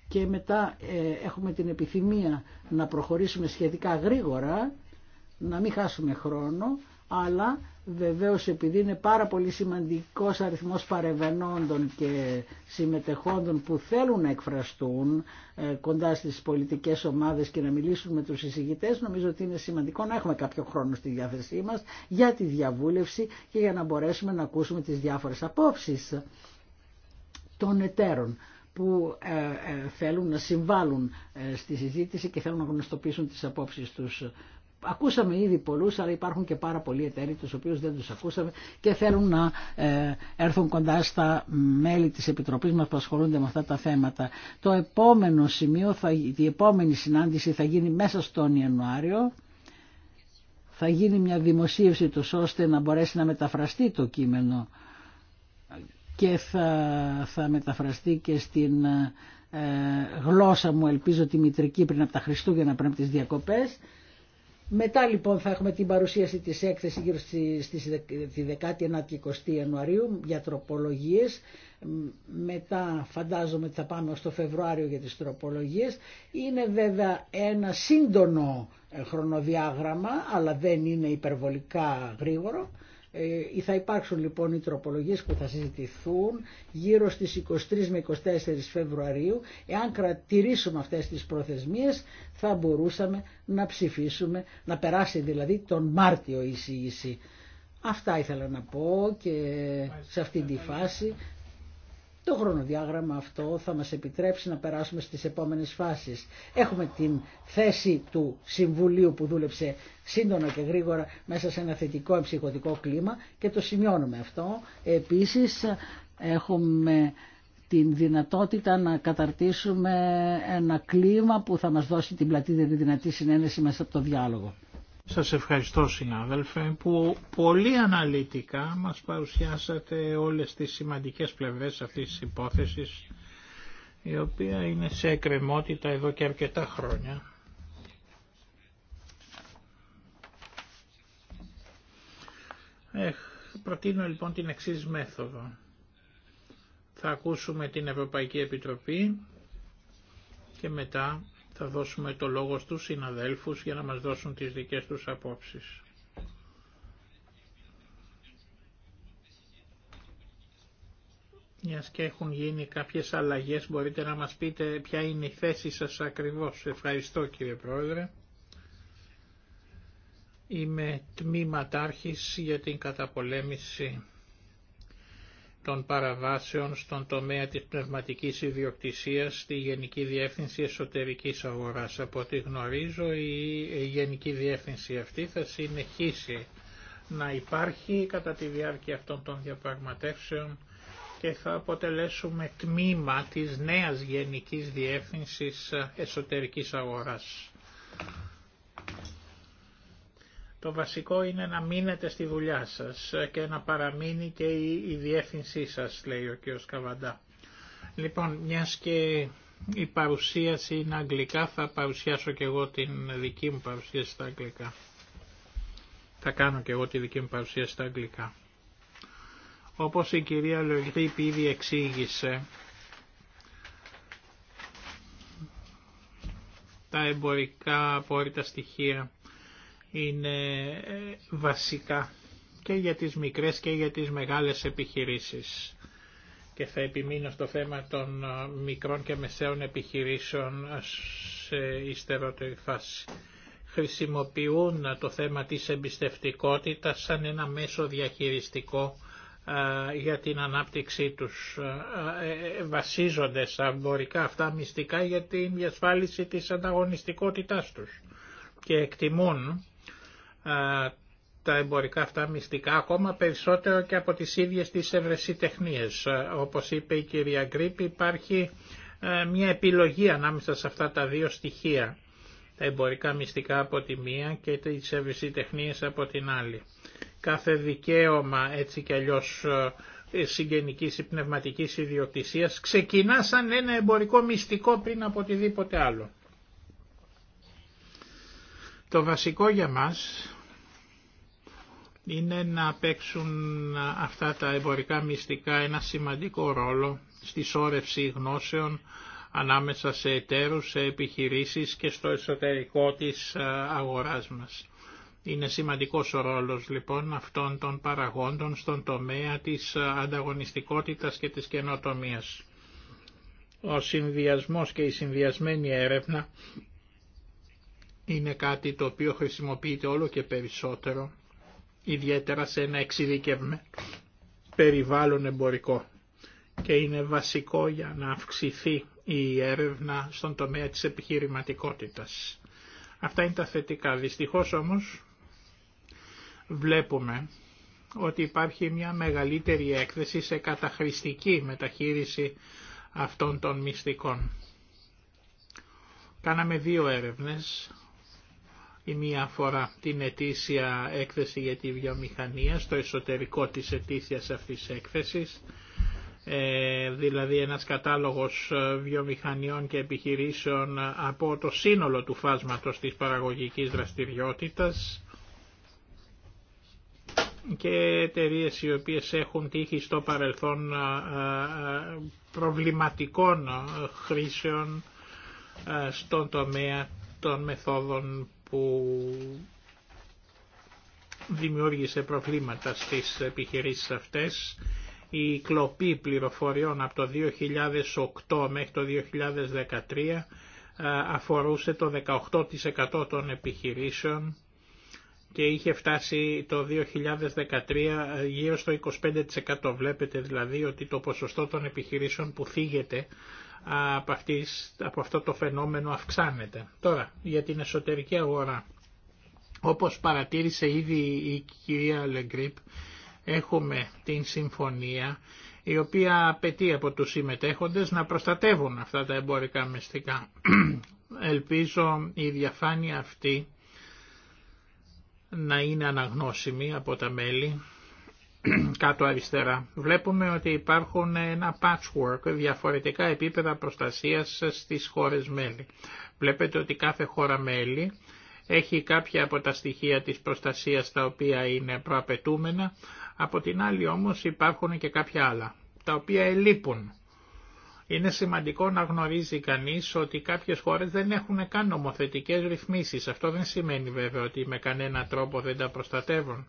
και μετά ε, έχουμε την επιθυμία να προχωρήσουμε σχετικά γρήγορα, να μην χάσουμε χρόνο, αλλά Βεβαίως επειδή είναι πάρα πολύ σημαντικός αριθμός παρεβενόντων και συμμετεχόντων που θέλουν να εκφραστούν ε, κοντά στις πολιτικές ομάδες και να μιλήσουν με τους εισηγητές, νομίζω ότι είναι σημαντικό να έχουμε κάποιο χρόνο στη διάθεσή μας για τη διαβούλευση και για να μπορέσουμε να ακούσουμε τις διάφορες απόψεις των εταίρων που ε, ε, θέλουν να συμβάλλουν στη συζήτηση και θέλουν να γνωστοποιήσουν τις απόψεις τους. Ακούσαμε ήδη πολλούς, αλλά υπάρχουν και πάρα πολλοί εταίροι τους οποίους δεν τους ακούσαμε και θέλουν να ε, έρθουν κοντά στα μέλη της Επιτροπής μας που ασχολούνται με αυτά τα θέματα. Το επόμενο σημείο, θα, η επόμενη συνάντηση θα γίνει μέσα στον Ιανουάριο. Θα γίνει μια δημοσίευση του ώστε να μπορέσει να μεταφραστεί το κείμενο και θα, θα μεταφραστεί και στην ε, γλώσσα μου, ελπίζω τη μητρική πριν από τα Χριστούγεννα πριν από τις διακοπές. Μετά λοιπόν θα έχουμε την παρουσίαση της έκθεσης γύρω στη 19 η και 20 Ιανουαρίου για τροπολογίες. Μετά φαντάζομαι ότι θα πάμε στο Φεβρουάριο για τις τροπολογίες. Είναι βέβαια ένα σύντονο ε, χρονοδιάγραμμα αλλά δεν είναι υπερβολικά γρήγορο. Ε, ε, θα υπάρξουν λοιπόν οι τροπολογίες που θα συζητηθούν γύρω στις 23 με 24 Φεβρουαρίου. Εάν κρατηρήσουμε αυτές τις προθεσμίες θα μπορούσαμε να ψηφίσουμε, να περάσει δηλαδή τον Μάρτιο η εισήγηση. Αυτά ήθελα να πω και σε αυτή τη φάση το χρονοδιάγραμμα αυτό θα μας επιτρέψει να περάσουμε στις επόμενες φάσεις. Έχουμε την θέση του Συμβουλίου που δούλεψε σύντομα και γρήγορα μέσα σε ένα θετικό εμψυχωτικό κλίμα και το σημειώνουμε αυτό. Επίσης έχουμε την δυνατότητα να καταρτήσουμε ένα κλίμα που θα μας δώσει την τη δυνατή συνένεση μέσα από το διάλογο. Σας ευχαριστώ συνάδελφε που πολύ αναλυτικά μας παρουσιάσατε όλες τις σημαντικές πλευρές αυτής της υπόθεσης η οποία είναι σε εκκρεμότητα εδώ και αρκετά χρόνια. Έχ, προτείνω λοιπόν την εξή μέθοδο. Θα ακούσουμε την Ευρωπαϊκή Επιτροπή και μετά θα δώσουμε το λόγο στους συναδέλφους για να μας δώσουν τις δικές τους απόψεις. Μιας και έχουν γίνει κάποιες αλλαγές, μπορείτε να μας πείτε ποια είναι η θέση σας ακριβώς. Ευχαριστώ κύριε Πρόεδρε. Είμαι τμήματάρχης για την καταπολέμηση των παραβάσεων στον τομέα της πνευματικής ιδιοκτησίας στη Γενική Διεύθυνση Εσωτερικής Αγοράς. Από ό,τι γνωρίζω η Γενική Διεύθυνση αυτή θα συνεχίσει να υπάρχει κατά τη διάρκεια αυτών των διαπραγματεύσεων και θα αποτελέσουμε τμήμα της νέας Γενικής Διεύθυνσης Εσωτερικής Αγοράς. Το βασικό είναι να μείνετε στη δουλειά σας και να παραμείνει και η, διεύθυνσή σας, λέει ο κ. Καβαντά. Λοιπόν, μιας και η παρουσίαση είναι αγγλικά, θα παρουσιάσω και εγώ την δική μου παρουσίαση στα αγγλικά. Θα κάνω και εγώ τη δική μου παρουσίαση στα αγγλικά. Όπως η κυρία Λογρύπη ήδη εξήγησε, τα εμπορικά απόρριτα στοιχεία είναι ε, βασικά και για τις μικρές και για τις μεγάλες επιχειρήσεις. Και θα επιμείνω στο θέμα των ε, μικρών και μεσαίων επιχειρήσεων ε, σε υστερότερη φάση. Χρησιμοποιούν το θέμα της εμπιστευτικότητας σαν ένα μέσο διαχειριστικό για την ανάπτυξή τους. Βασίζονται σαν αυτά μυστικά για την διασφάλιση της ανταγωνιστικότητάς τους και εκτιμούν τα εμπορικά αυτά μυστικά ακόμα περισσότερο και από τις ίδιες τις ευρεσιτεχνίες. Όπως είπε η κυρία Γκρίπη υπάρχει μια επιλογή ανάμεσα σε αυτά τα δύο στοιχεία. Τα εμπορικά μυστικά από τη μία και τις ευρεσιτεχνίες από την άλλη. Κάθε δικαίωμα έτσι κι αλλιώς συγγενικής ή πνευματικής ιδιοκτησίας ξεκινά σαν ένα εμπορικό μυστικό πριν από οτιδήποτε άλλο. Το βασικό για μας είναι να παίξουν αυτά τα εμπορικά μυστικά ένα σημαντικό ρόλο στη σώρευση γνώσεων ανάμεσα σε εταίρους, σε επιχειρήσεις και στο εσωτερικό της ε, αγοράς μας. Είναι σημαντικός ο ρόλος λοιπόν αυτών των παραγόντων στον τομέα της ε, ανταγωνιστικότητας και της καινοτομίας. Ο συνδυασμός και η συνδυασμένη έρευνα είναι κάτι το οποίο χρησιμοποιείται όλο και περισσότερο ιδιαίτερα σε ένα εξειδικευμένο περιβάλλον εμπορικό και είναι βασικό για να αυξηθεί η έρευνα στον τομέα της επιχειρηματικότητας. Αυτά είναι τα θετικά. Δυστυχώς όμως βλέπουμε ότι υπάρχει μια μεγαλύτερη έκθεση σε καταχρηστική μεταχείριση αυτών των μυστικών. Κάναμε δύο έρευνες η μία αφορά την ετήσια έκθεση για τη βιομηχανία στο εσωτερικό της ετήσιας αυτής έκθεσης, ε, δηλαδή ένας κατάλογος ε, βιομηχανιών και επιχειρήσεων ε, από το σύνολο του φάσματος της παραγωγικής δραστηριότητας και εταιρείε οι οποίες έχουν τύχει στο παρελθόν ε, προβληματικών χρήσεων στον τομέα των μεθόδων που δημιούργησε προβλήματα στις επιχειρήσεις αυτές. Η κλοπή πληροφοριών από το 2008 μέχρι το 2013 αφορούσε το 18% των επιχειρήσεων και είχε φτάσει το 2013 γύρω στο 25%. Βλέπετε δηλαδή ότι το ποσοστό των επιχειρήσεων που θίγεται από, αυτό το φαινόμενο αυξάνεται. Τώρα, για την εσωτερική αγορά. Όπως παρατήρησε ήδη η κυρία Λεγκρίπ, έχουμε την συμφωνία η οποία απαιτεί από τους συμμετέχοντες να προστατεύουν αυτά τα εμπορικά μυστικά. Ελπίζω η διαφάνεια αυτή να είναι αναγνώσιμη από τα μέλη κάτω αριστερά, βλέπουμε ότι υπάρχουν ένα patchwork, διαφορετικά επίπεδα προστασίας στις χώρες μέλη. Βλέπετε ότι κάθε χώρα μέλη έχει κάποια από τα στοιχεία της προστασίας τα οποία είναι προαπαιτούμενα, από την άλλη όμως υπάρχουν και κάποια άλλα, τα οποία ελείπουν. Είναι σημαντικό να γνωρίζει κανείς ότι κάποιες χώρες δεν έχουν καν νομοθετικές ρυθμίσεις. Αυτό δεν σημαίνει βέβαια ότι με κανένα τρόπο δεν τα προστατεύουν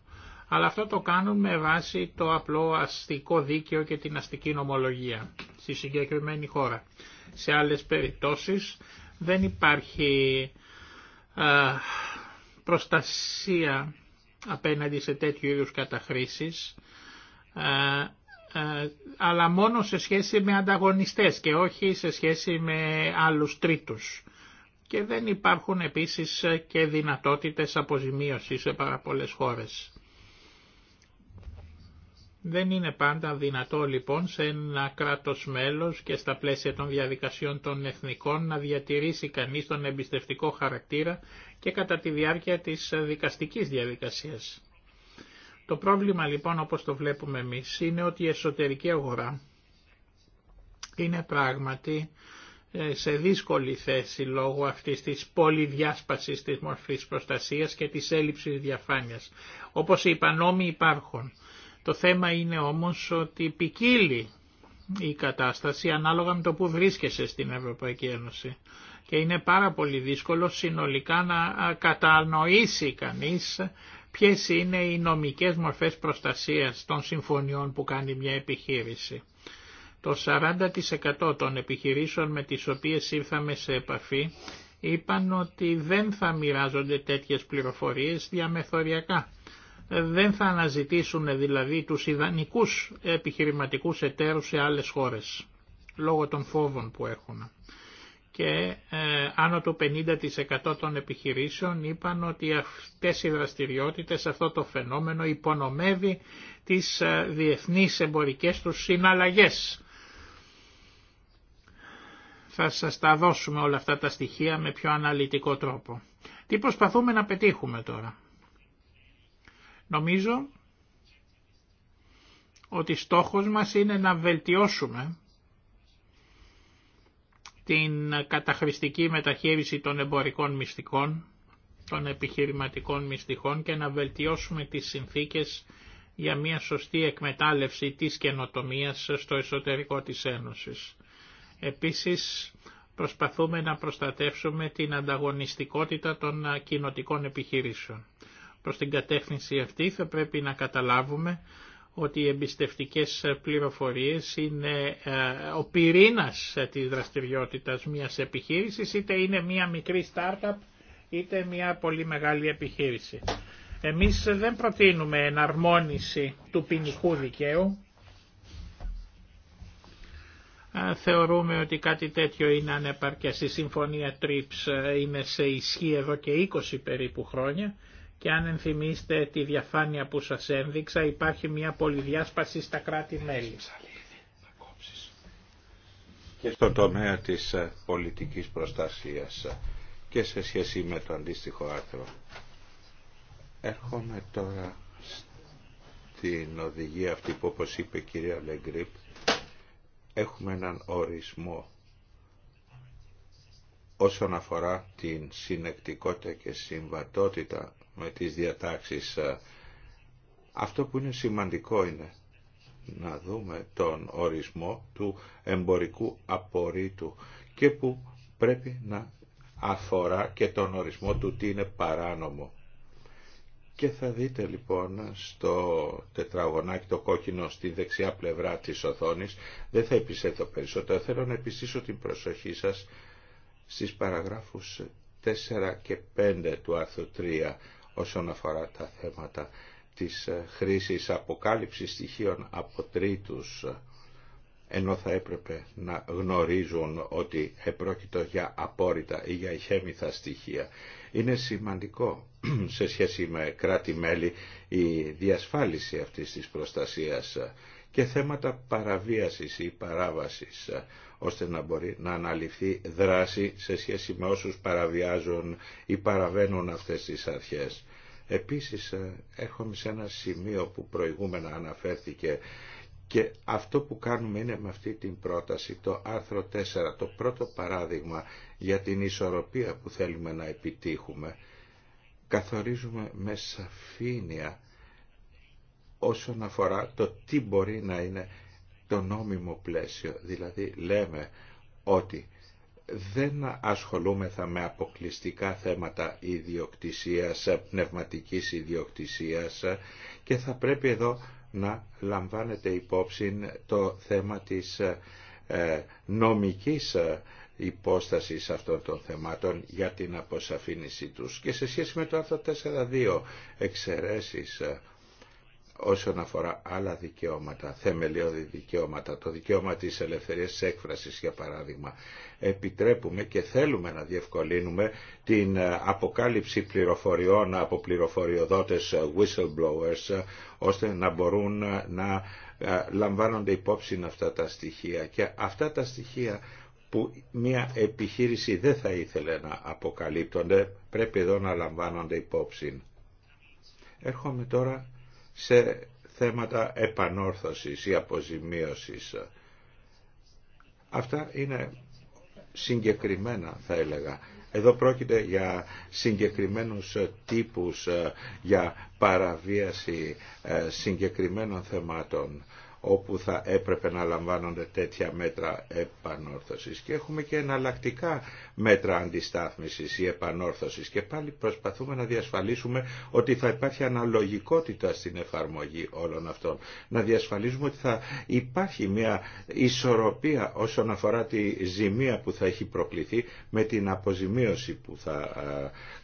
αλλά αυτό το κάνουν με βάση το απλό αστικό δίκαιο και την αστική νομολογία στη συγκεκριμένη χώρα. Σε άλλες περιπτώσεις δεν υπάρχει προστασία απέναντι σε τέτοιου είδους καταχρήσεις, αλλά μόνο σε σχέση με ανταγωνιστές και όχι σε σχέση με άλλους τρίτους. Και δεν υπάρχουν επίσης και δυνατότητες αποζημίωσης σε πάρα πολλές χώρες. Δεν είναι πάντα δυνατό λοιπόν σε ένα κράτος μέλος και στα πλαίσια των διαδικασιών των εθνικών να διατηρήσει κανείς τον εμπιστευτικό χαρακτήρα και κατά τη διάρκεια της δικαστικής διαδικασίας. Το πρόβλημα λοιπόν όπως το βλέπουμε εμείς είναι ότι η εσωτερική αγορά είναι πράγματι ε, σε δύσκολη θέση λόγω αυτής της πολυδιάσπασης της μορφής προστασίας και της έλλειψης διαφάνειας. Όπως είπα νόμοι υπάρχουν το θέμα είναι όμως ότι ποικίλει η κατάσταση ανάλογα με το που βρίσκεσαι στην Ευρωπαϊκή Ένωση και είναι πάρα πολύ δύσκολο συνολικά να κατανοήσει κανείς ποιες είναι οι νομικές μορφές προστασίας των συμφωνιών που κάνει μια επιχείρηση. Το 40% των επιχειρήσεων με τις οποίες ήρθαμε σε επαφή είπαν ότι δεν θα μοιράζονται τέτοιες πληροφορίες διαμεθοριακά δεν θα αναζητήσουν δηλαδή τους ιδανικούς επιχειρηματικούς εταίρους σε άλλες χώρες, λόγω των φόβων που έχουν. Και ε, άνω του 50% των επιχειρήσεων είπαν ότι αυτές οι δραστηριότητες, αυτό το φαινόμενο υπονομεύει τις ε, διεθνείς εμπορικές τους συναλλαγές. Θα σας τα δώσουμε όλα αυτά τα στοιχεία με πιο αναλυτικό τρόπο. Τι προσπαθούμε να πετύχουμε τώρα. Νομίζω ότι στόχος μας είναι να βελτιώσουμε την καταχρηστική μεταχείριση των εμπορικών μυστικών, των επιχειρηματικών μυστικών και να βελτιώσουμε τις συνθήκες για μια σωστή εκμετάλλευση της καινοτομίας στο εσωτερικό της Ένωσης. Επίσης, προσπαθούμε να προστατεύσουμε την ανταγωνιστικότητα των κοινοτικών επιχειρήσεων. Προς την κατεύθυνση αυτή θα πρέπει να καταλάβουμε ότι οι εμπιστευτικές πληροφορίες είναι ε, ο πυρήνας της δραστηριότητας μιας επιχείρησης, είτε είναι μια μικρή startup, είτε μια πολύ μεγάλη επιχείρηση. Εμείς δεν προτείνουμε εναρμόνιση του ποινικού δικαίου. Θεωρούμε ότι κάτι τέτοιο είναι ανεπαρκές. Η Συμφωνία TRIPS ε, είναι σε ισχύ εδώ και 20 περίπου χρόνια και αν ενθυμίστε τη διαφάνεια που σας ένδειξα υπάρχει μια πολυδιάσπαση στα κράτη-μέλη. Και στο τομέα της ε, πολιτικής προστασίας ε, και σε σχέση με το αντίστοιχο άρθρο. Έρχομαι τώρα στην οδηγία αυτή που όπως είπε η κυρία Λεγκρίπ έχουμε έναν ορισμό όσον αφορά την συνεκτικότητα και συμβατότητα με τις διατάξεις. Ε, αυτό που είναι σημαντικό είναι να δούμε τον ορισμό του εμπορικού απορρίτου και που πρέπει να αφορά και τον ορισμό του τι είναι παράνομο. Και θα δείτε λοιπόν στο τετραγωνάκι το κόκκινο στη δεξιά πλευρά της οθόνης, δεν θα επισέτω περισσότερο, θέλω να επιστήσω την προσοχή σας στις παραγράφους 4 και 5 του άρθρου όσον αφορά τα θέματα της ε, χρήσης αποκάλυψης στοιχείων από τρίτους ε, ενώ θα έπρεπε να γνωρίζουν ότι επρόκειτο για απόρριτα ή για ηχέμηθα στοιχεία. Είναι σημαντικό σε σχέση με κράτη-μέλη η διασφάλιση αυτής της προστασίας ε, και θέματα παραβίασης ή παράβασης ώστε να μπορεί να αναλυθεί δράση σε σχέση με όσους παραβιάζουν ή παραβαίνουν αυτές τις αρχές. Επίσης ε, έρχομαι σε ένα σημείο που προηγούμενα αναφέρθηκε και αυτό που κάνουμε είναι με αυτή την πρόταση, το άρθρο 4, το πρώτο παράδειγμα για την ισορροπία που θέλουμε να επιτύχουμε, καθορίζουμε με σαφήνεια όσον αφορά το τι μπορεί να είναι το νόμιμο πλαίσιο. Δηλαδή λέμε ότι δεν ασχολούμεθα με αποκλειστικά θέματα ιδιοκτησίας, πνευματικής ιδιοκτησίας και θα πρέπει εδώ να λαμβάνετε υπόψη το θέμα της ε, νομικής ε, υπόστασης αυτών των θεμάτων για την αποσαφήνιση τους. Και σε σχέση με το άρθρο 4.2 εξαιρέσεις ε, όσον αφορά άλλα δικαιώματα, θεμελιώδη δικαιώματα, το δικαίωμα της ελευθερίας της έκφρασης για παράδειγμα. Επιτρέπουμε και θέλουμε να διευκολύνουμε την ε, αποκάλυψη πληροφοριών από πληροφοριοδότες ε, whistleblowers ε, ώστε να μπορούν να λαμβάνονται υπόψη αυτά τα στοιχεία και αυτά τα στοιχεία που μια επιχείρηση δεν θα ήθελε να αποκαλύπτονται πρέπει εδώ να λαμβάνονται υπόψη. Έρχομαι τώρα σε θέματα επανόρθωσης ή αποζημίωσης. Αυτά είναι συγκεκριμένα θα έλεγα. Εδώ πρόκειται για συγκεκριμένους τύπους, ε, για παραβίαση ε, συγκεκριμένων θεμάτων όπου θα έπρεπε να λαμβάνονται τέτοια μέτρα επανόρθωσης. Και έχουμε και εναλλακτικά μέτρα αντιστάθμισης ή επανόρθωσης και πάλι προσπαθούμε να διασφαλίσουμε ότι θα υπάρχει αναλογικότητα στην εφαρμογή όλων αυτών. Να διασφαλίσουμε ότι θα υπάρχει μια ισορροπία όσον αφορά τη ζημία που θα έχει προκληθεί με την αποζημίωση που θα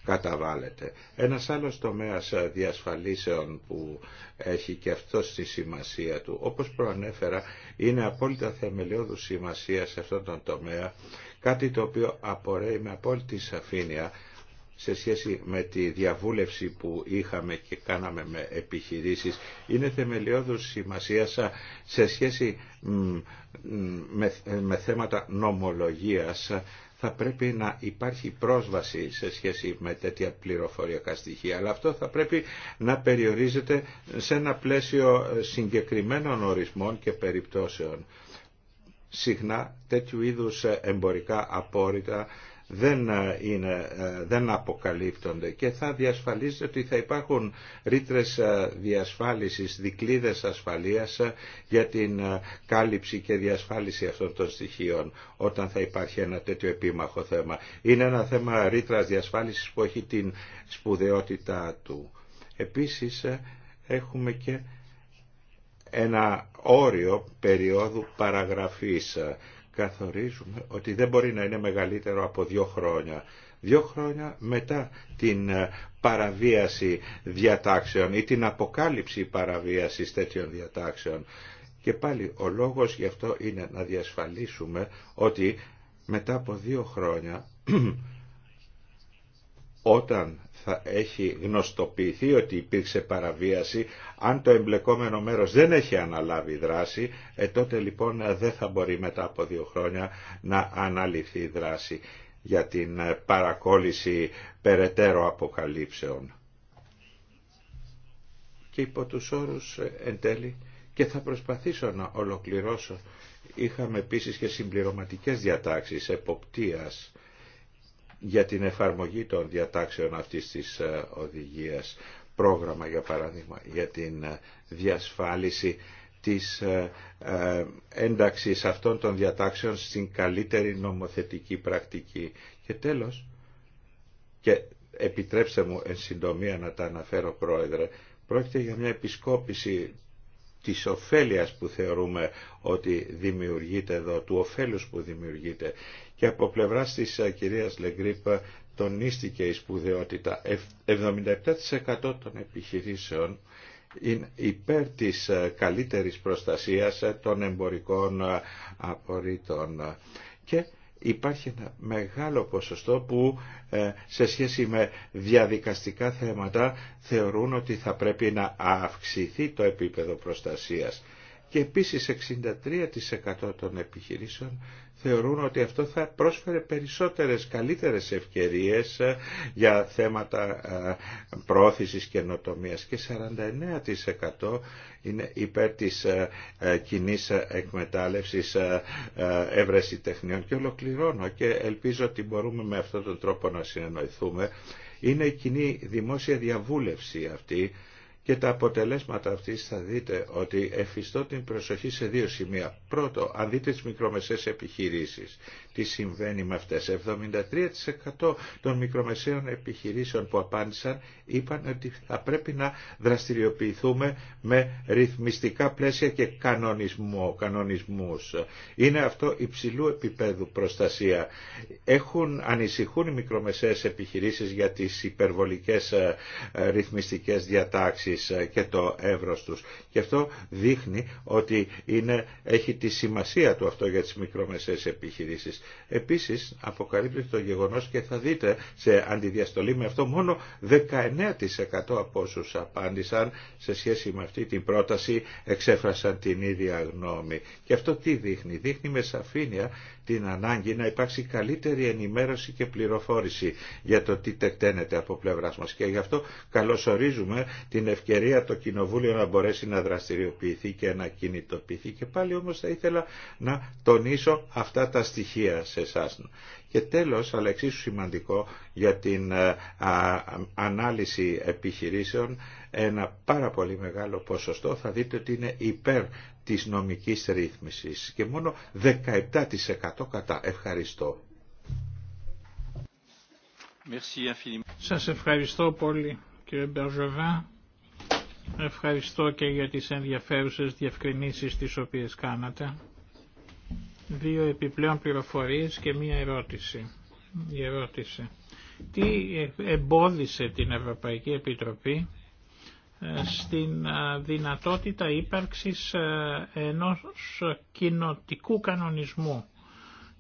καταβάλλεται. Ένας άλλος τομέας διασφαλίσεων που έχει και αυτό στη σημασία του, όπως προανέφερα, είναι απόλυτα θεμελιώδους σημασία σε αυτόν τον τομέα, κάτι το οποίο απορρέει με απόλυτη σαφήνεια σε σχέση με τη διαβούλευση που είχαμε και κάναμε με επιχειρήσεις είναι θεμελιώδους σημασία σε σχέση με θέματα νομολογίας θα πρέπει να υπάρχει πρόσβαση σε σχέση με τέτοια πληροφοριακά στοιχεία. Αλλά αυτό θα πρέπει να περιορίζεται σε ένα πλαίσιο συγκεκριμένων ορισμών και περιπτώσεων. Συχνά τέτοιου είδους εμπορικά απόρριτα δεν, ε, είναι, ε, δεν αποκαλύπτονται και θα διασφαλίζεται ότι θα υπάρχουν ρήτρες ε, διασφάλισης, δικλίδες ασφαλείας για την κάλυψη και διασφάλιση αυτών των στοιχείων όταν θα υπάρχει ένα τέτοιο επίμαχο θέμα. Είναι ένα θέμα ρήτρα διασφάλισης που έχει την σπουδαιότητά του. Επίσης έχουμε και ένα όριο περίοδου παραγραφής καθορίζουμε ότι δεν μπορεί να είναι μεγαλύτερο από δύο χρόνια. Δύο χρόνια μετά την ε, παραβίαση διατάξεων ή την αποκάλυψη παραβίασης τέτοιων διατάξεων. Και πάλι ο λόγος γι' αυτό είναι να διασφαλίσουμε ότι μετά από δύο χρόνια όταν θα έχει γνωστοποιηθεί ότι υπήρξε παραβίαση, αν το εμπλεκόμενο μέρος δεν έχει αναλάβει δράση, ε, τότε λοιπόν ε, δεν θα μπορεί μετά από δύο χρόνια να αναλυθεί δράση για την ε, παρακόλληση περαιτέρω αποκαλύψεων. Και υπό τους όρους εν τέλει και θα προσπαθήσω να ολοκληρώσω. Είχαμε επίσης και συμπληρωματικές διατάξεις εποπτείας για την εφαρμογή των διατάξεων αυτής της ε, οδηγίας. Πρόγραμμα, για παράδειγμα, για την ε, διασφάλιση της ε, ένταξης αυτών των διατάξεων στην καλύτερη νομοθετική πρακτική. Και τέλος, και επιτρέψτε μου εν συντομία να τα αναφέρω πρόεδρε, πρόκειται για μια επισκόπηση της ωφέλειας που θεωρούμε ότι δημιουργείται εδώ, του ωφέλους που δημιουργείται και από πλευράς της ε, κυρία Λεγκρίπ ε, τονίστηκε η σπουδαιότητα. 77% των επιχειρήσεων είναι υπέρ της ε, καλύτερης προστασίας των εμπορικών απορρίτων. Και υπάρχει ένα μεγάλο ποσοστό που σε σχέση με διαδικαστικά θέματα θεωρούν ότι θα πρέπει να αυξηθεί το επίπεδο προστασίας. Και επίσης 63% των επιχειρήσεων θεωρούν ότι αυτό θα πρόσφερε περισσότερες καλύτερες ευκαιρίες ε, για θέματα ε, πρόθεσης νοτομίας και 49% είναι υπέρ της ε, κοινή εκμετάλλευσης έβρεση τεχνιών και ολοκληρώνω και ελπίζω ότι μπορούμε με αυτόν τον τρόπο να συνεννοηθούμε. Είναι η κοινή δημόσια διαβούλευση αυτή και τα αποτελέσματα αυτής θα δείτε ότι εφιστώ την προσοχή σε δύο σημεία. Πρώτο, αν δείτε τις μικρομεσαίες επιχειρήσεις τι συμβαίνει με αυτές. 73% των μικρομεσαίων επιχειρήσεων που απάντησαν είπαν ότι θα πρέπει να δραστηριοποιηθούμε με ρυθμιστικά πλαίσια και κανονισμό, κανονισμούς. Είναι αυτό υψηλού επίπεδου προστασία. Έχουν, ανησυχούν οι μικρομεσαίες επιχειρήσεις για τις υπερβολικές ε, ρυθμιστικές διατάξεις ε, και το εύρος τους. Και αυτό δείχνει ότι είναι, έχει τη σημασία του αυτό για τις μικρομεσαίες επιχειρήσεις. Επίσης αποκαλύπτει το γεγονός και θα δείτε σε αντιδιαστολή με αυτό μόνο 19% από όσους απάντησαν σε σχέση με αυτή την πρόταση εξέφρασαν την ίδια γνώμη. Και αυτό τι δείχνει. Δείχνει με σαφήνεια την ανάγκη να υπάρξει καλύτερη ενημέρωση και πληροφόρηση για το τι τεκταίνεται από πλευρά μα. Και γι' αυτό καλωσορίζουμε την ευκαιρία το Κοινοβούλιο να μπορέσει να δραστηριοποιηθεί και να κινητοποιηθεί. Και πάλι όμως θα ήθελα να τονίσω αυτά τα στοιχεία σε εσά. Και τέλος, αλλά εξίσου σημαντικό για την ε, α, ανάλυση επιχειρήσεων, ένα πάρα πολύ μεγάλο ποσοστό θα δείτε ότι είναι υπέρ της νομικής ρύθμισης και μόνο 17% κατά. Ευχαριστώ. Σας ευχαριστώ πολύ κύριε Μπερζοβά. Ευχαριστώ και για τις ενδιαφέρουσες διευκρινήσεις τις οποίες κάνατε. Δύο επιπλέον πληροφορίες και μία ερώτηση. Η ερώτηση. Τι εμπόδισε την Ευρωπαϊκή Επιτροπή στην ε, δυνατότητα ύπαρξης ε, ενός κοινοτικού κανονισμού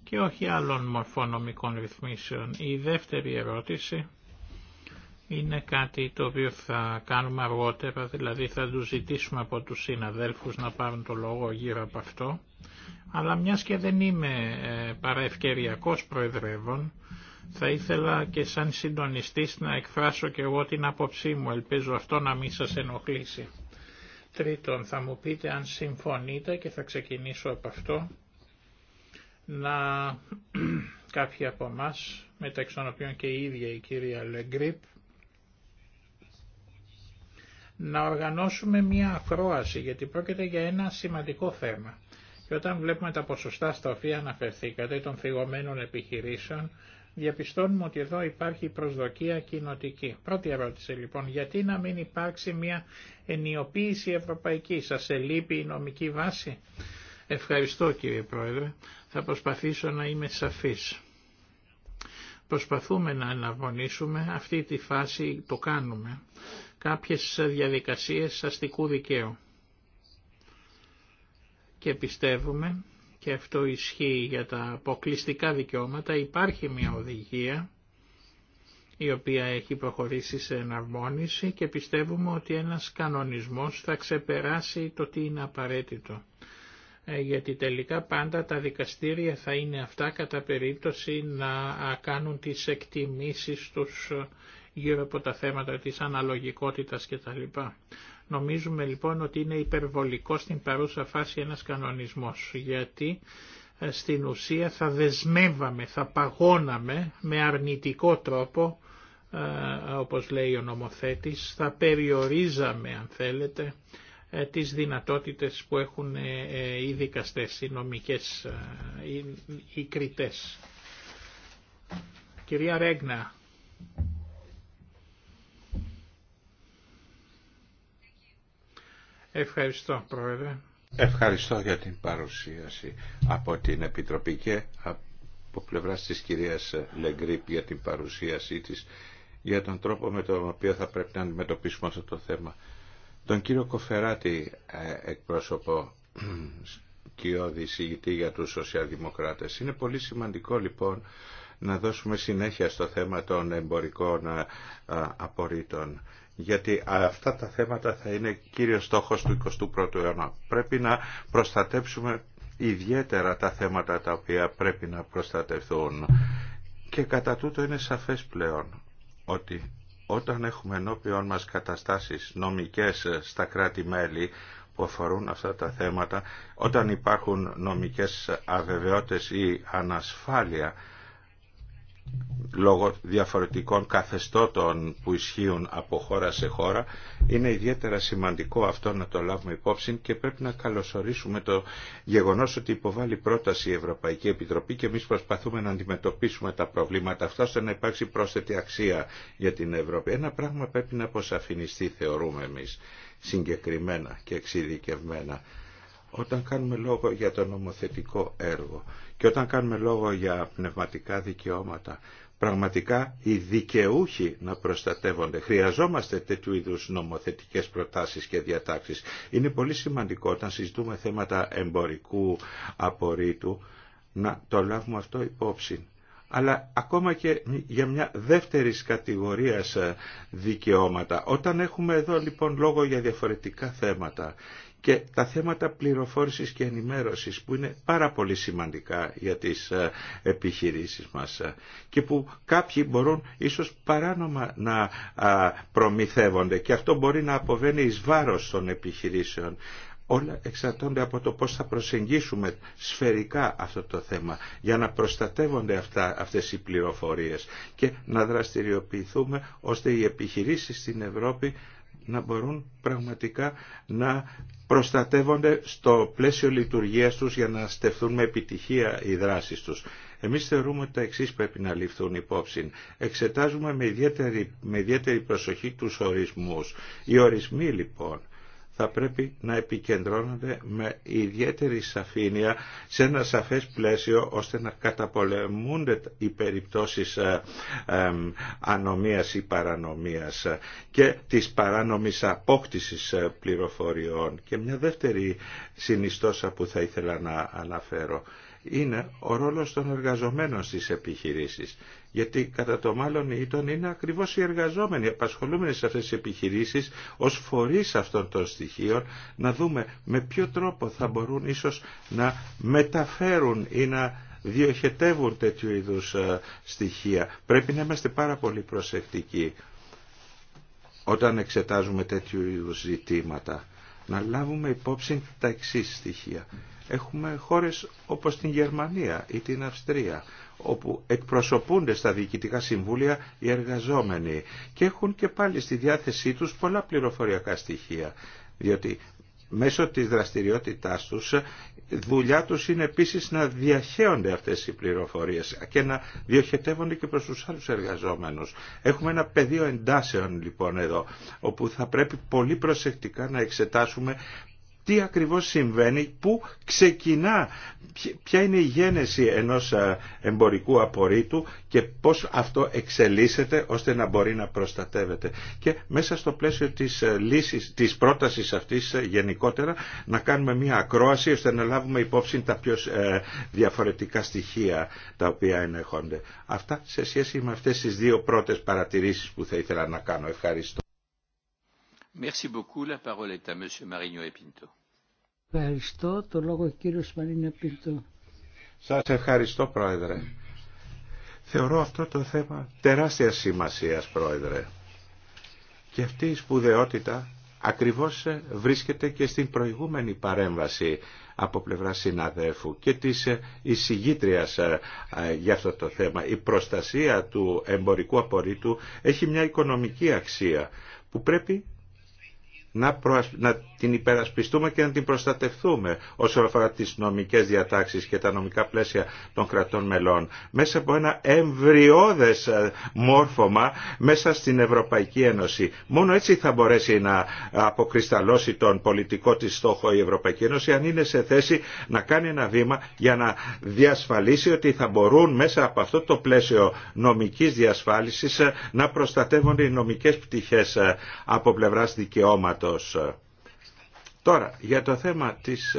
και όχι άλλων μορφών ρυθμίσεων. Η δεύτερη ερώτηση είναι κάτι το οποίο θα κάνουμε αργότερα, δηλαδή θα του ζητήσουμε από τους συναδέλφους να πάρουν το λόγο γύρω από αυτό, αλλά μιας και δεν είμαι ε, παραευκαιριακός προεδρεύων, θα ήθελα και σαν συντονιστής να εκφράσω και εγώ την άποψή μου, ελπίζω αυτό να μην σας ενοχλήσει. Τρίτον, θα μου πείτε αν συμφωνείτε και θα ξεκινήσω από αυτό, να κάποιοι από εμά, μεταξύ των οποίων και η ίδια η κυρία Λεγκρίπ, να οργανώσουμε μία ακρόαση, γιατί πρόκειται για ένα σημαντικό θέμα. Και όταν βλέπουμε τα ποσοστά στα οποία αναφερθήκατε των θυγωμένων επιχειρήσεων, Διαπιστώνουμε ότι εδώ υπάρχει προσδοκία κοινοτική. Πρώτη ερώτηση λοιπόν, γιατί να μην υπάρξει μια ενιοποίηση ευρωπαϊκή. Σας ελείπει η νομική βάση. Ευχαριστώ κύριε Πρόεδρε. Θα προσπαθήσω να είμαι σαφής. Προσπαθούμε να αναβωνήσουμε αυτή τη φάση, το κάνουμε, κάποιες διαδικασίες αστικού δικαίου. Και πιστεύουμε και αυτό ισχύει για τα αποκλειστικά δικαιώματα, υπάρχει μια οδηγία η οποία έχει προχωρήσει σε εναρμόνιση και πιστεύουμε ότι ένας κανονισμός θα ξεπεράσει το τι είναι απαραίτητο. Ε, γιατί τελικά πάντα τα δικαστήρια θα είναι αυτά κατά περίπτωση να κάνουν τις εκτιμήσεις τους ε, γύρω από τα θέματα της αναλογικότητας κτλ. Νομίζουμε λοιπόν ότι είναι υπερβολικό στην παρούσα φάση ένας κανονισμός, γιατί ε, στην ουσία θα δεσμεύαμε, θα παγώναμε με αρνητικό τρόπο, ε, όπως λέει ο νομοθέτης, θα περιορίζαμε αν θέλετε ε, τις δυνατότητες που έχουν οι δικαστές, οι νομικές, οι κριτές. Κυρία Ρέγνα, Ευχαριστώ, Πρόεδρε. Ευχαριστώ για την παρουσίαση από την Επιτροπή και από πλευράς της κυρίας Λεγκρίπ για την παρουσίασή της για τον τρόπο με τον οποίο θα πρέπει να αντιμετωπίσουμε αυτό το θέμα. Τον κύριο Κοφεράτη ε, εκπρόσωπο και οδησηγητή για τους σοσιαλδημοκράτες. Είναι πολύ σημαντικό λοιπόν να δώσουμε συνέχεια στο θέμα των εμπορικών ε, ε, απορρίτων γιατί αυτά τα θέματα θα είναι κύριος στόχος του 21ου αιώνα. Πρέπει να προστατέψουμε ιδιαίτερα τα θέματα τα οποία πρέπει να προστατευθούν. Και κατά τούτο είναι σαφές πλέον ότι όταν έχουμε ενώπιον μας καταστάσεις νομικές στα κράτη-μέλη που αφορούν αυτά τα θέματα, όταν υπάρχουν νομικές αβεβαιότητες ή ανασφάλεια, λόγω διαφορετικών καθεστώτων που ισχύουν από χώρα σε χώρα είναι ιδιαίτερα σημαντικό αυτό να το λάβουμε υπόψη και πρέπει να καλωσορίσουμε το γεγονός ότι υποβάλλει πρόταση η Ευρωπαϊκή Επιτροπή και εμεί προσπαθούμε να αντιμετωπίσουμε τα προβλήματα αυτά ώστε να υπάρξει πρόσθετη αξία για την Ευρώπη. Ένα πράγμα πρέπει να αποσαφινιστεί θεωρούμε εμείς συγκεκριμένα και εξειδικευμένα όταν κάνουμε λόγο για το νομοθετικό έργο και όταν κάνουμε λόγο για πνευματικά δικαιώματα, πραγματικά οι δικαιούχοι να προστατεύονται. Χρειαζόμαστε τέτοιου είδους νομοθετικές προτάσεις και διατάξεις. Είναι πολύ σημαντικό όταν συζητούμε θέματα εμπορικού απορρίτου να το λάβουμε αυτό υπόψη αλλά ακόμα και για μια δεύτερη κατηγορία δικαιώματα. Όταν έχουμε εδώ λοιπόν λόγο για διαφορετικά θέματα και τα θέματα πληροφόρησης και ενημέρωσης που είναι πάρα πολύ σημαντικά για τις ε, επιχειρήσεις μας ε, και που κάποιοι μπορούν ίσως παράνομα να προμηθεύονται και αυτό μπορεί να αποβαίνει εις βάρος των επιχειρήσεων. Όλα εξαρτώνται από το πώς θα προσεγγίσουμε σφαιρικά αυτό το θέμα για να προστατεύονται αυτά, αυτές οι πληροφορίες και να δραστηριοποιηθούμε ώστε οι επιχειρήσεις στην Ευρώπη να μπορούν πραγματικά να προστατεύονται στο πλαίσιο λειτουργίας τους για να στεφθούν με επιτυχία οι δράσεις τους. Εμείς θεωρούμε ότι τα εξής πρέπει να ληφθούν υπόψη. Εξετάζουμε με ιδιαίτερη, με ιδιαίτερη προσοχή τους ορισμούς. Οι ορισμοί λοιπόν θα πρέπει να επικεντρώνονται με ιδιαίτερη σαφήνεια σε ένα σαφές πλαίσιο ώστε να καταπολεμούνται οι περιπτώσεις ε, ε, ανομίας ή παρανομίας και της παράνομης απόκτησης ε, πληροφοριών. Και μια δεύτερη συνιστόσα που θα ήθελα να αναφέρω είναι ο ρόλος των εργαζομένων στις επιχειρήσεις γιατί κατά το μάλλον ήταν είναι ακριβώς οι εργαζόμενοι, οι απασχολούμενοι σε αυτές τις επιχειρήσεις ως φορείς αυτών των στοιχείων, να δούμε με ποιο τρόπο θα μπορούν ίσως να μεταφέρουν ή να διοχετεύουν τέτοιου είδους ε, στοιχεία. Πρέπει να είμαστε πάρα πολύ προσεκτικοί όταν εξετάζουμε τέτοιου είδους ζητήματα. Να λάβουμε υπόψη τα εξής στοιχεία. Έχουμε χώρες όπως την Γερμανία ή την Αυστρία όπου εκπροσωπούνται στα διοικητικά συμβούλια οι εργαζόμενοι και έχουν και πάλι στη διάθεσή τους πολλά πληροφοριακά στοιχεία, διότι μέσω της δραστηριότητάς τους δουλειά τους είναι επίσης να διαχέονται αυτές οι πληροφορίες και να διοχετεύονται και προς τους άλλους εργαζόμενους. Έχουμε ένα πεδίο εντάσεων λοιπόν εδώ όπου θα πρέπει πολύ προσεκτικά να εξετάσουμε τι ακριβώς συμβαίνει, πού ξεκινά, ποια είναι η γένεση ενός ε, εμπορικού απορρίτου και πώς αυτό εξελίσσεται ώστε να μπορεί να προστατεύεται. Και μέσα στο πλαίσιο της ε, λύσης, της πρότασης αυτής ε, γενικότερα να κάνουμε μια ακρόαση ώστε να λάβουμε υπόψη τα πιο διαφορετικά στοιχεία τα οποία ενέχονται. Αυτά σε σχέση με αυτές τις δύο πρώτες παρατηρήσεις που θα ήθελα να κάνω. Ευχαριστώ. Merci beaucoup. La Ευχαριστώ. Το λόγο Σας ευχαριστώ Πρόεδρε. Θεωρώ αυτό το θέμα τεράστια σημασίας Πρόεδρε. Και αυτή η σπουδαιότητα ακριβώς βρίσκεται και στην προηγούμενη παρέμβαση από πλευρά συναδέλφου και της εισηγήτριας ε, για αυτό το θέμα. Η προστασία του εμπορικού απορρίτου έχει μια οικονομική αξία που πρέπει να, προασ... να την υπερασπιστούμε και να την προστατευτούμε όσον αφορά τις νομικές διατάξεις και τα νομικά πλαίσια των κρατών μελών. Μέσα από ένα εμβριώδες ε, μόρφωμα μέσα στην Ευρωπαϊκή Ένωση. Μόνο έτσι θα μπορέσει να αποκρισταλώσει τον πολιτικό της στόχο η Ευρωπαϊκή Ένωση αν είναι σε θέση να κάνει ένα βήμα για να διασφαλίσει ότι θα μπορούν μέσα από αυτό το πλαίσιο νομικής διασφάλισης ε, να προστατεύουν οι νομικές πτυχές ε, από πλευράς δικαιώματος Τώρα, για το θέμα της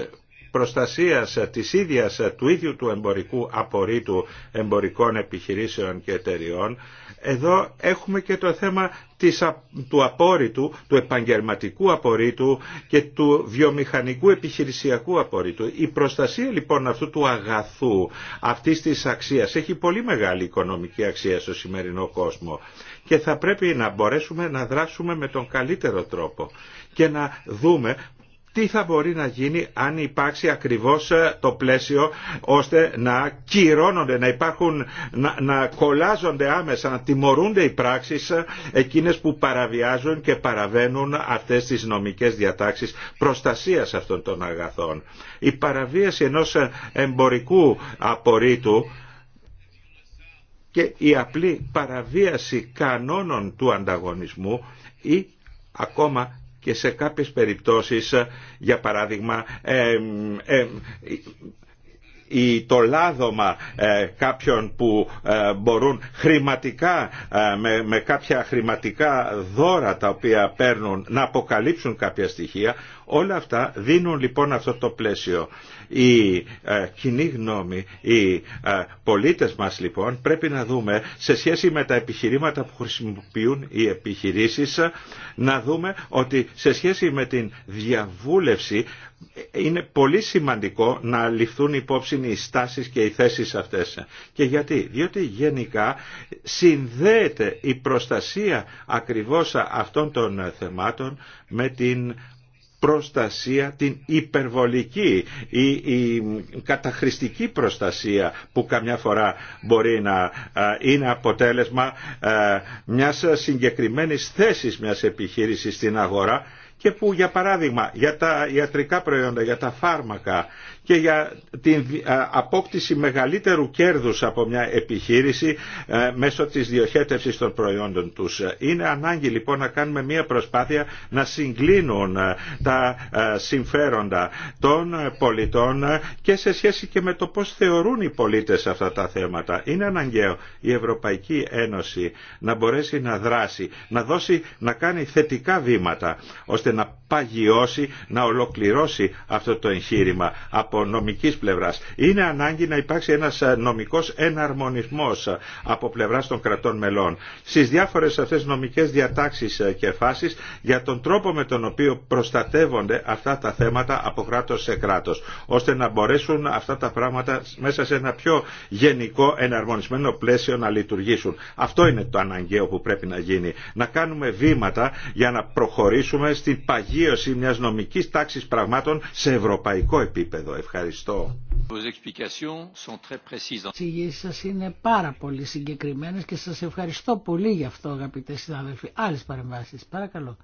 προστασίας της ίδιας του ίδιου του εμπορικού απορρίτου εμπορικών επιχειρήσεων και εταιριών, εδώ έχουμε και το θέμα της, του απόρριτου, του επαγγελματικού απορρίτου και του βιομηχανικού επιχειρησιακού απορρίτου. Η προστασία λοιπόν αυτού του αγαθού, αυτής της αξίας, έχει πολύ μεγάλη οικονομική αξία στο σημερινό κόσμο και θα πρέπει να μπορέσουμε να δράσουμε με τον καλύτερο τρόπο και να δούμε τι θα μπορεί να γίνει αν υπάρξει ακριβώς ε, το πλαίσιο ώστε να κυρώνονται, να υπάρχουν, να, να κολλάζονται άμεσα, να τιμωρούνται οι πράξεις ε, εκείνες που παραβιάζουν και παραβαίνουν αυτές τις νομικές διατάξεις προστασίας αυτών των αγαθών. Η παραβίαση ενός ε, εμπορικού απορρίτου και η απλή παραβίαση κανόνων του ανταγωνισμού ή ακόμα και σε κάποιες περιπτώσεις, για παράδειγμα, ή το λάδωμα ε, κάποιων που ε, μπορούν χρηματικά ε, με κάποια χρηματικά δώρα τα οποία παίρνουν να αποκαλύψουν κάποια στοιχεία όλα αυτά δίνουν λοιπόν αυτό το πλαίσιο η ε, κοινοί γνώμη, οι ε, πολίτες μας λοιπόν πρέπει να δούμε σε σχέση με τα επιχειρήματα που χρησιμοποιούν οι επιχειρήσεις να δούμε ότι σε σχέση με την διαβούλευση είναι πολύ σημαντικό να ληφθούν υπόψη οι στάσεις και οι θέσεις αυτές. Και γιατί, διότι γενικά συνδέεται η προστασία ακριβώς αυτών των θεμάτων με την προστασία την υπερβολική ή η καταχρηστική προστασία που καμιά φορά μπορεί να είναι αποτέλεσμα μιας συγκεκριμένης θέσης μιας επιχείρησης στην αγορά και που για παράδειγμα για τα ιατρικά προϊόντα, για τα φάρμακα και για την απόκτηση μεγαλύτερου κέρδους από μια επιχείρηση ε, μέσω της διοχέτευσης των προϊόντων τους. Είναι ανάγκη λοιπόν να κάνουμε μια προσπάθεια να συγκλίνουν ε, τα ε, συμφέροντα των πολιτών και σε σχέση και με το πώς θεωρούν οι πολίτες αυτά τα θέματα. Είναι αναγκαίο η Ευρωπαϊκή Ένωση να μπορέσει να δράσει, να δώσει, να κάνει θετικά βήματα ώστε να παγιώσει, να ολοκληρώσει αυτό το εγχείρημα από από νομικής πλευράς. Είναι ανάγκη να υπάρξει ένας ε, νομικός εναρμονισμός ε, από πλευράς των κρατών μελών. Στις διάφορες αυτές νομικές διατάξεις ε, και φάσεις για τον τρόπο με τον οποίο προστατεύονται αυτά τα θέματα από κράτος σε κράτος, ώστε να μπορέσουν αυτά τα πράγματα μέσα σε ένα πιο γενικό εναρμονισμένο πλαίσιο να λειτουργήσουν. Αυτό είναι το αναγκαίο που πρέπει να γίνει. Να κάνουμε βήματα για να προχωρήσουμε στην παγίωση μιας νομικής τάξης πραγμάτων σε ευρωπαϊκό επίπεδο. Ευχαριστώ. Οι σα είναι πάρα πολύ συγκεκριμένε και σας ευχαριστώ πολύ γι' αυτό αγαπητέ συνάδελφοι. Άλλε παρεμβάσεις, παρακαλώ.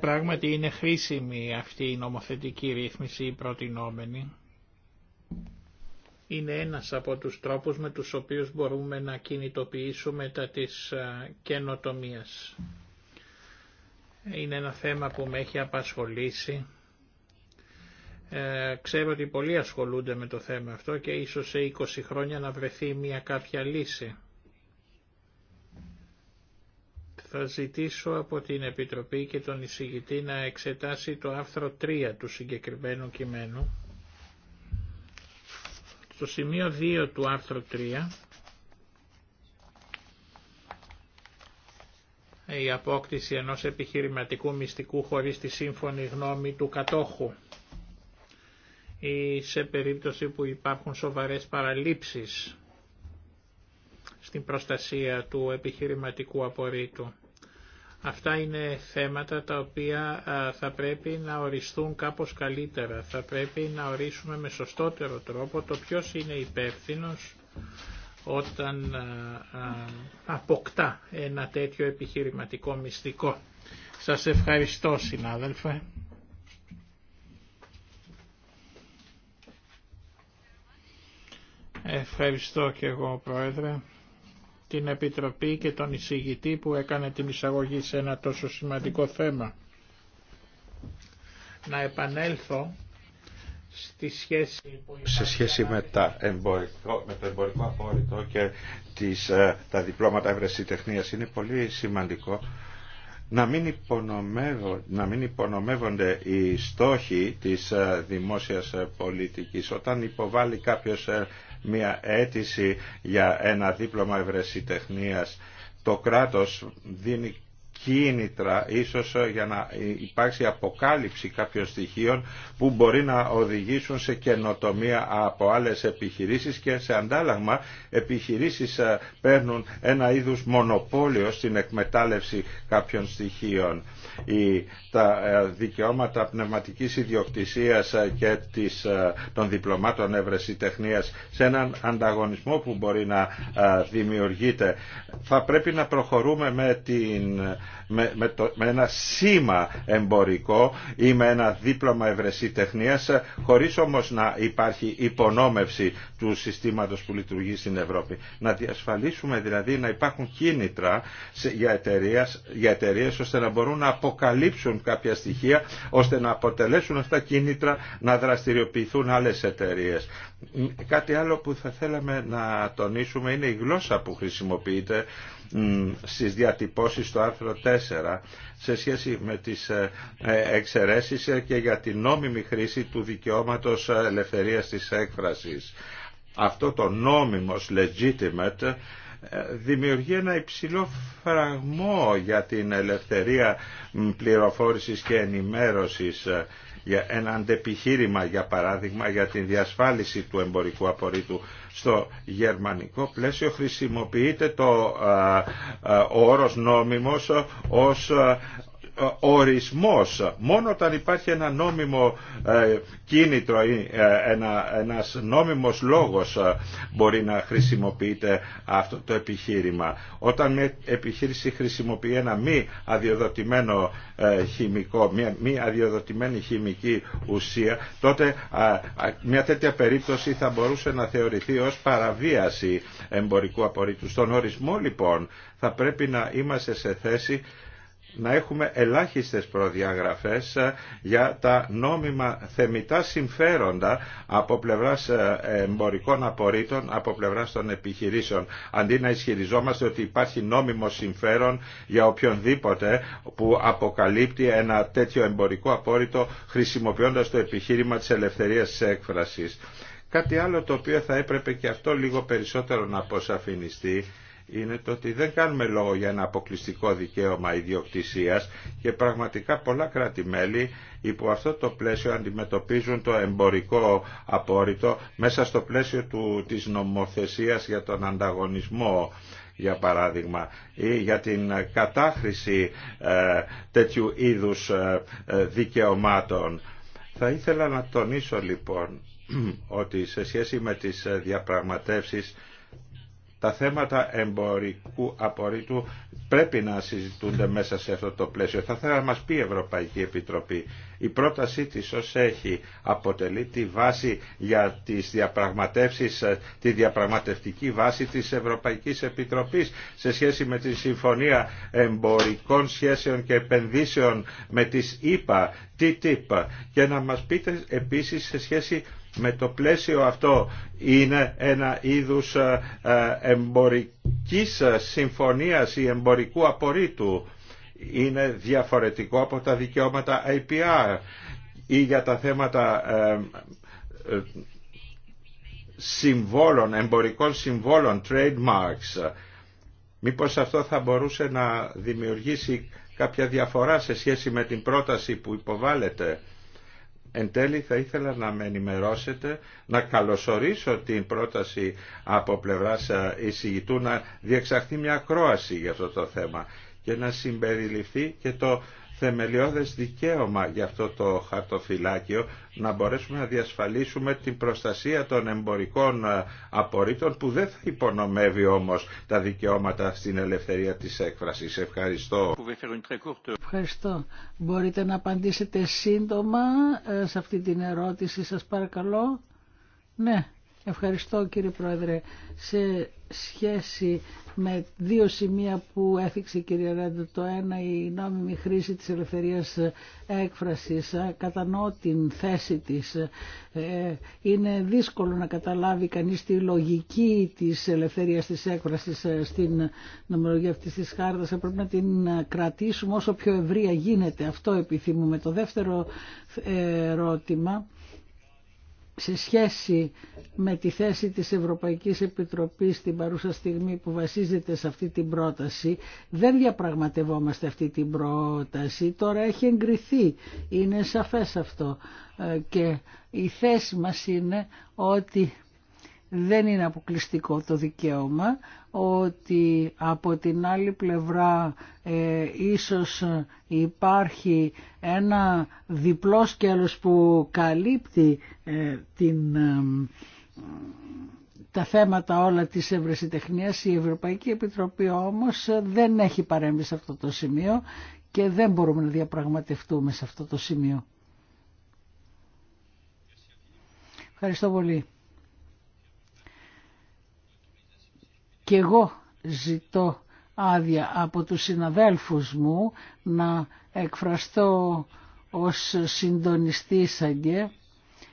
Πράγματι είναι χρήσιμη αυτή η νομοθετική ρύθμιση η προτινόμενη είναι ένας από τους τρόπους με τους οποίους μπορούμε να κινητοποιήσουμε τα της καινοτομίας. Είναι ένα θέμα που με έχει απασχολήσει. Ε, ξέρω ότι πολλοί ασχολούνται με το θέμα αυτό και ίσως σε 20 χρόνια να βρεθεί μια κάποια λύση. Θα ζητήσω από την Επιτροπή και τον εισηγητή να εξετάσει το άρθρο 3 του συγκεκριμένου κειμένου στο σημείο 2 του άρθρου 3 η απόκτηση ενός επιχειρηματικού μυστικού χωρίς τη σύμφωνη γνώμη του κατόχου ή σε περίπτωση που υπάρχουν σοβαρές παραλήψεις στην προστασία του επιχειρηματικού απορρίτου. Αυτά είναι θέματα τα οποία θα πρέπει να οριστούν κάπως καλύτερα. Θα πρέπει να ορίσουμε με σωστότερο τρόπο το ποιος είναι υπεύθυνο όταν αποκτά ένα τέτοιο επιχειρηματικό μυστικό. Σας ευχαριστώ συνάδελφε. Ευχαριστώ και εγώ πρόεδρε την Επιτροπή και τον εισηγητή που έκανε την εισαγωγή σε ένα τόσο σημαντικό θέμα. Να επανέλθω στη σχέση σε σχέση με, τα εμπορικό, με το εμπορικό απόρριτο και τις, ε, τα διπλώματα ευρεσιτεχνίας είναι πολύ σημαντικό να μην, υπονομεύονται, να μην υπονομεύονται οι στόχοι της ε, δημόσιας ε, πολιτικής. Όταν υποβάλλει κάποιος μια αίτηση για ένα δίπλωμα ευρεσιτεχνίας. Το κράτος δίνει κίνητρα ίσως ε, για να υπάρξει αποκάλυψη κάποιων στοιχείων που μπορεί να οδηγήσουν σε καινοτομία από άλλες επιχειρήσεις και σε αντάλλαγμα επιχειρήσεις ε, παίρνουν ένα είδους μονοπόλιο στην εκμετάλλευση κάποιων στοιχείων τα ε, δικαιώματα πνευματικής ιδιοκτησίας ε, και της, ε, των διπλωμάτων ευρεσιτεχνίας σε έναν ανταγωνισμό που μπορεί να δημιουργείται. Θα πρέπει να προχωρούμε με την με, με, με ένα σήμα εμπορικό ή με ένα δίπλωμα ευρεσιτεχνίας χωρίς όμως να υπάρχει υπονόμευση του συστήματος που λειτουργεί στην Ευρώπη. Να διασφαλίσουμε δηλαδή να υπάρχουν κίνητρα για εταιρείες, για εταιρείες ώστε να μπορούν να αποκαλύψουν κάποια στοιχεία ώστε να αποτελέσουν αυτά κίνητρα να δραστηριοποιηθούν άλλες εταιρείες. Κάτι άλλο που θα θέλαμε να τονίσουμε είναι η γλώσσα που χρησιμοποιείται στις διατυπώσεις στο άρθρο 4 σε σχέση με τις ε, ε, εξαιρέσεις ε, και για την νόμιμη χρήση του δικαιώματος ελευθερίας της έκφρασης. Αυτό το νόμιμος legitimate δημιουργεί ένα υψηλό φραγμό για την ελευθερία πληροφόρησης και ενημέρωσης για ένα αντεπιχείρημα για παράδειγμα για την διασφάλιση του εμπορικού απορρίτου στο γερμανικό πλαίσιο χρησιμοποιείται το, ο όρος νόμιμος ως ε, ορισμός. Μόνο όταν υπάρχει ένα νόμιμο ε, κίνητρο ή ε, ένα, ένας νόμιμος λόγος μπορεί να χρησιμοποιείται αυτό το επιχείρημα. Όταν μια επιχείρηση χρησιμοποιεί ένα μη αδειοδοτημένο χημικό, μια μη αδειοδοτημένη χημική ουσία, τότε μια τέτοια περίπτωση θα μπορούσε να θεωρηθεί ως παραβίαση εμπορικού απορρίτου. Στον ορισμό λοιπόν θα πρέπει να είμαστε σε θέση να έχουμε ελάχιστες προδιαγραφές ε, για τα νόμιμα θεμητά συμφέροντα από πλευράς ε, εμπορικών απορρίτων, από πλευράς των επιχειρήσεων. Αντί να ισχυριζόμαστε ότι υπάρχει νόμιμο συμφέρον για οποιονδήποτε που αποκαλύπτει ένα τέτοιο εμπορικό απόρριτο χρησιμοποιώντας το επιχείρημα της ελευθερίας της έκφρασης. Κάτι άλλο το οποίο θα έπρεπε και αυτό λίγο περισσότερο να αποσαφινιστεί είναι το ότι δεν κάνουμε λόγο για ένα αποκλειστικό δικαίωμα ιδιοκτησίας και πραγματικά πολλά κράτη-μέλη υπό αυτό το πλαίσιο αντιμετωπίζουν το εμπορικό απόρριτο μέσα στο πλαίσιο του, της νομοθεσίας για τον ανταγωνισμό για παράδειγμα, ή για την κατάχρηση ε, τέτοιου είδους ε, ε, δικαιωμάτων. Θα ήθελα να τονίσω λοιπόν ότι σε σχέση με τις διαπραγματεύσεις τα θέματα εμπορικού απορρίτου πρέπει να συζητούνται μέσα σε αυτό το πλαίσιο. Θα θέλαμε να μας πει η Ευρωπαϊκή Επιτροπή. Η πρότασή της ως έχει αποτελεί τη βάση για τις διαπραγματεύσεις, ε, τη διαπραγματευτική βάση της Ευρωπαϊκής Επιτροπής σε σχέση με τη Συμφωνία Εμπορικών Σχέσεων και Επενδύσεων με τις ΗΠΑ, TTIP και να μας πείτε επίσης σε σχέση με το πλαίσιο αυτό είναι ένα είδους ε, ε, εμπορικής συμφωνίας ή εμπορικού απορρίτου. Είναι διαφορετικό από τα δικαιώματα IPR ή για τα θέματα ε, συμβόλων, εμπορικών συμβόλων, trademarks. Μήπως αυτό θα μπορούσε να δημιουργήσει κάποια διαφορά σε σχέση με την πρόταση που υποβάλλεται Εν τέλει θα ήθελα να με ενημερώσετε, να καλωσορίσω την πρόταση από πλευράς εισηγητού να διεξαχθεί μια ακρόαση για αυτό το θέμα και να συμπεριληφθεί και το θεμελιώδες δικαίωμα για αυτό το χαρτοφυλάκιο να μπορέσουμε να διασφαλίσουμε την προστασία των εμπορικών ε, απορρίτων που δεν θα υπονομεύει όμως τα δικαιώματα στην ελευθερία της έκφρασης. Ευχαριστώ. Ευχαριστώ. Μπορείτε να απαντήσετε σύντομα ε, σε αυτή την ερώτηση σας παρακαλώ. Ναι. Ευχαριστώ κύριε Πρόεδρε. Σε σχέση με δύο σημεία που έθιξε η κυρία Ρέντα το ένα η νόμιμη χρήση της ελευθερίας έκφρασης, κατανοώ την θέση της. Ε, είναι δύσκολο να καταλάβει κανείς τη λογική της ελευθερίας της έκφρασης ε, στην νομολογία αυτής της χάρτας. Πρέπει να την κρατήσουμε όσο πιο ευρία γίνεται. Αυτό επιθυμούμε. Το δεύτερο ε, ερώτημα σε σχέση με τη θέση της Ευρωπαϊκής Επιτροπής στην παρούσα στιγμή που βασίζεται σε αυτή την πρόταση, δεν διαπραγματευόμαστε αυτή την πρόταση, τώρα έχει εγκριθεί, είναι σαφές αυτό ε, και η θέση μας είναι ότι δεν είναι αποκλειστικό το δικαίωμα, ότι από την άλλη πλευρά ε, ίσως υπάρχει ένα διπλό σκέλος που καλύπτει ε, ε, τα θέματα όλα της ευρεσιτεχνίας. Η Ευρωπαϊκή Επιτροπή όμως δεν έχει παρέμβει σε αυτό το σημείο και δεν μπορούμε να διαπραγματευτούμε σε αυτό το σημείο. Ευχαριστώ πολύ. και εγώ ζητώ άδεια από τους συναδέλφους μου να εκφραστώ ως συντονιστής αγγε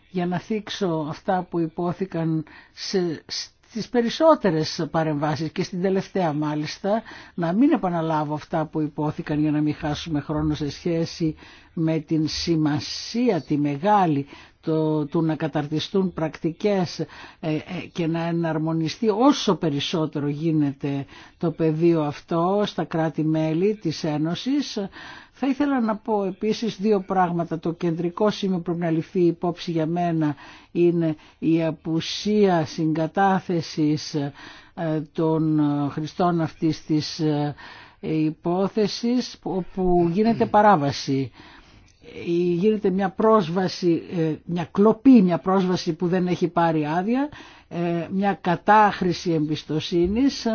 για να θίξω αυτά που υπόθηκαν σε, στις περισσότερες παρεμβάσεις και στην τελευταία μάλιστα να μην επαναλάβω αυτά που υπόθηκαν για να μην χάσουμε χρόνο σε σχέση με την σημασία τη μεγάλη το, του να καταρτιστούν πρακτικές ε, ε, και να εναρμονιστεί όσο περισσότερο γίνεται το πεδίο αυτό στα κράτη-μέλη της Ένωσης. Θα ήθελα να πω επίσης δύο πράγματα. Το κεντρικό σημείο που να ληφθεί υπόψη για μένα είναι η απουσία συγκατάθεσης ε, των χρηστών αυτής της υπόθεσης όπου γίνεται παράβαση γίνεται μια πρόσβαση, ε, μια κλοπή, μια πρόσβαση που δεν έχει πάρει άδεια, ε, μια κατάχρηση εμπιστοσύνης,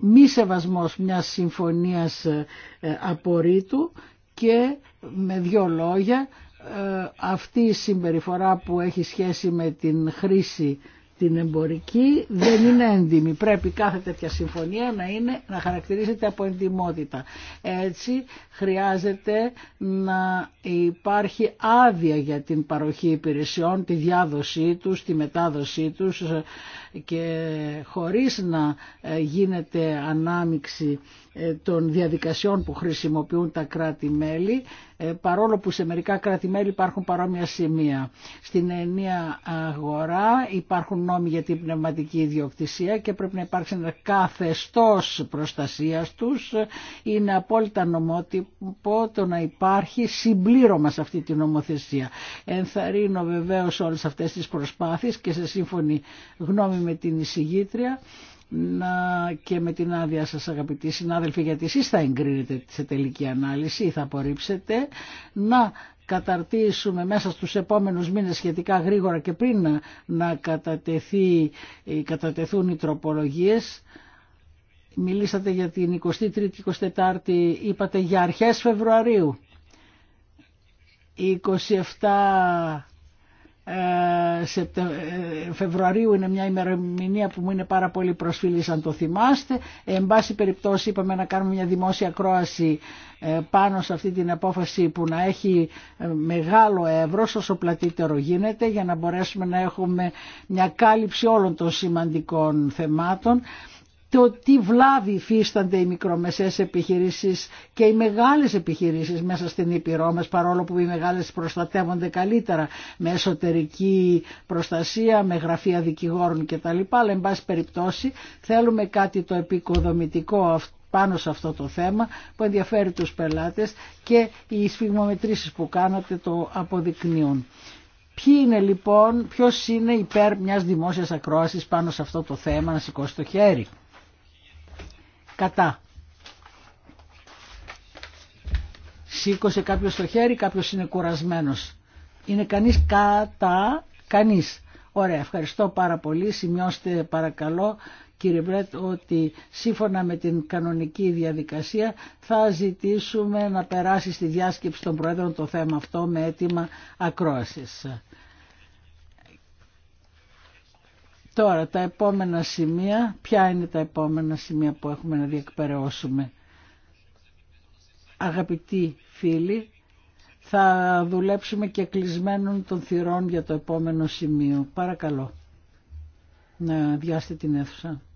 μη σεβασμός μιας συμφωνίας ε, απορρίτου και με δύο λόγια αυτή η συμπεριφορά που έχει σχέση με την χρήση την εμπορική δεν είναι έντιμη. Πρέπει κάθε τέτοια συμφωνία να, είναι, να χαρακτηρίζεται από εντιμότητα. Έτσι χρειάζεται να υπάρχει άδεια για την παροχή υπηρεσιών, τη διάδοσή τους, τη μετάδοσή τους ε, και χωρίς να ε, γίνεται ανάμιξη ε, των διαδικασιών που χρησιμοποιούν τα κράτη-μέλη, ε, παρόλο που σε μερικά κράτη-μέλη υπάρχουν παρόμοια σημεία. Στην ενία αγορά υπάρχουν νόμοι για την πνευματική ιδιοκτησία και πρέπει να υπάρξει ένα καθεστώς προστασίας τους. Είναι απόλυτα νομότυπο το να υπάρχει συμπλήρωμα σε αυτή τη νομοθεσία. Ενθαρρύνω βεβαίως όλες αυτές τις προσπάθειες και σε σύμφωνη γνώμη με την εισηγήτρια να και με την άδεια σας αγαπητοί συνάδελφοι γιατί εσείς θα εγκρίνετε σε τελική ανάλυση ή θα απορρίψετε να καταρτήσουμε μέσα στους επόμενους μήνες σχετικά γρήγορα και πριν να κατατεθεί, ε, κατατεθούν οι τροπολογίες μιλήσατε για την 23η 24η είπατε για αρχές Φεβρουαρίου 27 ε, ε, Φεβρουαρίου είναι μια ημερομηνία που μου είναι πάρα πολύ προσφύλης αν το θυμάστε. Ε, εν πάση περιπτώσει είπαμε να κάνουμε μια δημόσια κρόαση πάνω σε αυτή την απόφαση που να έχει μεγάλο εύρος όσο πλατύτερο γίνεται για να μπορέσουμε να έχουμε μια κάλυψη όλων των σημαντικών θεμάτων το τι βλάβη υφίστανται οι μικρομεσαίες επιχειρήσεις και οι μεγάλες επιχειρήσεις μέσα στην Ήπειρό μας παρόλο που οι μεγάλες προστατεύονται καλύτερα με εσωτερική προστασία, με γραφεία δικηγόρων κτλ. Αλλά εν πάση περιπτώσει θέλουμε κάτι το επικοδομητικό πάνω σε αυτό το θέμα που ενδιαφέρει τους πελάτες και οι σφιγμομετρήσεις που κάνατε το αποδεικνύουν. Ποιοι είναι λοιπόν, ποιος είναι υπέρ μιας δημόσιας ακρόασης πάνω σε αυτό το θέμα να σηκώσει το χέρι. Κατά. Σήκωσε κάποιος το χέρι, κάποιος είναι κουρασμένος. Είναι κανείς κατά, κανείς. Ωραία, ευχαριστώ πάρα πολύ. Σημειώστε παρακαλώ κύριε Μπρέτ ότι σύμφωνα με την κανονική διαδικασία θα ζητήσουμε να περάσει στη διάσκεψη των Προέδρων το θέμα αυτό με αίτημα ακρόασης. Τώρα τα επόμενα σημεία, ποια είναι τα επόμενα σημεία που έχουμε να διεκπαιρεώσουμε. Αγαπητοί φίλοι, θα δουλέψουμε και κλεισμένων των θυρών για το επόμενο σημείο. Παρακαλώ να διάστε την αίθουσα.